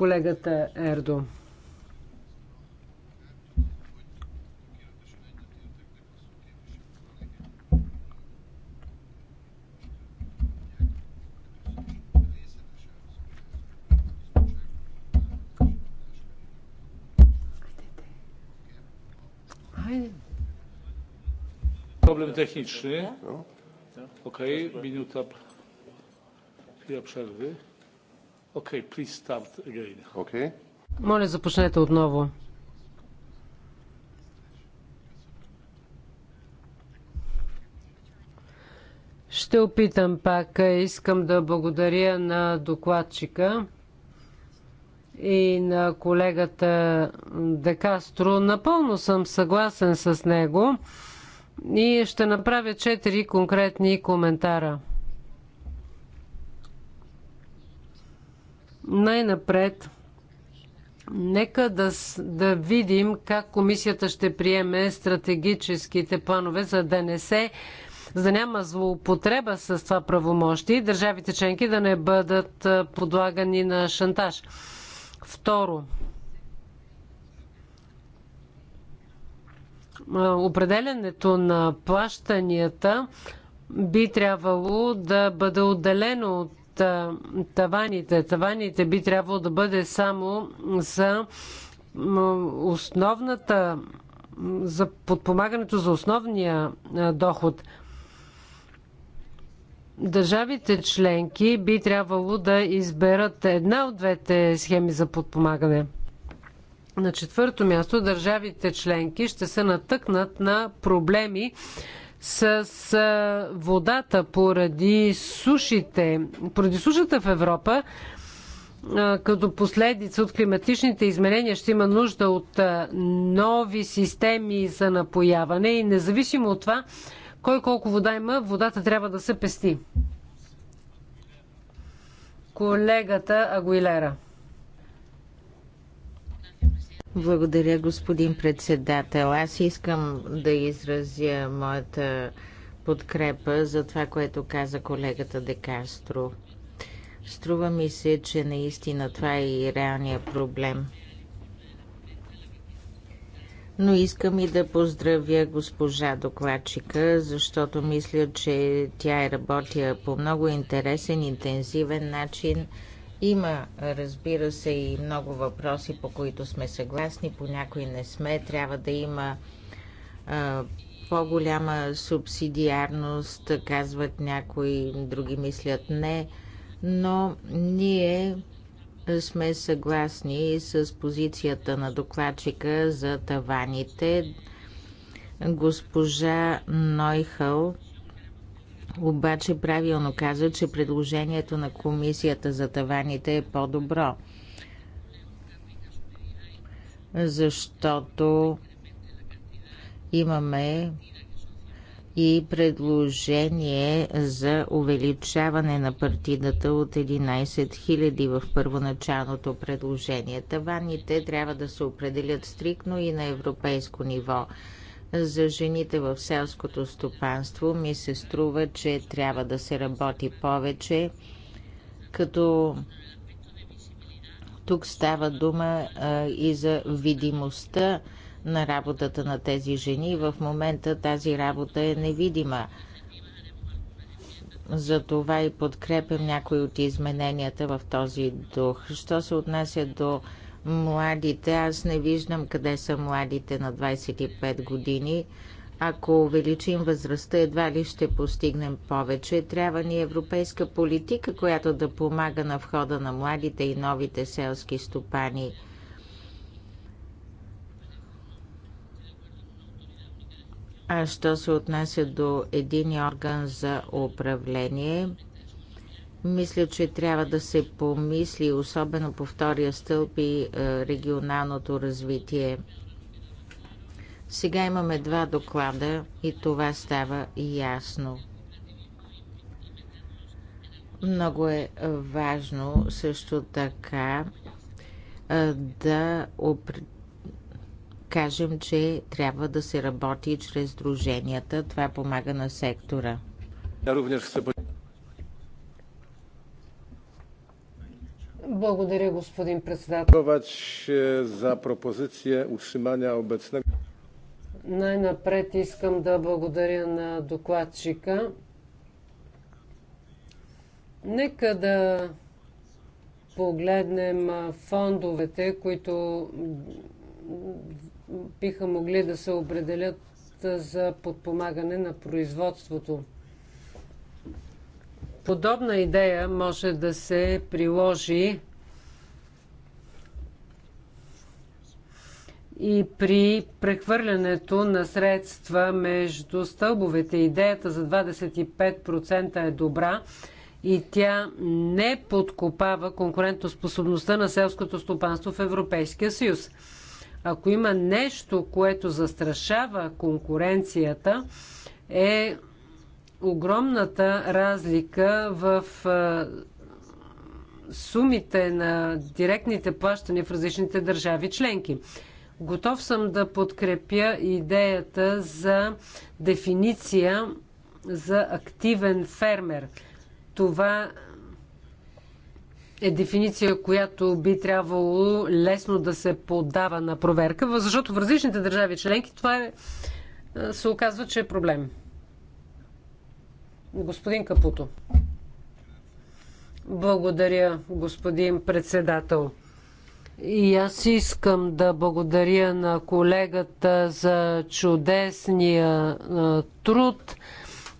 колегата Ердо. problem techniczny. Okej, minuta chwila przerwy. Okay, please start again. Okay. Моля, започнете отново. Ще опитам пак. Искам да благодаря на докладчика и на колегата Декастро. Напълно съм съгласен с него и ще направя четири конкретни коментара. Най-напред, нека да, да видим как комисията ще приеме стратегическите планове, за да не се за да няма злоупотреба с това правомощие и държавите членки да не бъдат подлагани на шантаж. Второ, определенето на плащанията би трябвало да бъде отделено от таваните. Таваните би трябвало да бъде само за основната за подпомагането за основния доход. Държавите членки би трябвало да изберат една от двете схеми за подпомагане. На четвърто място държавите членки ще се натъкнат на проблеми с водата поради сушите, поради сушата в Европа, като последица от климатичните изменения ще има нужда от нови системи за напояване и независимо от това, кой колко вода има, водата трябва да се пести. Колегата Агуилера. Благодаря, господин председател. Аз искам да изразя моята подкрепа за това, което каза колегата Декастро. Струва ми се, че наистина това е и реалния проблем. Но искам и да поздравя госпожа докладчика, защото мисля, че тя е работя по много интересен, интензивен начин – има, разбира се, и много въпроси, по които сме съгласни, по някои не сме. Трябва да има по-голяма субсидиарност, казват някои, други мислят не, но ние сме съгласни с позицията на докладчика за таваните. Госпожа Нойхъл обаче правилно каза, че предложението на комисията за таваните е по-добро. Защото имаме и предложение за увеличаване на партидата от 11 000 в първоначалното предложение. Таваните трябва да се определят стриктно и на европейско ниво за жените в селското стопанство ми се струва, че трябва да се работи повече, като тук става дума а, и за видимостта на работата на тези жени. В момента тази работа е невидима. Затова и подкрепям някои от измененията в този дух. Що се отнася до младите. Аз не виждам къде са младите на 25 години. Ако увеличим възрастта, едва ли ще постигнем повече. Трябва ни европейска политика, която да помага на входа на младите и новите селски стопани. А що се отнася до един орган за управление – мисля, че трябва да се помисли, особено по втория стълб и е, регионалното развитие. Сега имаме два доклада и това става ясно. Много е важно също така е, да кажем, че трябва да се работи чрез друженията. Това помага на сектора. Я również chcę Благодаря, господин председател. за пропозиция усимания обецнего. Най-напред искам да благодаря на докладчика. Нека да погледнем фондовете, които биха могли да се определят за подпомагане на производството. Подобна идея може да се приложи и при прехвърлянето на средства между стълбовете. Идеята за 25% е добра и тя не подкопава конкурентоспособността на селското стопанство в Европейския съюз. Ако има нещо, което застрашава конкуренцията, е огромната разлика в сумите на директните плащания в различните държави членки. Готов съм да подкрепя идеята за дефиниция за активен фермер. Това е дефиниция, която би трябвало лесно да се подава на проверка, защото в различните държави членки това е, се оказва, че е проблем. Господин Капуто. Благодаря, господин председател. И аз искам да благодаря на колегата за чудесния труд.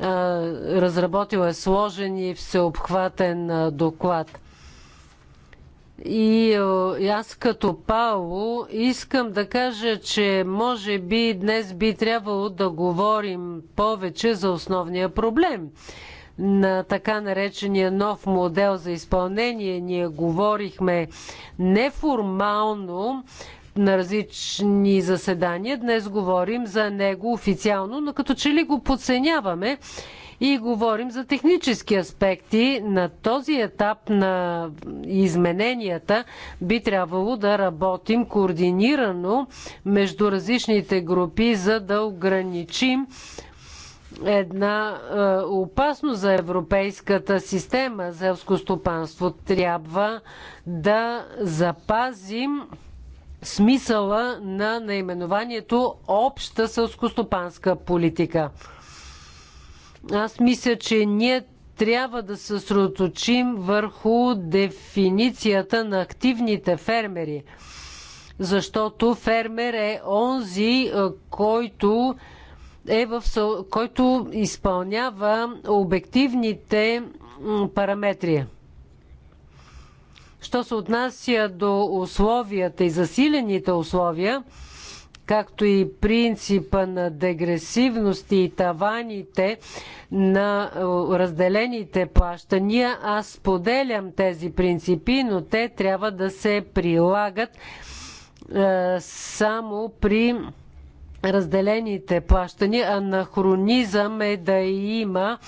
Разработил е сложен и всеобхватен доклад. И, и аз като Пауло искам да кажа, че може би днес би трябвало да говорим повече за основния проблем на така наречения нов модел за изпълнение. Ние говорихме неформално на различни заседания. Днес говорим за него официално, но като че ли го подценяваме и говорим за технически аспекти. На този етап на измененията би трябвало да работим координирано между различните групи, за да ограничим една е, опасност за европейската система за стопанство. Трябва да запазим смисъла на наименованието Обща селскостопанска политика. Аз мисля, че ние трябва да се съсредоточим върху дефиницията на активните фермери. Защото фермер е онзи, е, който е в, който изпълнява обективните параметри. Що се отнася до условията и засилените условия, както и принципа на дегресивност и таваните на разделените плащания. Аз поделям тези принципи, но те трябва да се прилагат е, само при разделените плащания. Анахронизъм е да има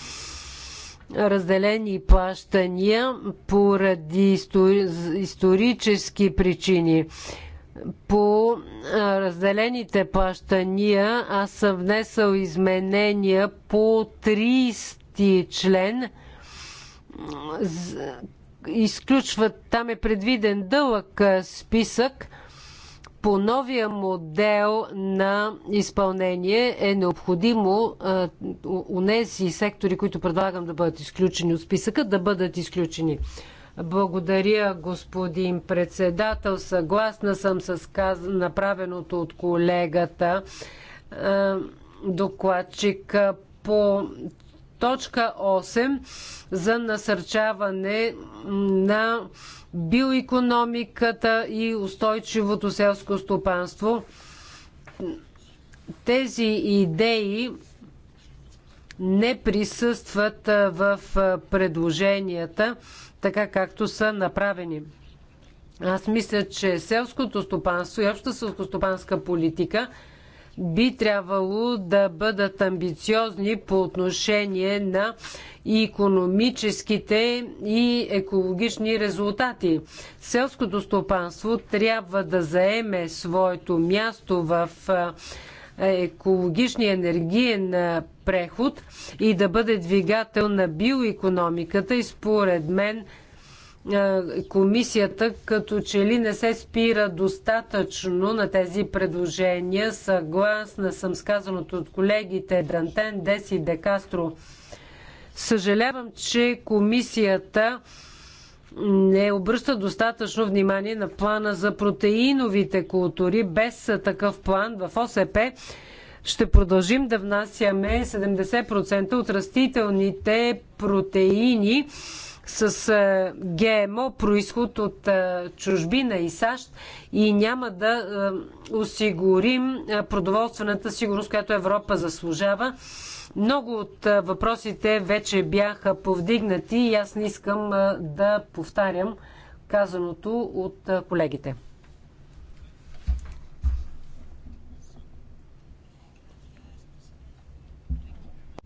разделени плащания поради исторически причини. По разделените плащания аз съм внесъл изменения по 30 член. Изключват, там е предвиден дълъг списък по новия модел на изпълнение е необходимо у нези сектори, които предлагам да бъдат изключени от списъка, да бъдат изключени. Благодаря, господин председател. Съгласна съм с направеното от колегата е, докладчик е, по точка 8 за насърчаване на биоекономиката и устойчивото селско стопанство. Тези идеи не присъстват в предложенията, така както са направени. Аз мисля, че селското стопанство и обща селскостопанска политика би трябвало да бъдат амбициозни по отношение на економическите и екологични резултати. Селското стопанство трябва да заеме своето място в екологичния енергиен преход и да бъде двигател на биоекономиката и според мен комисията като че ли не се спира достатъчно на тези предложения. Съгласна съм сказаното от колегите Дантен, Деси, Декастро. Съжалявам, че комисията не обръща достатъчно внимание на плана за протеиновите култури. Без такъв план в ОСП ще продължим да внасяме 70% от растителните протеини с е, ГМО, происход от е, чужбина и САЩ и няма да е, осигурим продоволствената сигурност, която Европа заслужава много от въпросите вече бяха повдигнати и аз не искам да повтарям казаното от колегите.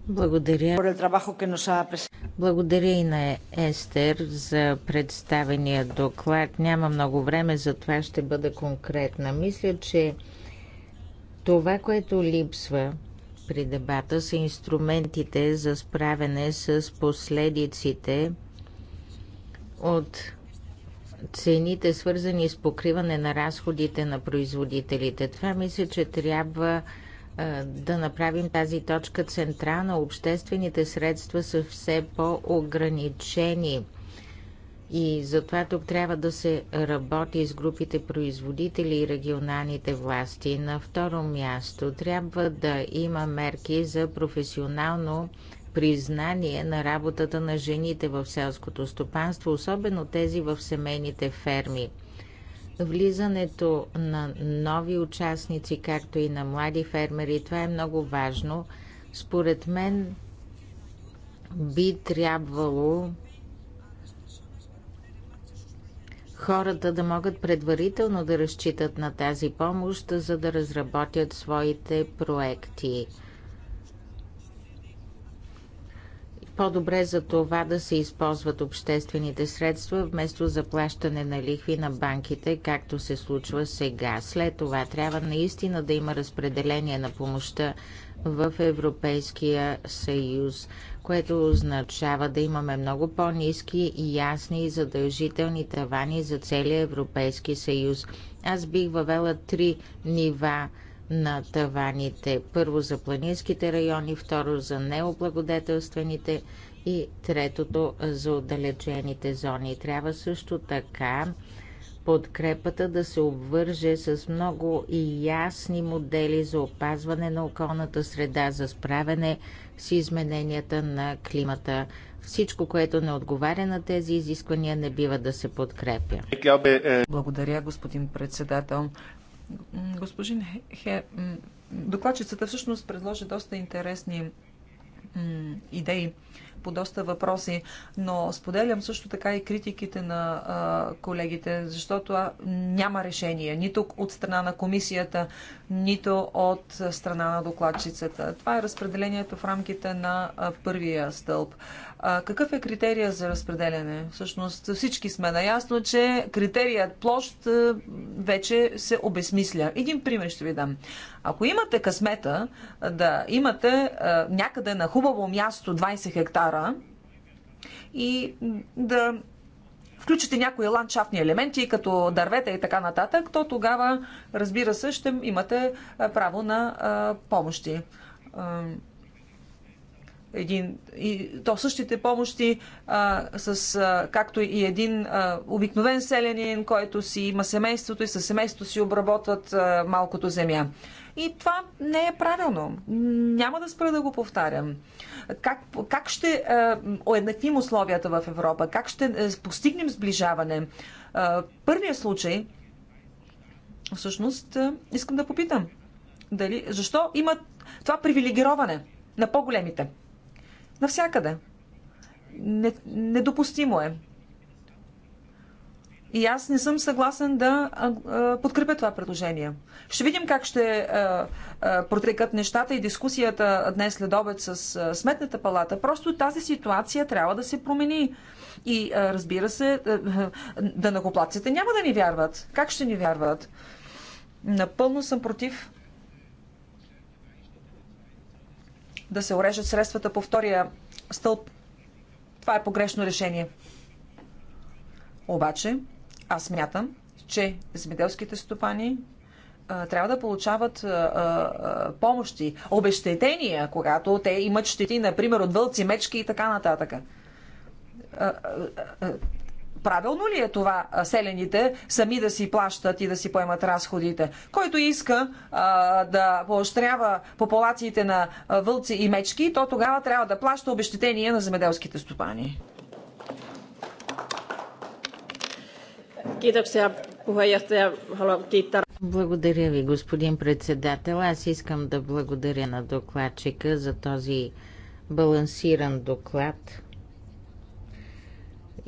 Благодаря. Благодаря и на Естер за представения доклад. Няма много време, за това ще бъда конкретна. Мисля, че това, което липсва при дебата са инструментите за справяне с последиците от цените, свързани с покриване на разходите на производителите. Това мисля, че трябва да направим тази точка централна. Обществените средства са все по-ограничени. И затова тук трябва да се работи с групите производители и регионалните власти. На второ място трябва да има мерки за професионално признание на работата на жените в селското стопанство, особено тези в семейните ферми. Влизането на нови участници, както и на млади фермери, това е много важно. Според мен би трябвало хората да могат предварително да разчитат на тази помощ, за да разработят своите проекти. По-добре за това да се използват обществените средства вместо заплащане на лихви на банките, както се случва сега. След това трябва наистина да има разпределение на помощта в Европейския съюз което означава да имаме много по-низки и ясни и задължителни тавани за целия Европейски съюз. Аз бих въвела три нива на таваните. Първо за планинските райони, второ за необлагодетелствените и третото за отдалечените зони. Трябва също така подкрепата да се обвърже с много и ясни модели за опазване на околната среда, за справяне с измененията на климата. Всичко, което не отговаря на тези изисквания, не бива да се подкрепя. Благодаря, господин председател. Господин Хе, докладчицата всъщност предложи доста интересни идеи по доста въпроси, но споделям също така и критиките на а, колегите, защото а, няма решение нито от страна на комисията, нито от страна на докладчицата. Това е разпределението в рамките на а, първия стълб. А, какъв е критерия за разпределяне? Всъщност всички сме наясно, че критерият площ вече се обесмисля. Един пример ще ви дам. Ако имате късмета да имате а, някъде на хубаво място 20 хектара и да включите някои ландшафтни елементи, като дървета и така нататък, то тогава, разбира се, ще имате право на а, помощи един, и то същите помощи, а, с, а, както и един а, обикновен селянин, който си има семейството и със семейството си обработват а, малкото земя. И това не е правилно. Няма да спра да го повтарям. Как, как ще а, уеднаквим условията в Европа? Как ще а, е, постигнем сближаване? А, първият случай, всъщност, а, искам да попитам. Дали, защо има това привилегироване на по-големите? Навсякъде. недопустимо е. И аз не съм съгласен да подкрепя това предложение. Ще видим как ще протекат нещата и дискусията днес след обед с Сметната палата. Просто тази ситуация трябва да се промени. И разбира се, да накоплаците няма да ни вярват. Как ще ни вярват? Напълно съм против да се урежат средствата по втория стълб. Това е погрешно решение. Обаче, аз мятам, че земеделските стопани трябва да получават а, а, помощи, обещетения, когато те имат щети, например, от вълци, мечки и така нататък. А, правилно ли е това селените сами да си плащат и да си поемат разходите? Който иска а, да поощрява популациите на вълци и мечки, то тогава трябва да плаща обещетения на земеделските стопани. благодаря ви, господин председател. Аз искам да благодаря на докладчика за този балансиран доклад.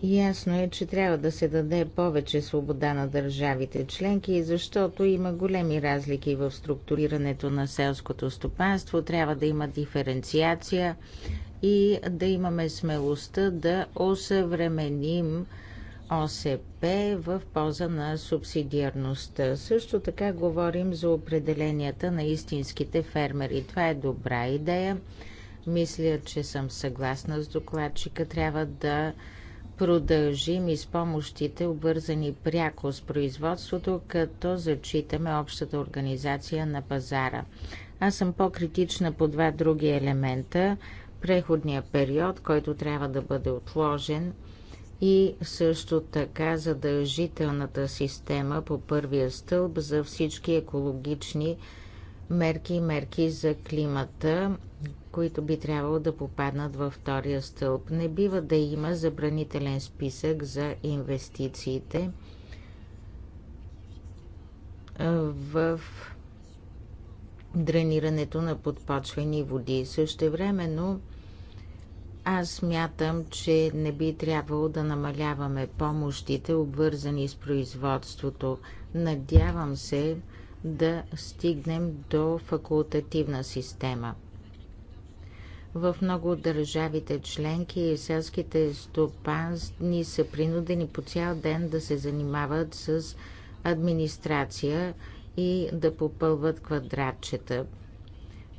Ясно е, че трябва да се даде повече свобода на държавите членки, защото има големи разлики в структурирането на селското стопанство. Трябва да има диференциация и да имаме смелостта да осъвременим ОСП в полза на субсидиарността. Също така говорим за определенията на истинските фермери. Това е добра идея. Мисля, че съм съгласна с докладчика. Трябва да продължим и с помощите, обвързани пряко с производството, като зачитаме общата организация на пазара. Аз съм по-критична по два други елемента – преходния период, който трябва да бъде отложен и също така задължителната система по първия стълб за всички екологични мерки и мерки за климата, които би трябвало да попаднат във втория стълб. Не бива да има забранителен списък за инвестициите в дренирането на подпочвени води. времено аз смятам, че не би трябвало да намаляваме помощите, обвързани с производството. Надявам се да стигнем до факултативна система – в много от държавите членки селските стопани са принудени по цял ден да се занимават с администрация и да попълват квадратчета,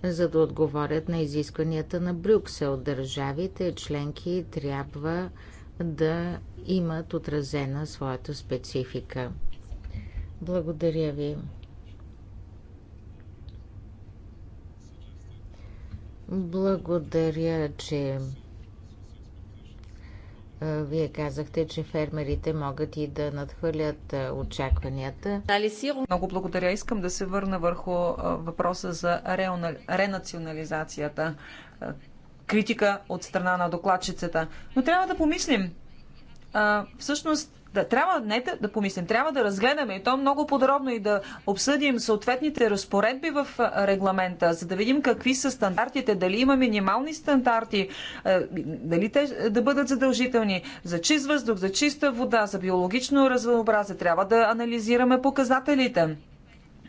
за да отговорят на изискванията на Брюксел. Държавите членки трябва да имат отразена своята специфика. Благодаря ви. Благодаря, че вие казахте, че фермерите могат и да надхвърлят очакванията. Много благодаря. Искам да се върна върху въпроса за ренационализацията. Критика от страна на докладчицата. Но трябва да помислим. всъщност, да, трябва не да помислим, трябва да разгледаме и то много подробно и да обсъдим съответните разпоредби в регламента, за да видим какви са стандартите, дали има минимални стандарти, дали те да бъдат задължителни за чист въздух, за чиста вода, за биологично разнообразие. Трябва да анализираме показателите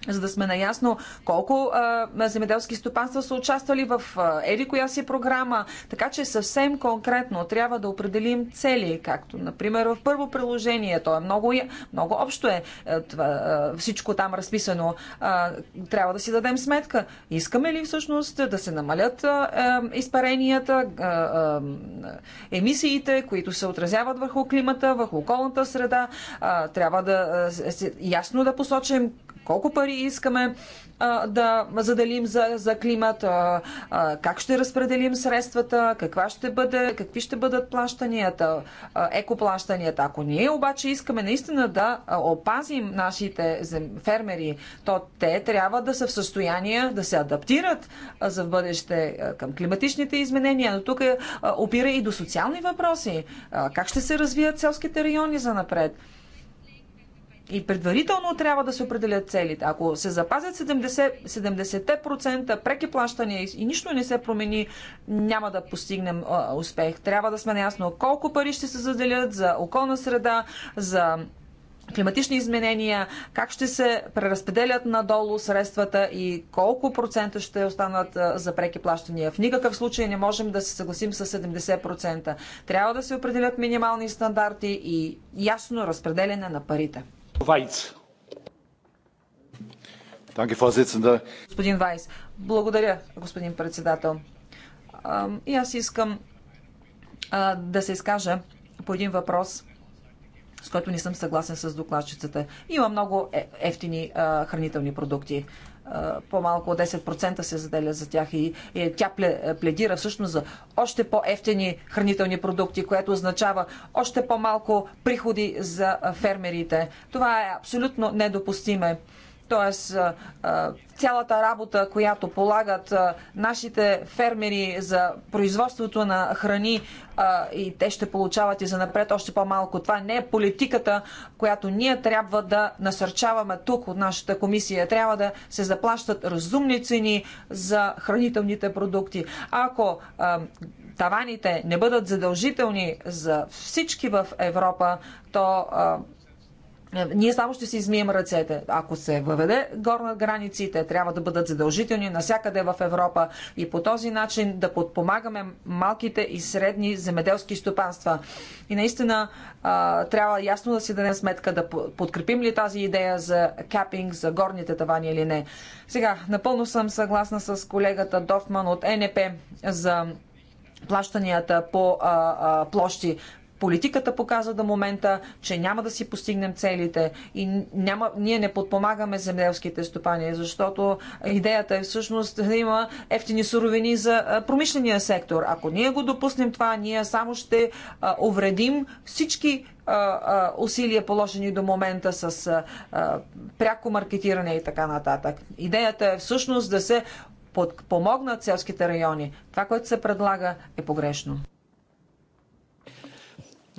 за да сме наясно колко а, земеделски стопанства са участвали в а, еди коя си програма. Така че съвсем конкретно трябва да определим цели, както например в първо приложение. То е много, много общо е, е това, е, всичко там разписано. А, трябва да си дадем сметка. Искаме ли всъщност да се намалят а, е, изпаренията, а, а, емисиите, които се отразяват върху климата, върху околната среда. А, трябва да а, ясно да посочим колко пари искаме да заделим за, за климат, как ще разпределим средствата, каква ще бъде, какви ще бъдат плащанията, екоплащанията. Ако ние обаче искаме наистина да опазим нашите фермери, то те трябва да са в състояние да се адаптират за в бъдеще към климатичните изменения. Но тук опира и до социални въпроси. Как ще се развият селските райони за напред? и предварително трябва да се определят целите. Ако се запазят 70, 70% преки плащания и нищо не се промени, няма да постигнем а, успех. Трябва да сме наясно колко пари ще се заделят за околна среда, за климатични изменения, как ще се преразпределят надолу средствата и колко процента ще останат за преки плащания. В никакъв случай не можем да се съгласим с 70%. Трябва да се определят минимални стандарти и ясно разпределяне на парите. Господин Вайс, благодаря, господин председател. И аз искам да се изкажа по един въпрос, с който не съм съгласен с докладчицата. Има много е, ефтини хранителни продукти по-малко от 10% се заделя за тях и, и тя пледира всъщност за още по ефтени хранителни продукти, което означава още по-малко приходи за фермерите. Това е абсолютно недопустиме. Тоест, цялата работа, която полагат нашите фермери за производството на храни и те ще получават и за напред още по-малко. Това не е политиката, която ние трябва да насърчаваме тук от нашата комисия. Трябва да се заплащат разумни цени за хранителните продукти. Ако таваните не бъдат задължителни за всички в Европа, то е, ние само ще си измием ръцете. Ако се въведе горна те трябва да бъдат задължителни навсякъде в Европа и по този начин да подпомагаме малките и средни земеделски стопанства. И наистина трябва ясно да си дадем сметка да подкрепим ли тази идея за капинг, за горните тавани или не. Сега, напълно съм съгласна с колегата Дофман от НП за плащанията по а, а, площи. Политиката показа до момента, че няма да си постигнем целите и няма, ние не подпомагаме земеделските стопани, защото идеята е всъщност да има ефтини суровини за промишления сектор. Ако ние го допуснем това, ние само ще увредим всички усилия положени до момента с пряко маркетиране и така нататък. Идеята е всъщност да се подпомогнат селските райони. Това, което се предлага, е погрешно.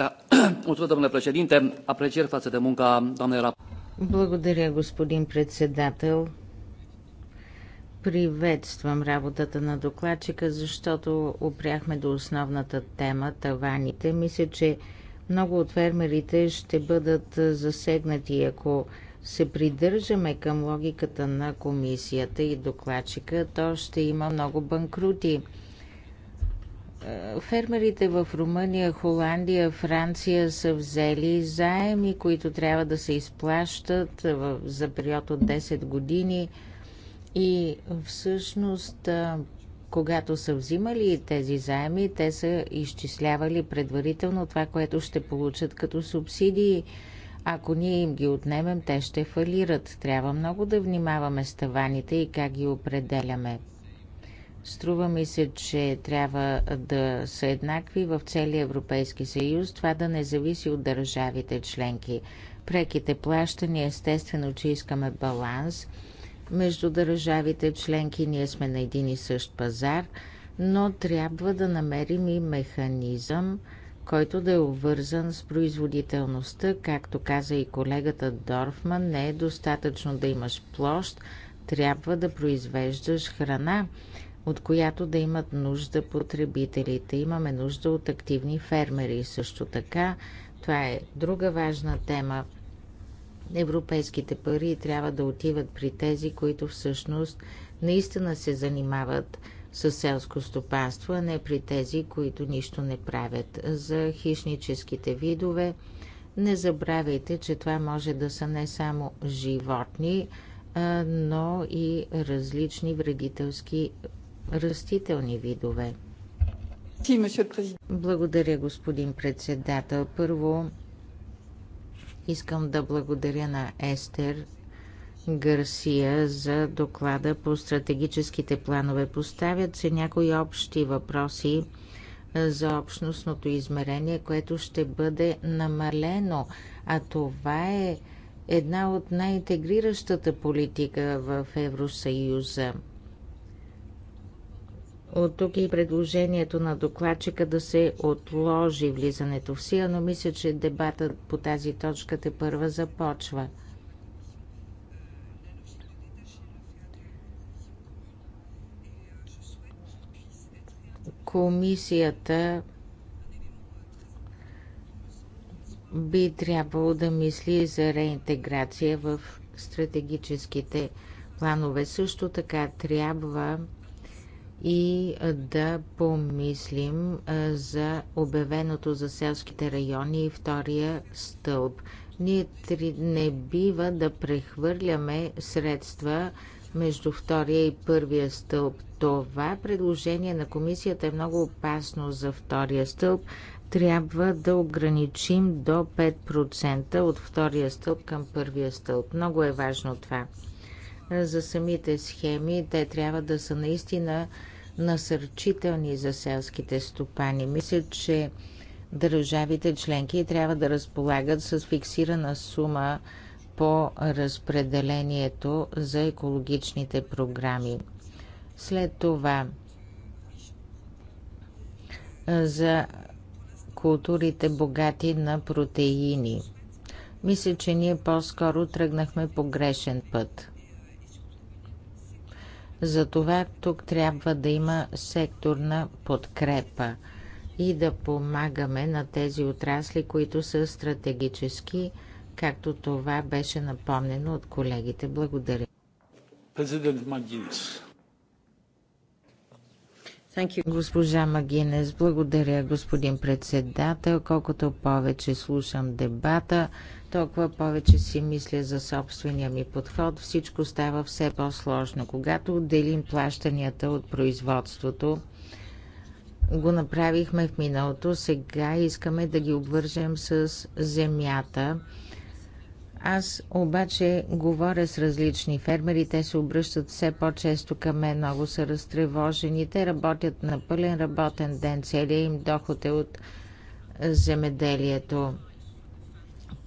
(clears throat) Domnule președinte, aprecieri față de munca doamnei raportor. Благодаря, господин председател. Приветствам работата на докладчика, защото опряхме до основната тема таваните. Мисля, че много от фермерите ще бъдат засегнати, ако се придържаме към логиката на комисията и докладчика, то ще има много банкрути. Фермерите в Румъния, Холандия, Франция са взели заеми, които трябва да се изплащат за период от 10 години. И всъщност, когато са взимали тези заеми, те са изчислявали предварително това, което ще получат като субсидии. Ако ние им ги отнемем, те ще фалират. Трябва много да внимаваме с таваните и как ги определяме. Струва ми се, че трябва да са еднакви в целия Европейски съюз, това да не зависи от държавите членки. Преките плащания, естествено, че искаме баланс между държавите членки, ние сме на един и същ пазар, но трябва да намерим и механизъм, който да е обвързан с производителността. Както каза и колегата Дорфман, не е достатъчно да имаш площ, трябва да произвеждаш храна от която да имат нужда потребителите. Имаме нужда от активни фермери също така. Това е друга важна тема. Европейските пари трябва да отиват при тези, които всъщност наистина се занимават с селско стопанство, а не при тези, които нищо не правят. За хищническите видове не забравяйте, че това може да са не само животни, но и различни вредителски растителни видове. Благодаря, господин председател. Първо искам да благодаря на Естер Гарсия за доклада по стратегическите планове. Поставят се някои общи въпроси за общностното измерение, което ще бъде намалено, а това е една от най-интегриращата политика в Евросъюза – от тук и предложението на докладчика да се отложи влизането в сила, но мисля, че дебатът по тази точка те първа започва. Комисията би трябвало да мисли за реинтеграция в стратегическите планове. Също така трябва и да помислим за обявеното за селските райони и втория стълб. Ние не бива да прехвърляме средства между втория и първия стълб. Това предложение на комисията е много опасно за втория стълб. Трябва да ограничим до 5% от втория стълб към първия стълб. Много е важно това. За самите схеми те трябва да са наистина насърчителни за селските стопани. Мисля, че държавите членки трябва да разполагат с фиксирана сума по разпределението за екологичните програми. След това за културите богати на протеини. Мисля, че ние по-скоро тръгнахме по грешен път. Затова тук трябва да има секторна подкрепа и да помагаме на тези отрасли, които са стратегически, както това беше напомнено от колегите. Благодаря. Президент Магинес. Госпожа Магинес, благодаря, господин председател. Колкото повече слушам дебата, толкова повече си мисля за собствения ми подход. Всичко става все по-сложно. Когато отделим плащанията от производството, го направихме в миналото, сега искаме да ги обвържем с земята. Аз обаче говоря с различни фермери, те се обръщат все по-често към мен, много са разтревожени, те работят на пълен работен ден, целият им доход е от земеделието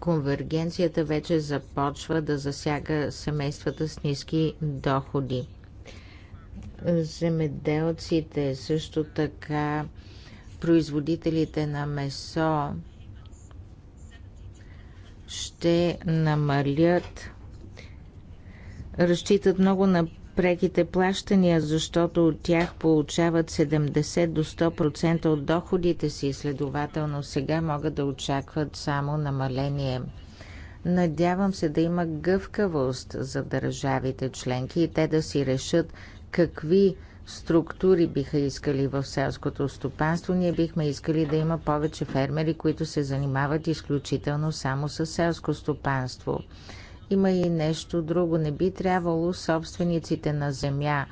конвергенцията вече започва да засяга семействата с ниски доходи. Земеделците също така, производителите на месо ще намалят разчитат много на преките плащания, защото от тях получават 70 до 100% от доходите си, следователно сега могат да очакват само намаление. Надявам се да има гъвкавост за държавите членки и те да си решат какви структури биха искали в селското стопанство. Ние бихме искали да има повече фермери, които се занимават изключително само с селско стопанство. Има и нещо друго. Не би трябвало собствениците на земя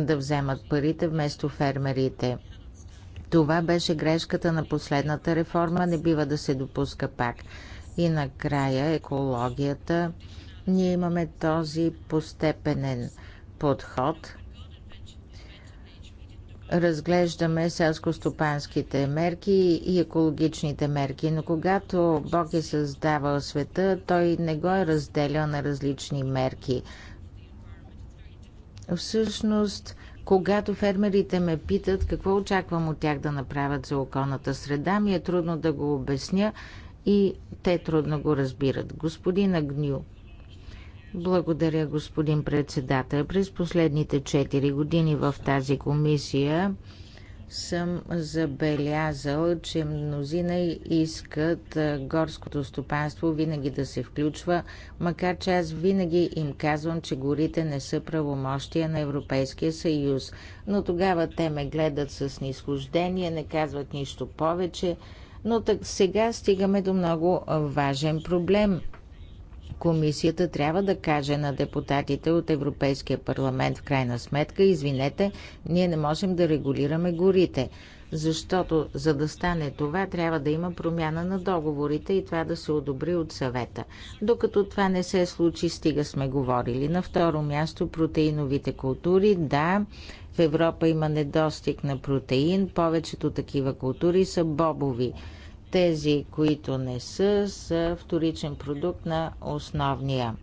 да вземат парите вместо фермерите. Това беше грешката на последната реформа, не бива да се допуска пак. И накрая екологията. Ние имаме този постепенен подход – разглеждаме селско-стопанските мерки и екологичните мерки, но когато Бог е създавал света, той не го е разделял на различни мерки. Всъщност, когато фермерите ме питат какво очаквам от тях да направят за околната среда, ми е трудно да го обясня и те трудно го разбират. Господин Агню, благодаря, господин председател. През последните 4 години в тази комисия съм забелязал, че мнозина искат горското стопанство винаги да се включва, макар че аз винаги им казвам, че горите не са правомощия на Европейския съюз. Но тогава те ме гледат с нисхождение, не казват нищо повече. Но так сега стигаме до много важен проблем – Комисията трябва да каже на депутатите от Европейския парламент в крайна сметка, извинете, ние не можем да регулираме горите. Защото за да стане това, трябва да има промяна на договорите и това да се одобри от съвета. Докато това не се случи, стига сме говорили. На второ място протеиновите култури. Да, в Европа има недостиг на протеин. Повечето такива култури са бобови. Тези, които не са, са вторичен продукт на основния.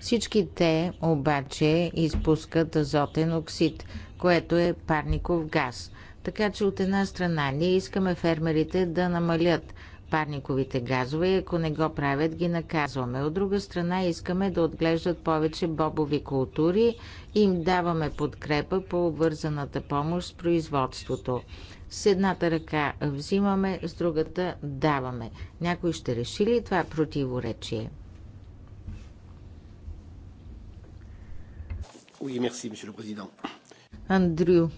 Всички те обаче изпускат азотен оксид, което е парников газ. Така че от една страна ние искаме фермерите да намалят парниковите газове и ако не го правят ги наказваме. От друга страна искаме да отглеждат повече бобови култури и им даваме подкрепа по обвързаната помощ с производството. С едната ръка взимаме, с другата даваме. Някой ще реши ли това противоречие? Андрю,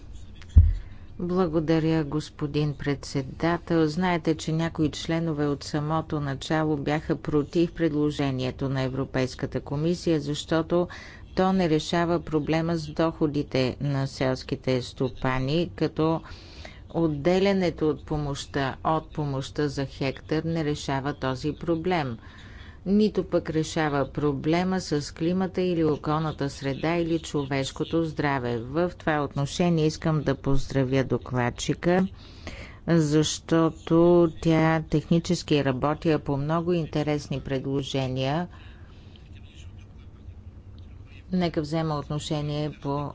благодаря, господин председател. Знаете, че някои членове от самото начало бяха против предложението на Европейската комисия, защото то не решава проблема с доходите на селските стопани, като Отделянето от помощта от помощта за хектар не решава този проблем. Нито пък решава проблема с климата или околната среда или човешкото здраве. В това отношение искам да поздравя докладчика, защото тя технически е работи по много интересни предложения. Нека взема отношение по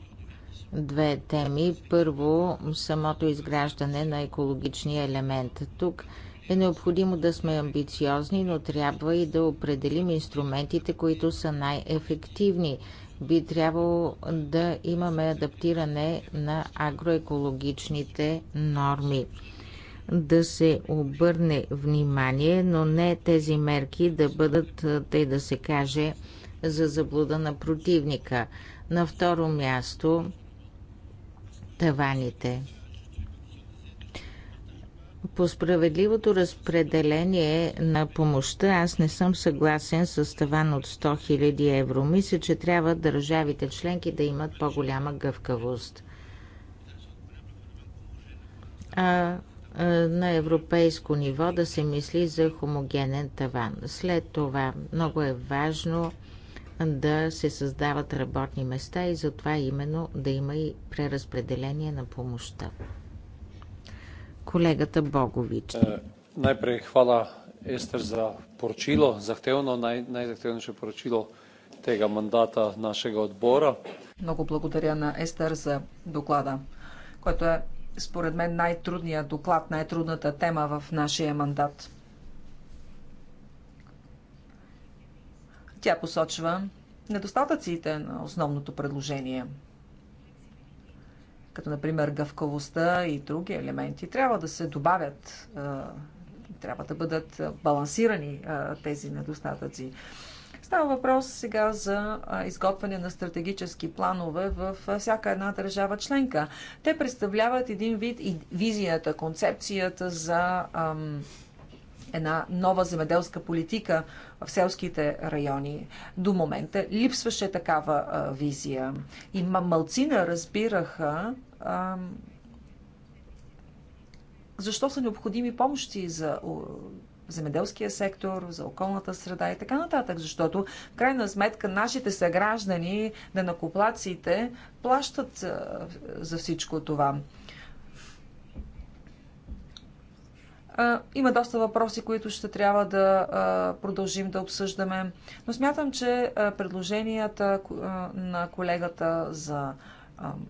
две теми. Първо, самото изграждане на екологичния елемент. Тук е необходимо да сме амбициозни, но трябва и да определим инструментите, които са най-ефективни. Би трябвало да имаме адаптиране на агроекологичните норми. Да се обърне внимание, но не тези мерки да бъдат, тъй да се каже, за заблуда на противника. На второ място таваните. По справедливото разпределение на помощта аз не съм съгласен с таван от 100 000 евро. Мисля, че трябва държавите членки да имат по-голяма гъвкавост. А, на европейско ниво да се мисли за хомогенен таван. След това много е важно да се създават работни места и затова именно да има и преразпределение на помощта. Колегата Богович. Е, хвала Естер за поручило, захтевно, най- naj, najzahtevnejše поручило тега мандата нашега отбора. Много благодаря на Естер за доклада, който е според мен най-трудният доклад, най-трудната тема в нашия мандат. Тя посочва недостатъците на основното предложение, като например гъвкавостта и други елементи. Трябва да се добавят, трябва да бъдат балансирани тези недостатъци. Става въпрос сега за изготвяне на стратегически планове в всяка една държава членка. Те представляват един вид и визията, концепцията за ам, една нова земеделска политика в селските райони. До момента липсваше такава а, визия. И малцина разбираха а, защо са необходими помощи за земеделския сектор, за околната среда и така нататък. Защото, в крайна сметка, нашите съграждани, денакоплаците, плащат за всичко това. Има доста въпроси, които ще трябва да продължим да обсъждаме, но смятам, че предложенията на колегата за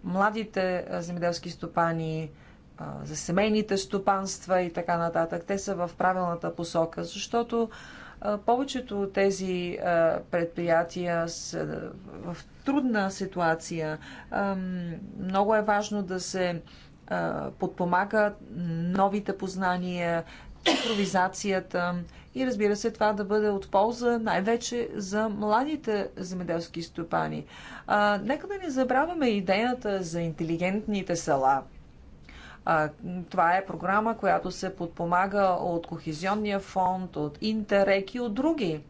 младите земеделски стопани, за семейните стопанства и така нататък, те са в правилната посока, защото повечето от тези предприятия са в трудна ситуация. Много е важно да се подпомага новите познания, цифровизацията и разбира се това да бъде от полза най-вече за младите земеделски стопани. А, нека да не забравяме идеята за интелигентните села. А, това е програма, която се подпомага от Кохезионния фонд, от Интерек и от други.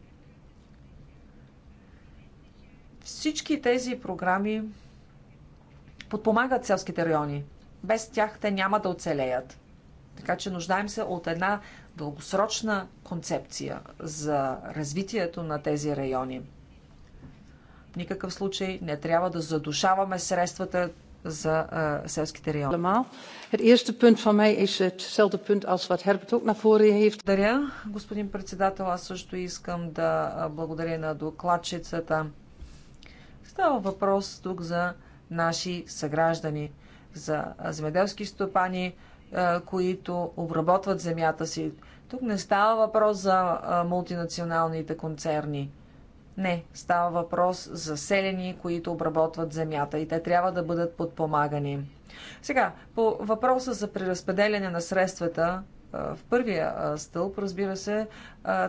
Всички тези програми подпомагат селските райони – без тях те няма да оцелеят. Така че нуждаем се от една дългосрочна концепция за развитието на тези райони. В никакъв случай не трябва да задушаваме средствата за uh, селските райони. Het eerste punt van mij is hetzelfde punt als wat Herbert ook naar voren heeft. Благодаря, господин председател. Аз също искам да благодаря на докладчицата. Става въпрос тук за наши съграждани – за земеделски стопани, е, които обработват земята си. Тук не става въпрос за е, мултинационалните концерни. Не, става въпрос за селени, които обработват земята и те трябва да бъдат подпомагани. Сега, по въпроса за преразпределяне на средствата в първия стълб, разбира се,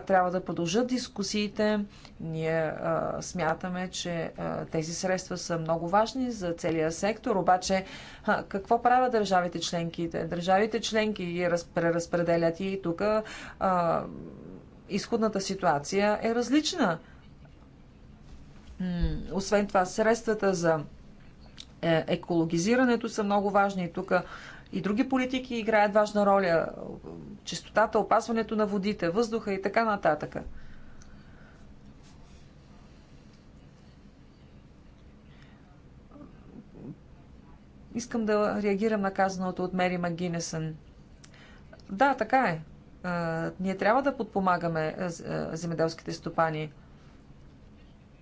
трябва да продължат дискусиите. Ние смятаме, че тези средства са много важни за целия сектор, обаче какво правят държавите членки? Държавите членки ги преразпределят и тук изходната ситуация е различна. Освен това, средствата за е, екологизирането са много важни. Тук и други политики играят важна роля. Чистотата, опазването на водите, въздуха и така нататък. Искам да реагирам на казаното от Мери Магинесън. Да, така е. Ние трябва да подпомагаме земеделските стопани,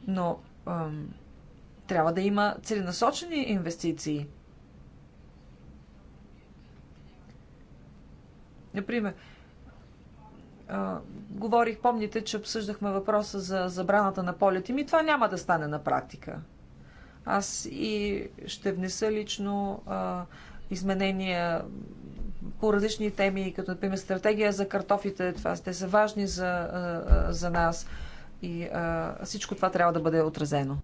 но трябва да има целенасочени инвестиции – Например, а, говорих, помните, че обсъждахме въпроса за забраната на полети. Ми това няма да стане на практика. Аз и ще внеса лично а, изменения по различни теми, като например стратегия за картофите. Това те са важни за, а, за нас и а, всичко това трябва да бъде отразено.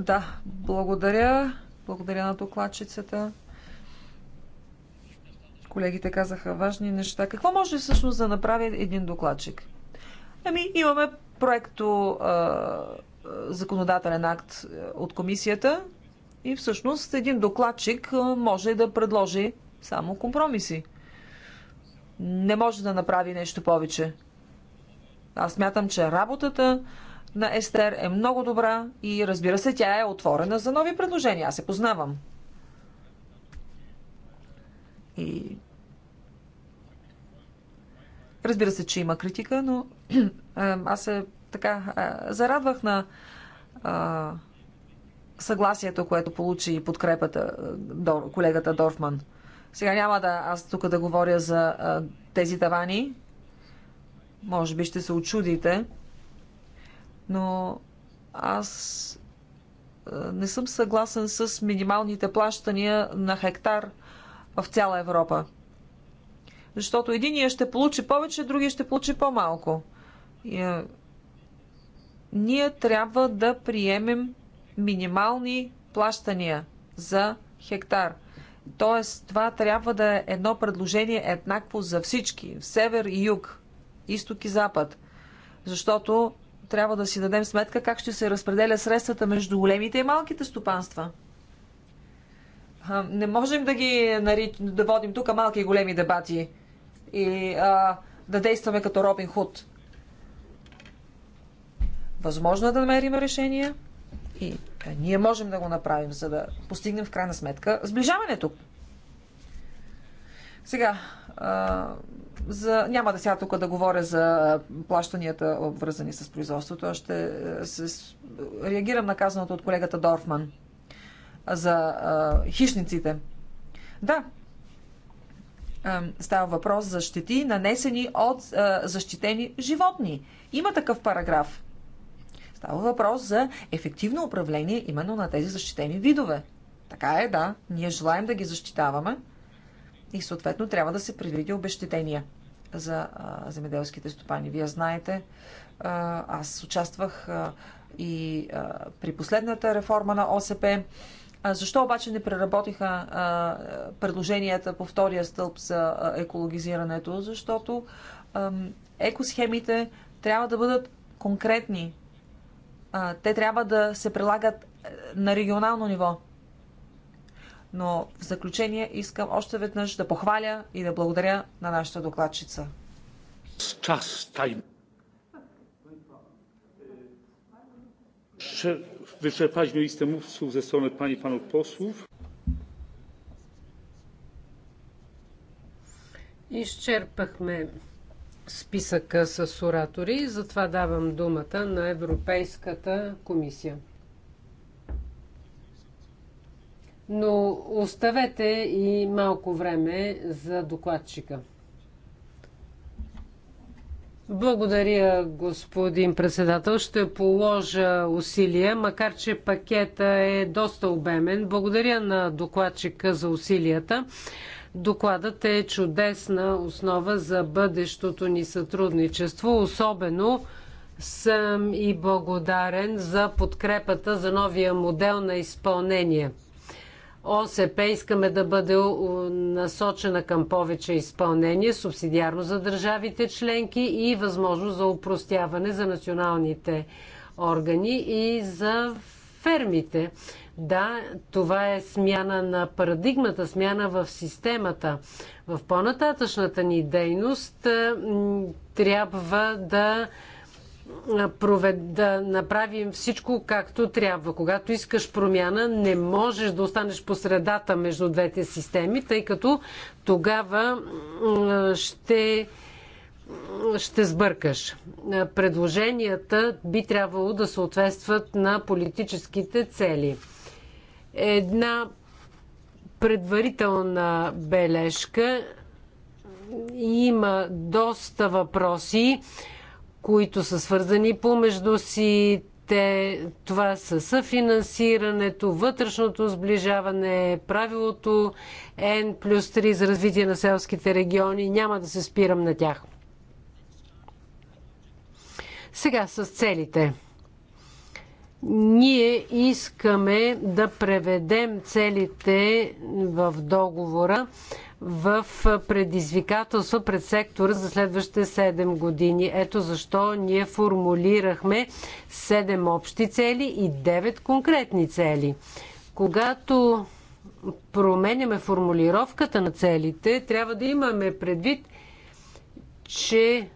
да, благодаря. Благодаря на докладчицата. Колегите казаха важни неща. Какво може всъщност да направи един докладчик? Ами, имаме проекто а, законодателен акт от комисията и всъщност един докладчик може да предложи само компромиси. Не може да направи нещо повече. Аз мятам, че работата на Естер е много добра и разбира се, тя е отворена за нови предложения. Аз се познавам. И Разбира се, че има критика, но (clears throat) аз се така е, зарадвах на а, съгласието, което получи и подкрепата е, дор, колегата Дорфман. Сега няма да аз тук да говоря за а, е, тези тавани. Може би ще се очудите, но аз а, не съм съгласен с минималните плащания на хектар в цяла Европа. Защото единия ще получи повече, другия ще получи по-малко. Е, ние трябва да приемем минимални плащания за хектар. Тоест, това трябва да е едно предложение еднакво за всички. В север и юг, изток и запад. Защото трябва да си дадем сметка как ще се разпределя средствата между големите и малките стопанства. Не можем да ги нарич... да водим тук малки и големи дебати или а, да действаме като Робин Худ. Възможно е да намерим решение и ние можем да го направим, за да постигнем в крайна сметка сближаването. Сега, а, за... няма да сега тук да говоря за плащанията, вързани с производството. Аз ще се... реагирам на казаното от колегата Дорфман за а, хищниците. Да, става въпрос за щети, нанесени от защитени животни. Има такъв параграф. Става въпрос за ефективно управление именно на тези защитени видове. Така е, да. Ние желаем да ги защитаваме и съответно трябва да се предвиди обещетения за земеделските стопани. Вие знаете, аз участвах и при последната реформа на ОСП защо обаче не преработиха предложенията по втория стълб за екологизирането? Защото екосхемите трябва да бъдат конкретни. Те трябва да се прилагат е, на регионално ниво. Но в заключение искам още веднъж да похваля и да благодаря на нашата докладчица. С час тайм. Ще Wyczerpaliśmy listę mówców ze strony pań i panów posłów. Изчерпахме списъка с оратори затова давам думата на Европейската комисия. Но оставете и малко време за докладчика. Благодаря, господин председател. Ще положа усилия, макар че пакета е доста обемен. Благодаря на докладчика за усилията. Докладът е чудесна основа за бъдещото ни сътрудничество. Особено съм и благодарен за подкрепата за новия модел на изпълнение – ОСП искаме да бъде насочена към повече изпълнение, субсидиарно за държавите членки и възможност за упростяване за националните органи и за фермите. Да, това е смяна на парадигмата, смяна в системата. В по-нататъчната ни дейност трябва да да направим всичко както трябва. Когато искаш промяна, не можеш да останеш по средата между двете системи, тъй като тогава ще, ще сбъркаш. Предложенията би трябвало да съответстват на политическите цели. Една предварителна бележка. Има доста въпроси които са свързани помежду си. Те, това са съфинансирането, вътрешното сближаване, правилото N плюс 3 за развитие на селските региони. Няма да се спирам на тях. Сега с целите. Ние искаме да преведем целите в договора в предизвикателства пред сектора за следващите 7 години. Ето защо ние формулирахме 7 общи цели и 9 конкретни цели. Когато променяме формулировката на целите, трябва да имаме предвид, че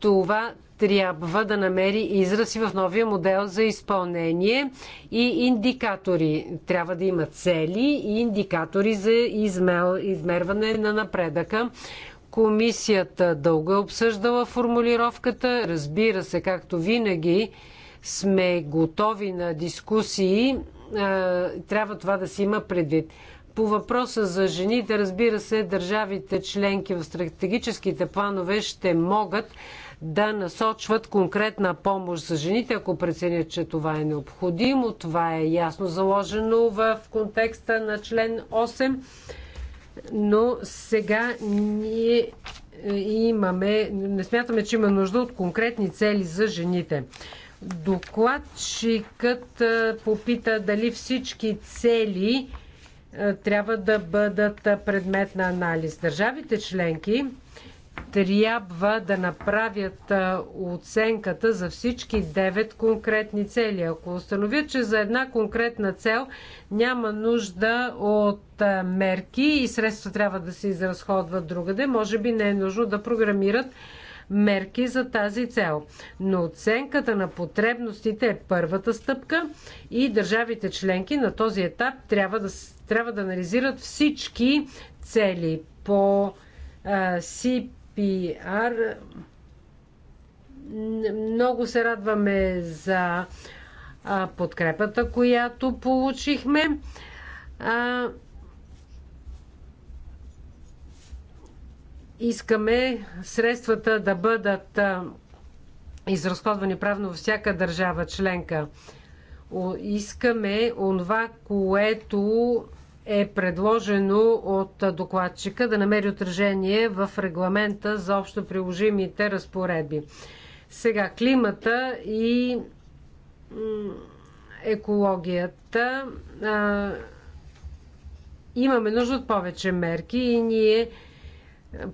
това трябва да намери изрази в новия модел за изпълнение и индикатори. Трябва да има цели и индикатори за измерване на напредъка. Комисията дълго е обсъждала формулировката. Разбира се, както винаги, сме готови на дискусии. Е, трябва това да се има предвид. По въпроса за жените, разбира се, държавите членки в стратегическите планове ще могат да насочват конкретна помощ за жените, ако преценят, че това е необходимо. Това е ясно заложено в контекста на член 8. Но сега ние е, имаме, не смятаме, че има нужда от конкретни цели за жените. Докладчикът е, попита дали всички цели е, трябва да бъдат предмет на анализ. Държавите членки трябва да направят оценката за всички 9 конкретни цели. Ако установят, че за една конкретна цел няма нужда от мерки и средства трябва да се изразходват другаде, може би не е нужно да програмират мерки за тази цел. Но оценката на потребностите е първата стъпка и държавите членки на този етап трябва да, трябва да анализират всички цели по СИП PR. Много се радваме за подкрепата, която получихме. Искаме средствата да бъдат изразходвани правно във всяка държава членка. Искаме онова, което е предложено от докладчика да намери отражение в регламента за общо приложимите разпоредби. Сега климата и екологията. Имаме нужда от повече мерки и ние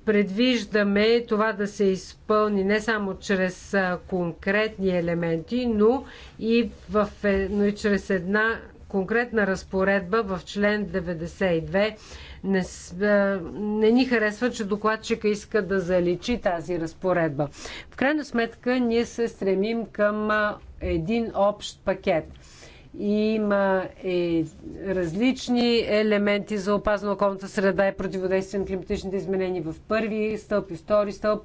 предвиждаме това да се изпълни не само чрез конкретни елементи, но и, в, е, но и чрез една конкретна разпоредба в член 92. Не, не ни харесва, че докладчика иска да заличи тази разпоредба. В крайна сметка ние се стремим към един общ пакет има и е, различни елементи за опазна околната среда и противодействие на климатичните изменения в първи стълб и втори стълб.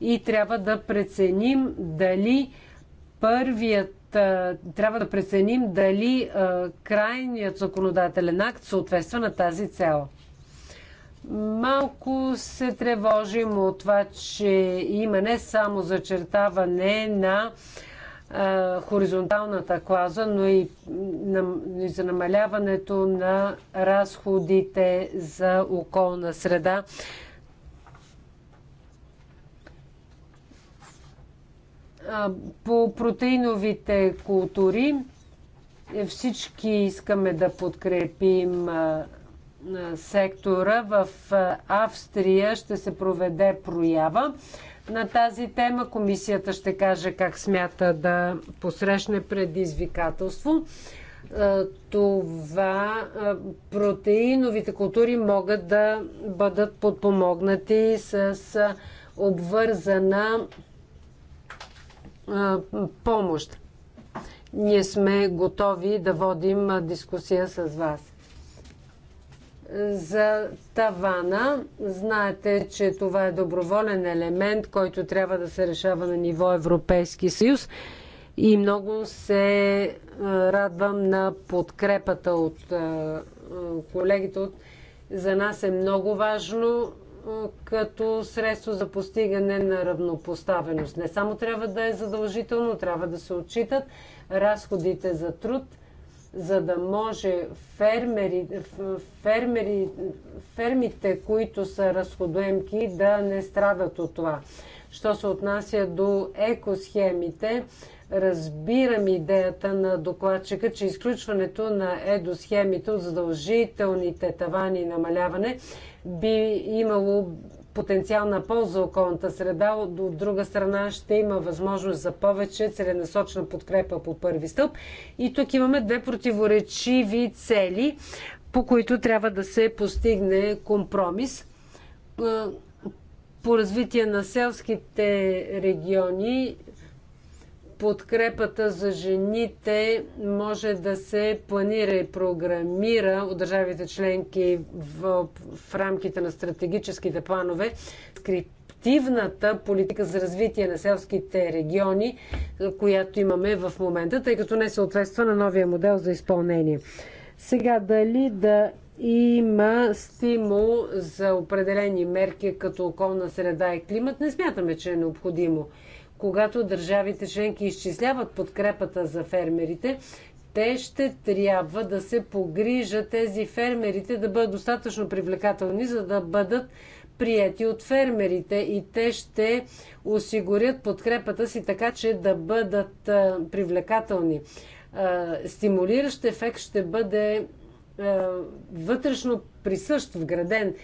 И трябва да преценим дали първият трябва да преценим дали крайният законодателен акт съответства на тази цел. Малко се тревожим от това, че има не само зачертаване на хоризонталната клаза, но и за намаляването на разходите за околна среда По протеиновите култури всички искаме да подкрепим сектора. В Австрия ще се проведе проява на тази тема. Комисията ще каже как смята да посрещне предизвикателство. Това протеиновите култури могат да бъдат подпомогнати с обвързана помощ. Ние сме готови да водим дискусия с вас. За тавана, знаете, че това е доброволен елемент, който трябва да се решава на ниво Европейски съюз. И много се радвам на подкрепата от колегите. За нас е много важно като средство за постигане на равнопоставеност. Не само трябва да е задължително, трябва да се отчитат разходите за труд, за да може фермери, фермери, фермите, които са разходоемки, да не страдат от това. Що се отнася до екосхемите, Разбирам идеята на докладчика, че изключването на едосхемите от задължителните тавани и намаляване би имало потенциална полза околната среда, от друга страна ще има възможност за повече целенасочна подкрепа по първи стълб. И тук имаме две противоречиви цели, по които трябва да се постигне компромис. По развитие на селските региони подкрепата за жените може да се планира и програмира от държавите членки в, в рамките на стратегическите планове. Скриптивната политика за развитие на селските региони, която имаме в момента, тъй като не съответства на новия модел за изпълнение. Сега дали да има стимул за определени мерки като околна среда и климат, не смятаме, че е необходимо когато държавите членки изчисляват подкрепата за фермерите, те ще трябва да се погрижат тези фермерите да бъдат достатъчно привлекателни, за да бъдат прияти от фермерите и те ще осигурят подкрепата си така, че да бъдат привлекателни. Стимулиращ ефект ще бъде вътрешно присъщ, вграден.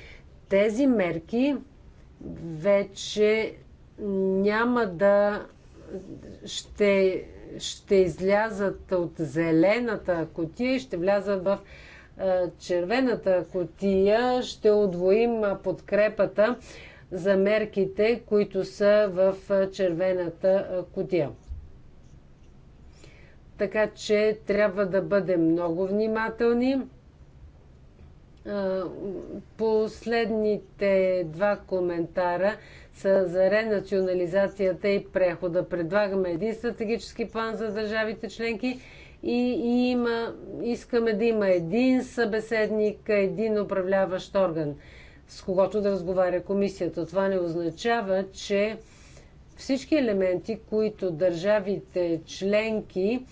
Тези мерки вече няма да ще, ще излязат от зелената котия и ще влязат в червената котия. Ще отвоим подкрепата за мерките, които са в червената котия. Така че трябва да бъдем много внимателни. Последните два коментара за ренационализацията и прехода. Предлагаме един стратегически план за държавите членки и, и има, искаме да има един събеседник, един управляващ орган, с когото да разговаря комисията. Това не означава, че всички елементи, които държавите членки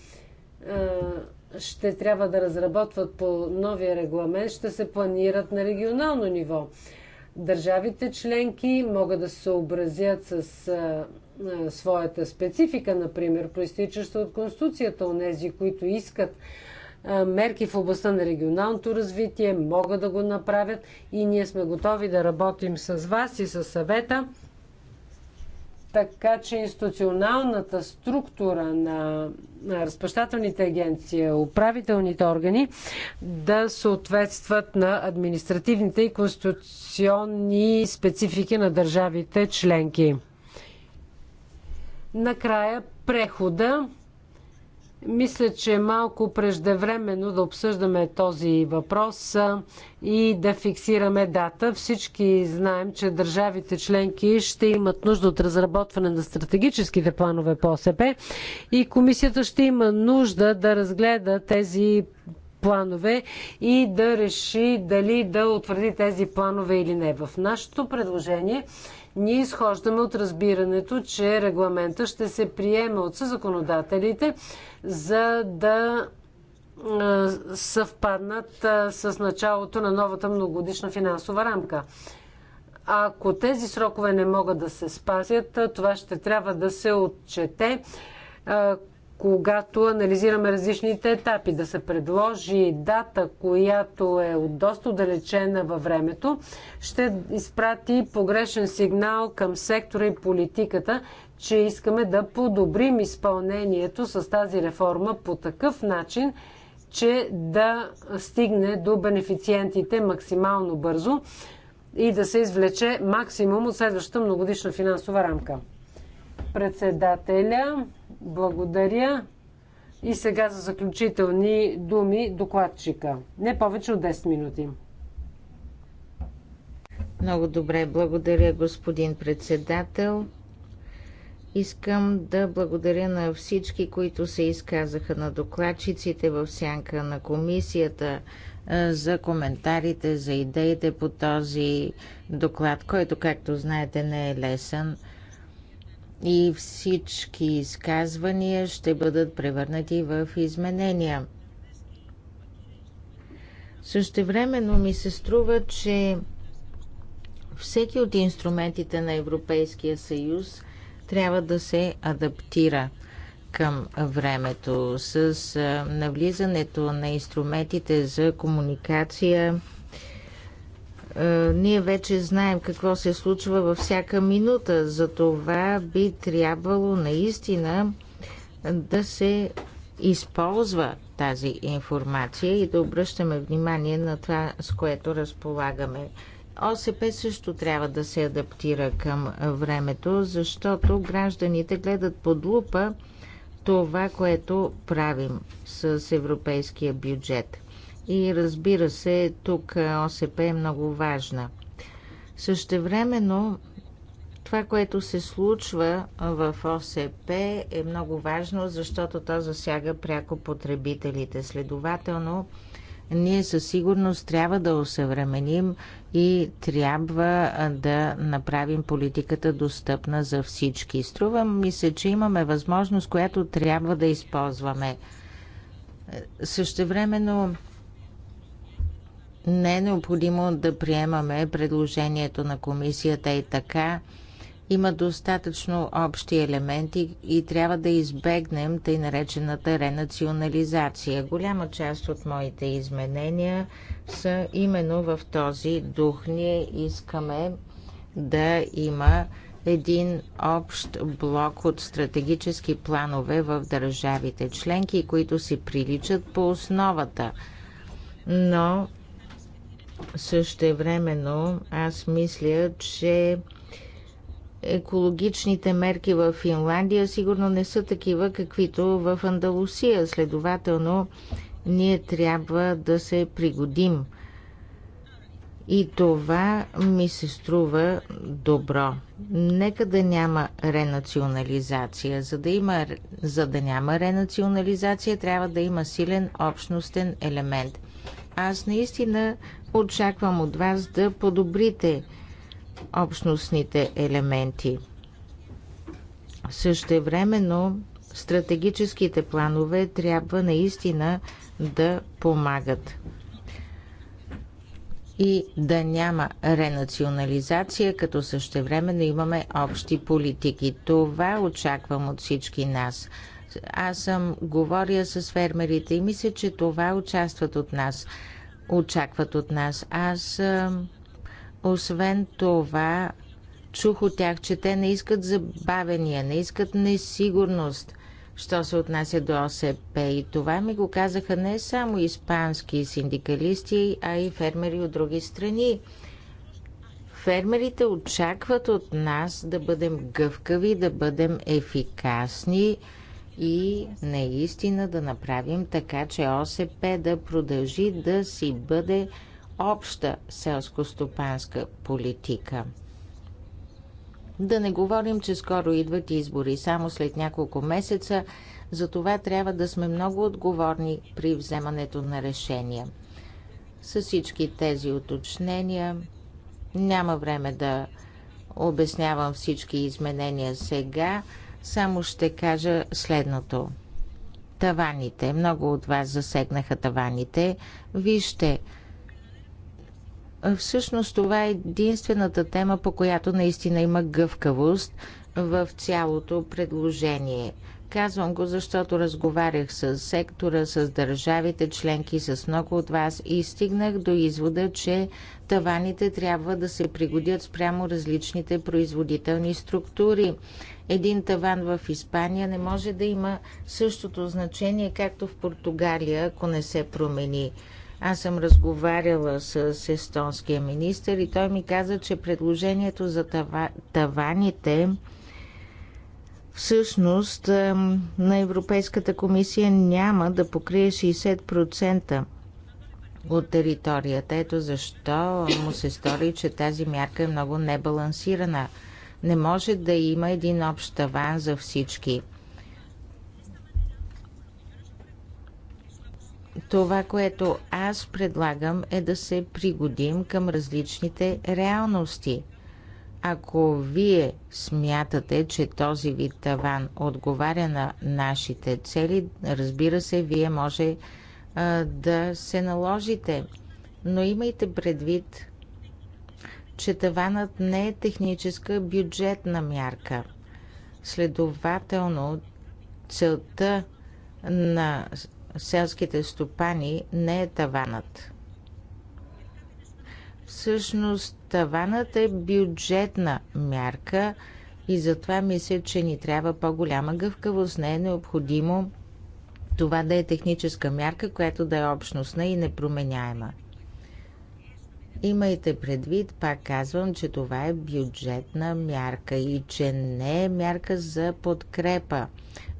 ще трябва да разработват по новия регламент, ще се планират на регионално ниво. Държавите членки могат да се съобразят с а, а, своята специфика, например, проистичаща от Конституцията. тези, които искат а, мерки в областта на регионалното развитие, могат да го направят и ние сме готови да работим с вас и с съвета така че институционалната структура на разпощателните агенции, управителните органи да съответстват на административните и конституционни специфики на държавите членки. Накрая прехода мисля, че е малко преждевременно да обсъждаме този въпрос и да фиксираме дата. Всички знаем, че държавите членки ще имат нужда от разработване на стратегическите планове по ОСП и комисията ще има нужда да разгледа тези планове и да реши дали да утвърди тези планове или не. В нашето предложение ние изхождаме от разбирането, че регламента ще се приема от съзаконодателите, за да съвпаднат с началото на новата многогодишна финансова рамка. Ако тези срокове не могат да се спазят, това ще трябва да се отчете когато анализираме различните етапи, да се предложи дата, която е от доста далечена във времето, ще изпрати погрешен сигнал към сектора и политиката, че искаме да подобрим изпълнението с тази реформа по такъв начин, че да стигне до бенефициентите максимално бързо и да се извлече максимум от следващата многодишна финансова рамка. Председателя благодаря. И сега за заключителни думи докладчика. Не повече от 10 минути. Много добре. Благодаря, господин председател. Искам да благодаря на всички, които се изказаха на докладчиците в сянка на комисията за коментарите, за идеите по този доклад, който, както знаете, не е лесен – и всички изказвания ще бъдат превърнати в изменения. Същевременно ми се струва, че всеки от инструментите на Европейския съюз трябва да се адаптира към времето. С навлизането на инструментите за комуникация е, ние вече знаем какво се случва във всяка минута. За това би трябвало наистина да се използва тази информация и да обръщаме внимание на това, с което разполагаме. ОСП също трябва да се адаптира към времето, защото гражданите гледат под лупа това, което правим с европейския бюджет. И разбира се, тук ОСП е много важна. Същевременно, това, което се случва в ОСП е много важно, защото то засяга пряко потребителите. Следователно, ние със сигурност трябва да осъвременим и трябва да направим политиката достъпна за всички. Струва ми се, че имаме възможност, която трябва да използваме. Същевременно не е необходимо да приемаме предложението на комисията и така. Има достатъчно общи елементи и трябва да избегнем тъй наречената ренационализация. Голяма част от моите изменения са именно в този дух. Ние искаме да има един общ блок от стратегически планове в държавите членки, които си приличат по основата. Но времено аз мисля, че екологичните мерки в Финландия сигурно не са такива, каквито в Андалусия. Следователно, ние трябва да се пригодим. И това ми се струва добро. Нека да няма ренационализация. За да, има, за да няма ренационализация, трябва да има силен общностен елемент. Аз наистина Очаквам от вас да подобрите общностните елементи. Същевременно стратегическите планове трябва наистина да помагат и да няма ренационализация, като същевременно имаме общи политики. Това очаквам от всички нас. Аз съм говоря с фермерите и мисля, че това участват от нас очакват от нас. Аз, освен това, чух от тях, че те не искат забавения, не искат несигурност, що се отнася до ОСП. И това ми го казаха не само испански синдикалисти, а и фермери от други страни. Фермерите очакват от нас да бъдем гъвкави, да бъдем ефикасни, и наистина да направим така, че ОСП да продължи да си бъде обща селско-стопанска политика. Да не говорим, че скоро идват избори, само след няколко месеца, затова трябва да сме много отговорни при вземането на решения. С всички тези уточнения няма време да обяснявам всички изменения сега. Само ще кажа следното. Таваните. Много от вас засегнаха таваните. Вижте, всъщност това е единствената тема, по която наистина има гъвкавост в цялото предложение – Казвам го, защото разговарях с сектора, с държавите членки, с много от вас и стигнах до извода, че таваните трябва да се пригодят спрямо различните производителни структури. Един таван в Испания не може да има същото значение, както в Португалия, ако не се промени. Аз съм разговаряла с естонския министр и той ми каза, че предложението за тава... таваните всъщност на Европейската комисия няма да покрие 60% от територията. Ето защо му се стори, че тази мярка е много небалансирана. Не може да има един общ таван за всички. Това, което аз предлагам е да се пригодим към различните реалности. Ако вие смятате, че този вид таван отговаря на нашите цели, разбира се, вие може а, да се наложите. Но имайте предвид, че таванът не е техническа бюджетна мярка. Следователно, целта на селските стопани не е таванът. Всъщност, Таванът е бюджетна мярка и затова мисля, че ни трябва по-голяма гъвкавост. Не е необходимо това да е техническа мярка, която да е общностна и непроменяема. Имайте предвид, пак казвам, че това е бюджетна мярка и че не е мярка за подкрепа,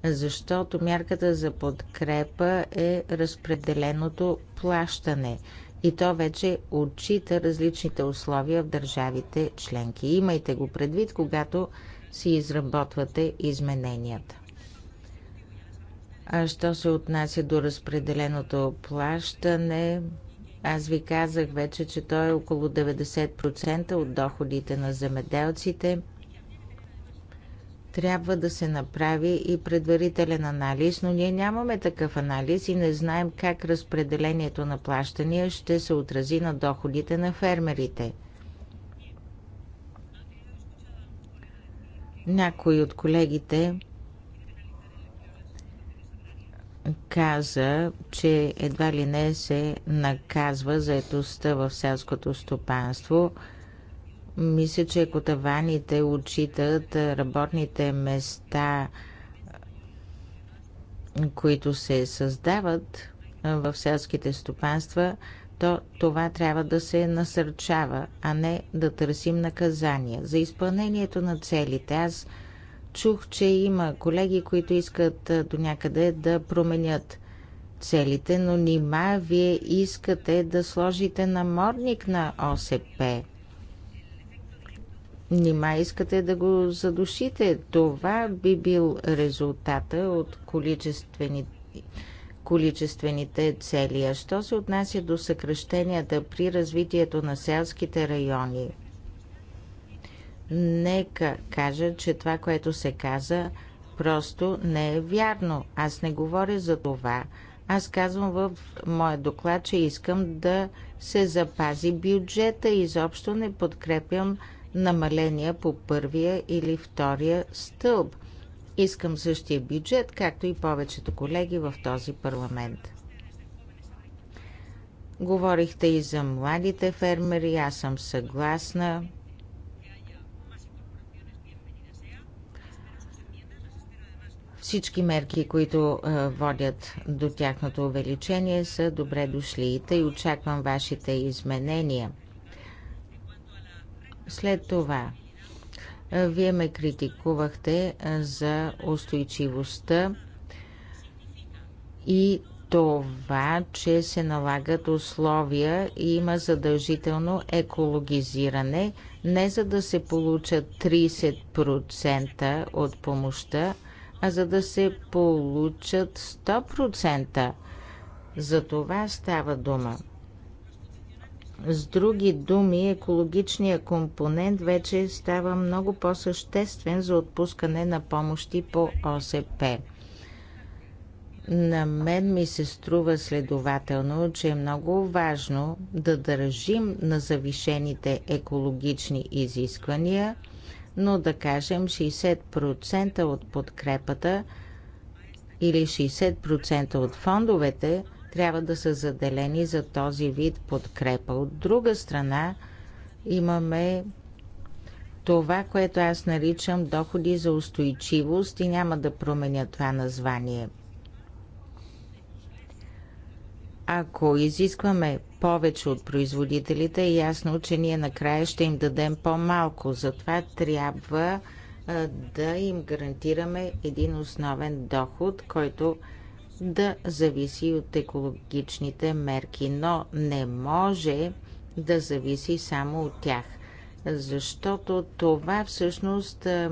защото мярката за подкрепа е разпределеното плащане и то вече отчита различните условия в държавите членки. Имайте го предвид, когато си изработвате измененията. А що се отнася до разпределеното плащане, аз ви казах вече, че то е около 90% от доходите на земеделците – трябва да се направи и предварителен анализ, но ние нямаме такъв анализ и не знаем как разпределението на плащания ще се отрази на доходите на фермерите. Някой от колегите каза, че едва ли не се наказва заетостта в селското стопанство – мисля, че ако таваните отчитат работните места, които се създават в селските стопанства, то това трябва да се насърчава, а не да търсим наказания. За изпълнението на целите аз чух, че има колеги, които искат до някъде да променят целите, но нима вие искате да сложите намордник на ОСП. Нима искате да го задушите? Това би бил резултата от количествени, количествените цели. А що се отнася до съкръщенията при развитието на селските райони? Нека кажа, че това, което се каза, просто не е вярно. Аз не говоря за това. Аз казвам в моя доклад, че искам да се запази бюджета. Изобщо не подкрепям намаления по първия или втория стълб. Искам същия бюджет, както и повечето колеги в този парламент. Говорихте и за младите фермери, аз съм съгласна. Всички мерки, които водят до тяхното увеличение, са добре дошли и очаквам вашите изменения. След това, вие ме критикувахте за устойчивостта и това, че се налагат условия и има задължително екологизиране, не за да се получат 30% от помощта, а за да се получат 100%. За това става дума. С други думи, екологичният компонент вече става много по-съществен за отпускане на помощи по ОСП. На мен ми се струва следователно, че е много важно да държим на завишените екологични изисквания, но да кажем 60% от подкрепата или 60% от фондовете трябва да са заделени за този вид подкрепа. От друга страна имаме това, което аз наричам доходи за устойчивост и няма да променя това название. Ако изискваме повече от производителите, е ясно, че ние накрая ще им дадем по-малко. Затова трябва да им гарантираме един основен доход, който да зависи от екологичните мерки, но не може да зависи само от тях, защото това всъщност е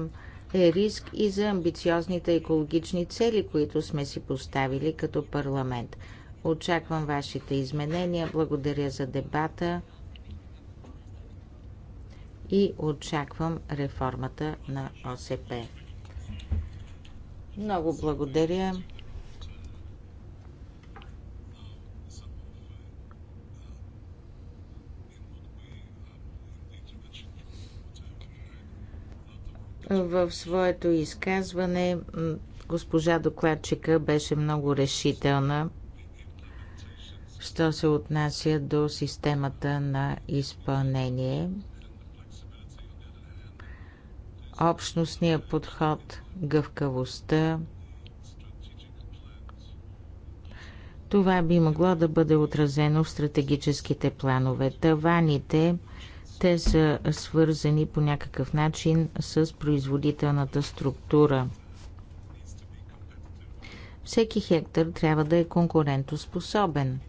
риск и за амбициозните екологични цели, които сме си поставили като парламент. Очаквам вашите изменения. Благодаря за дебата и очаквам реформата на ОСП. Много благодаря. В своето изказване госпожа докладчика беше много решителна, що се отнася до системата на изпълнение. Общностния подход, гъвкавостта, това би могло да бъде отразено в стратегическите планове. Таваните – те са свързани по някакъв начин с производителната структура. Всеки хектар трябва да е конкурентоспособен.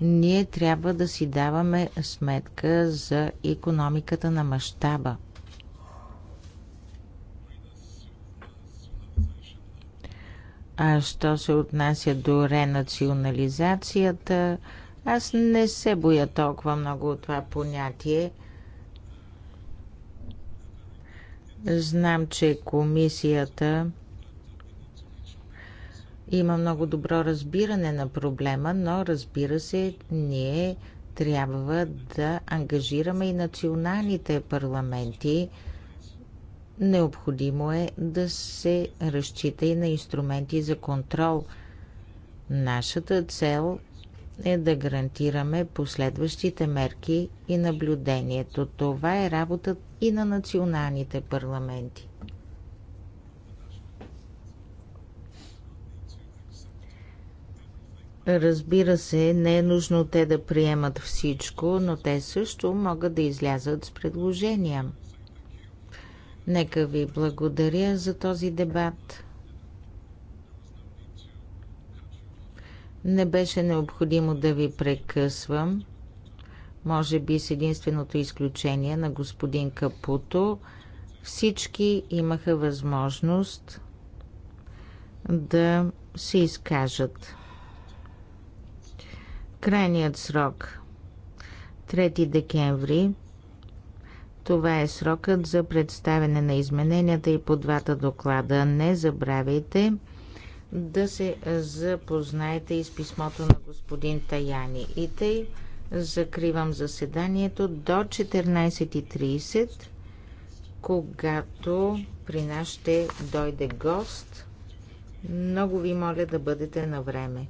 Ние трябва да си даваме сметка за економиката на мащаба – А що се отнася до ренационализацията, аз не се боя толкова много от това понятие. Знам, че комисията има много добро разбиране на проблема, но разбира се, ние трябва да ангажираме и националните парламенти – Необходимо е да се разчита и на инструменти за контрол. Нашата цел е да гарантираме последващите мерки и наблюдението. Това е работа и на националните парламенти. Разбира се, не е нужно те да приемат всичко, но те също могат да излязат с предложения – Нека ви благодаря за този дебат. Не беше необходимо да ви прекъсвам, може би с единственото изключение на господин Капуто. Всички имаха възможност да се изкажат. Крайният срок 3 декември това е срокът за представяне на измененията и по двата доклада. Не забравяйте да се запознаете и с писмото на господин Таяни. И тъй закривам заседанието до 14.30, когато при нас ще дойде гост. Много ви моля да бъдете на време.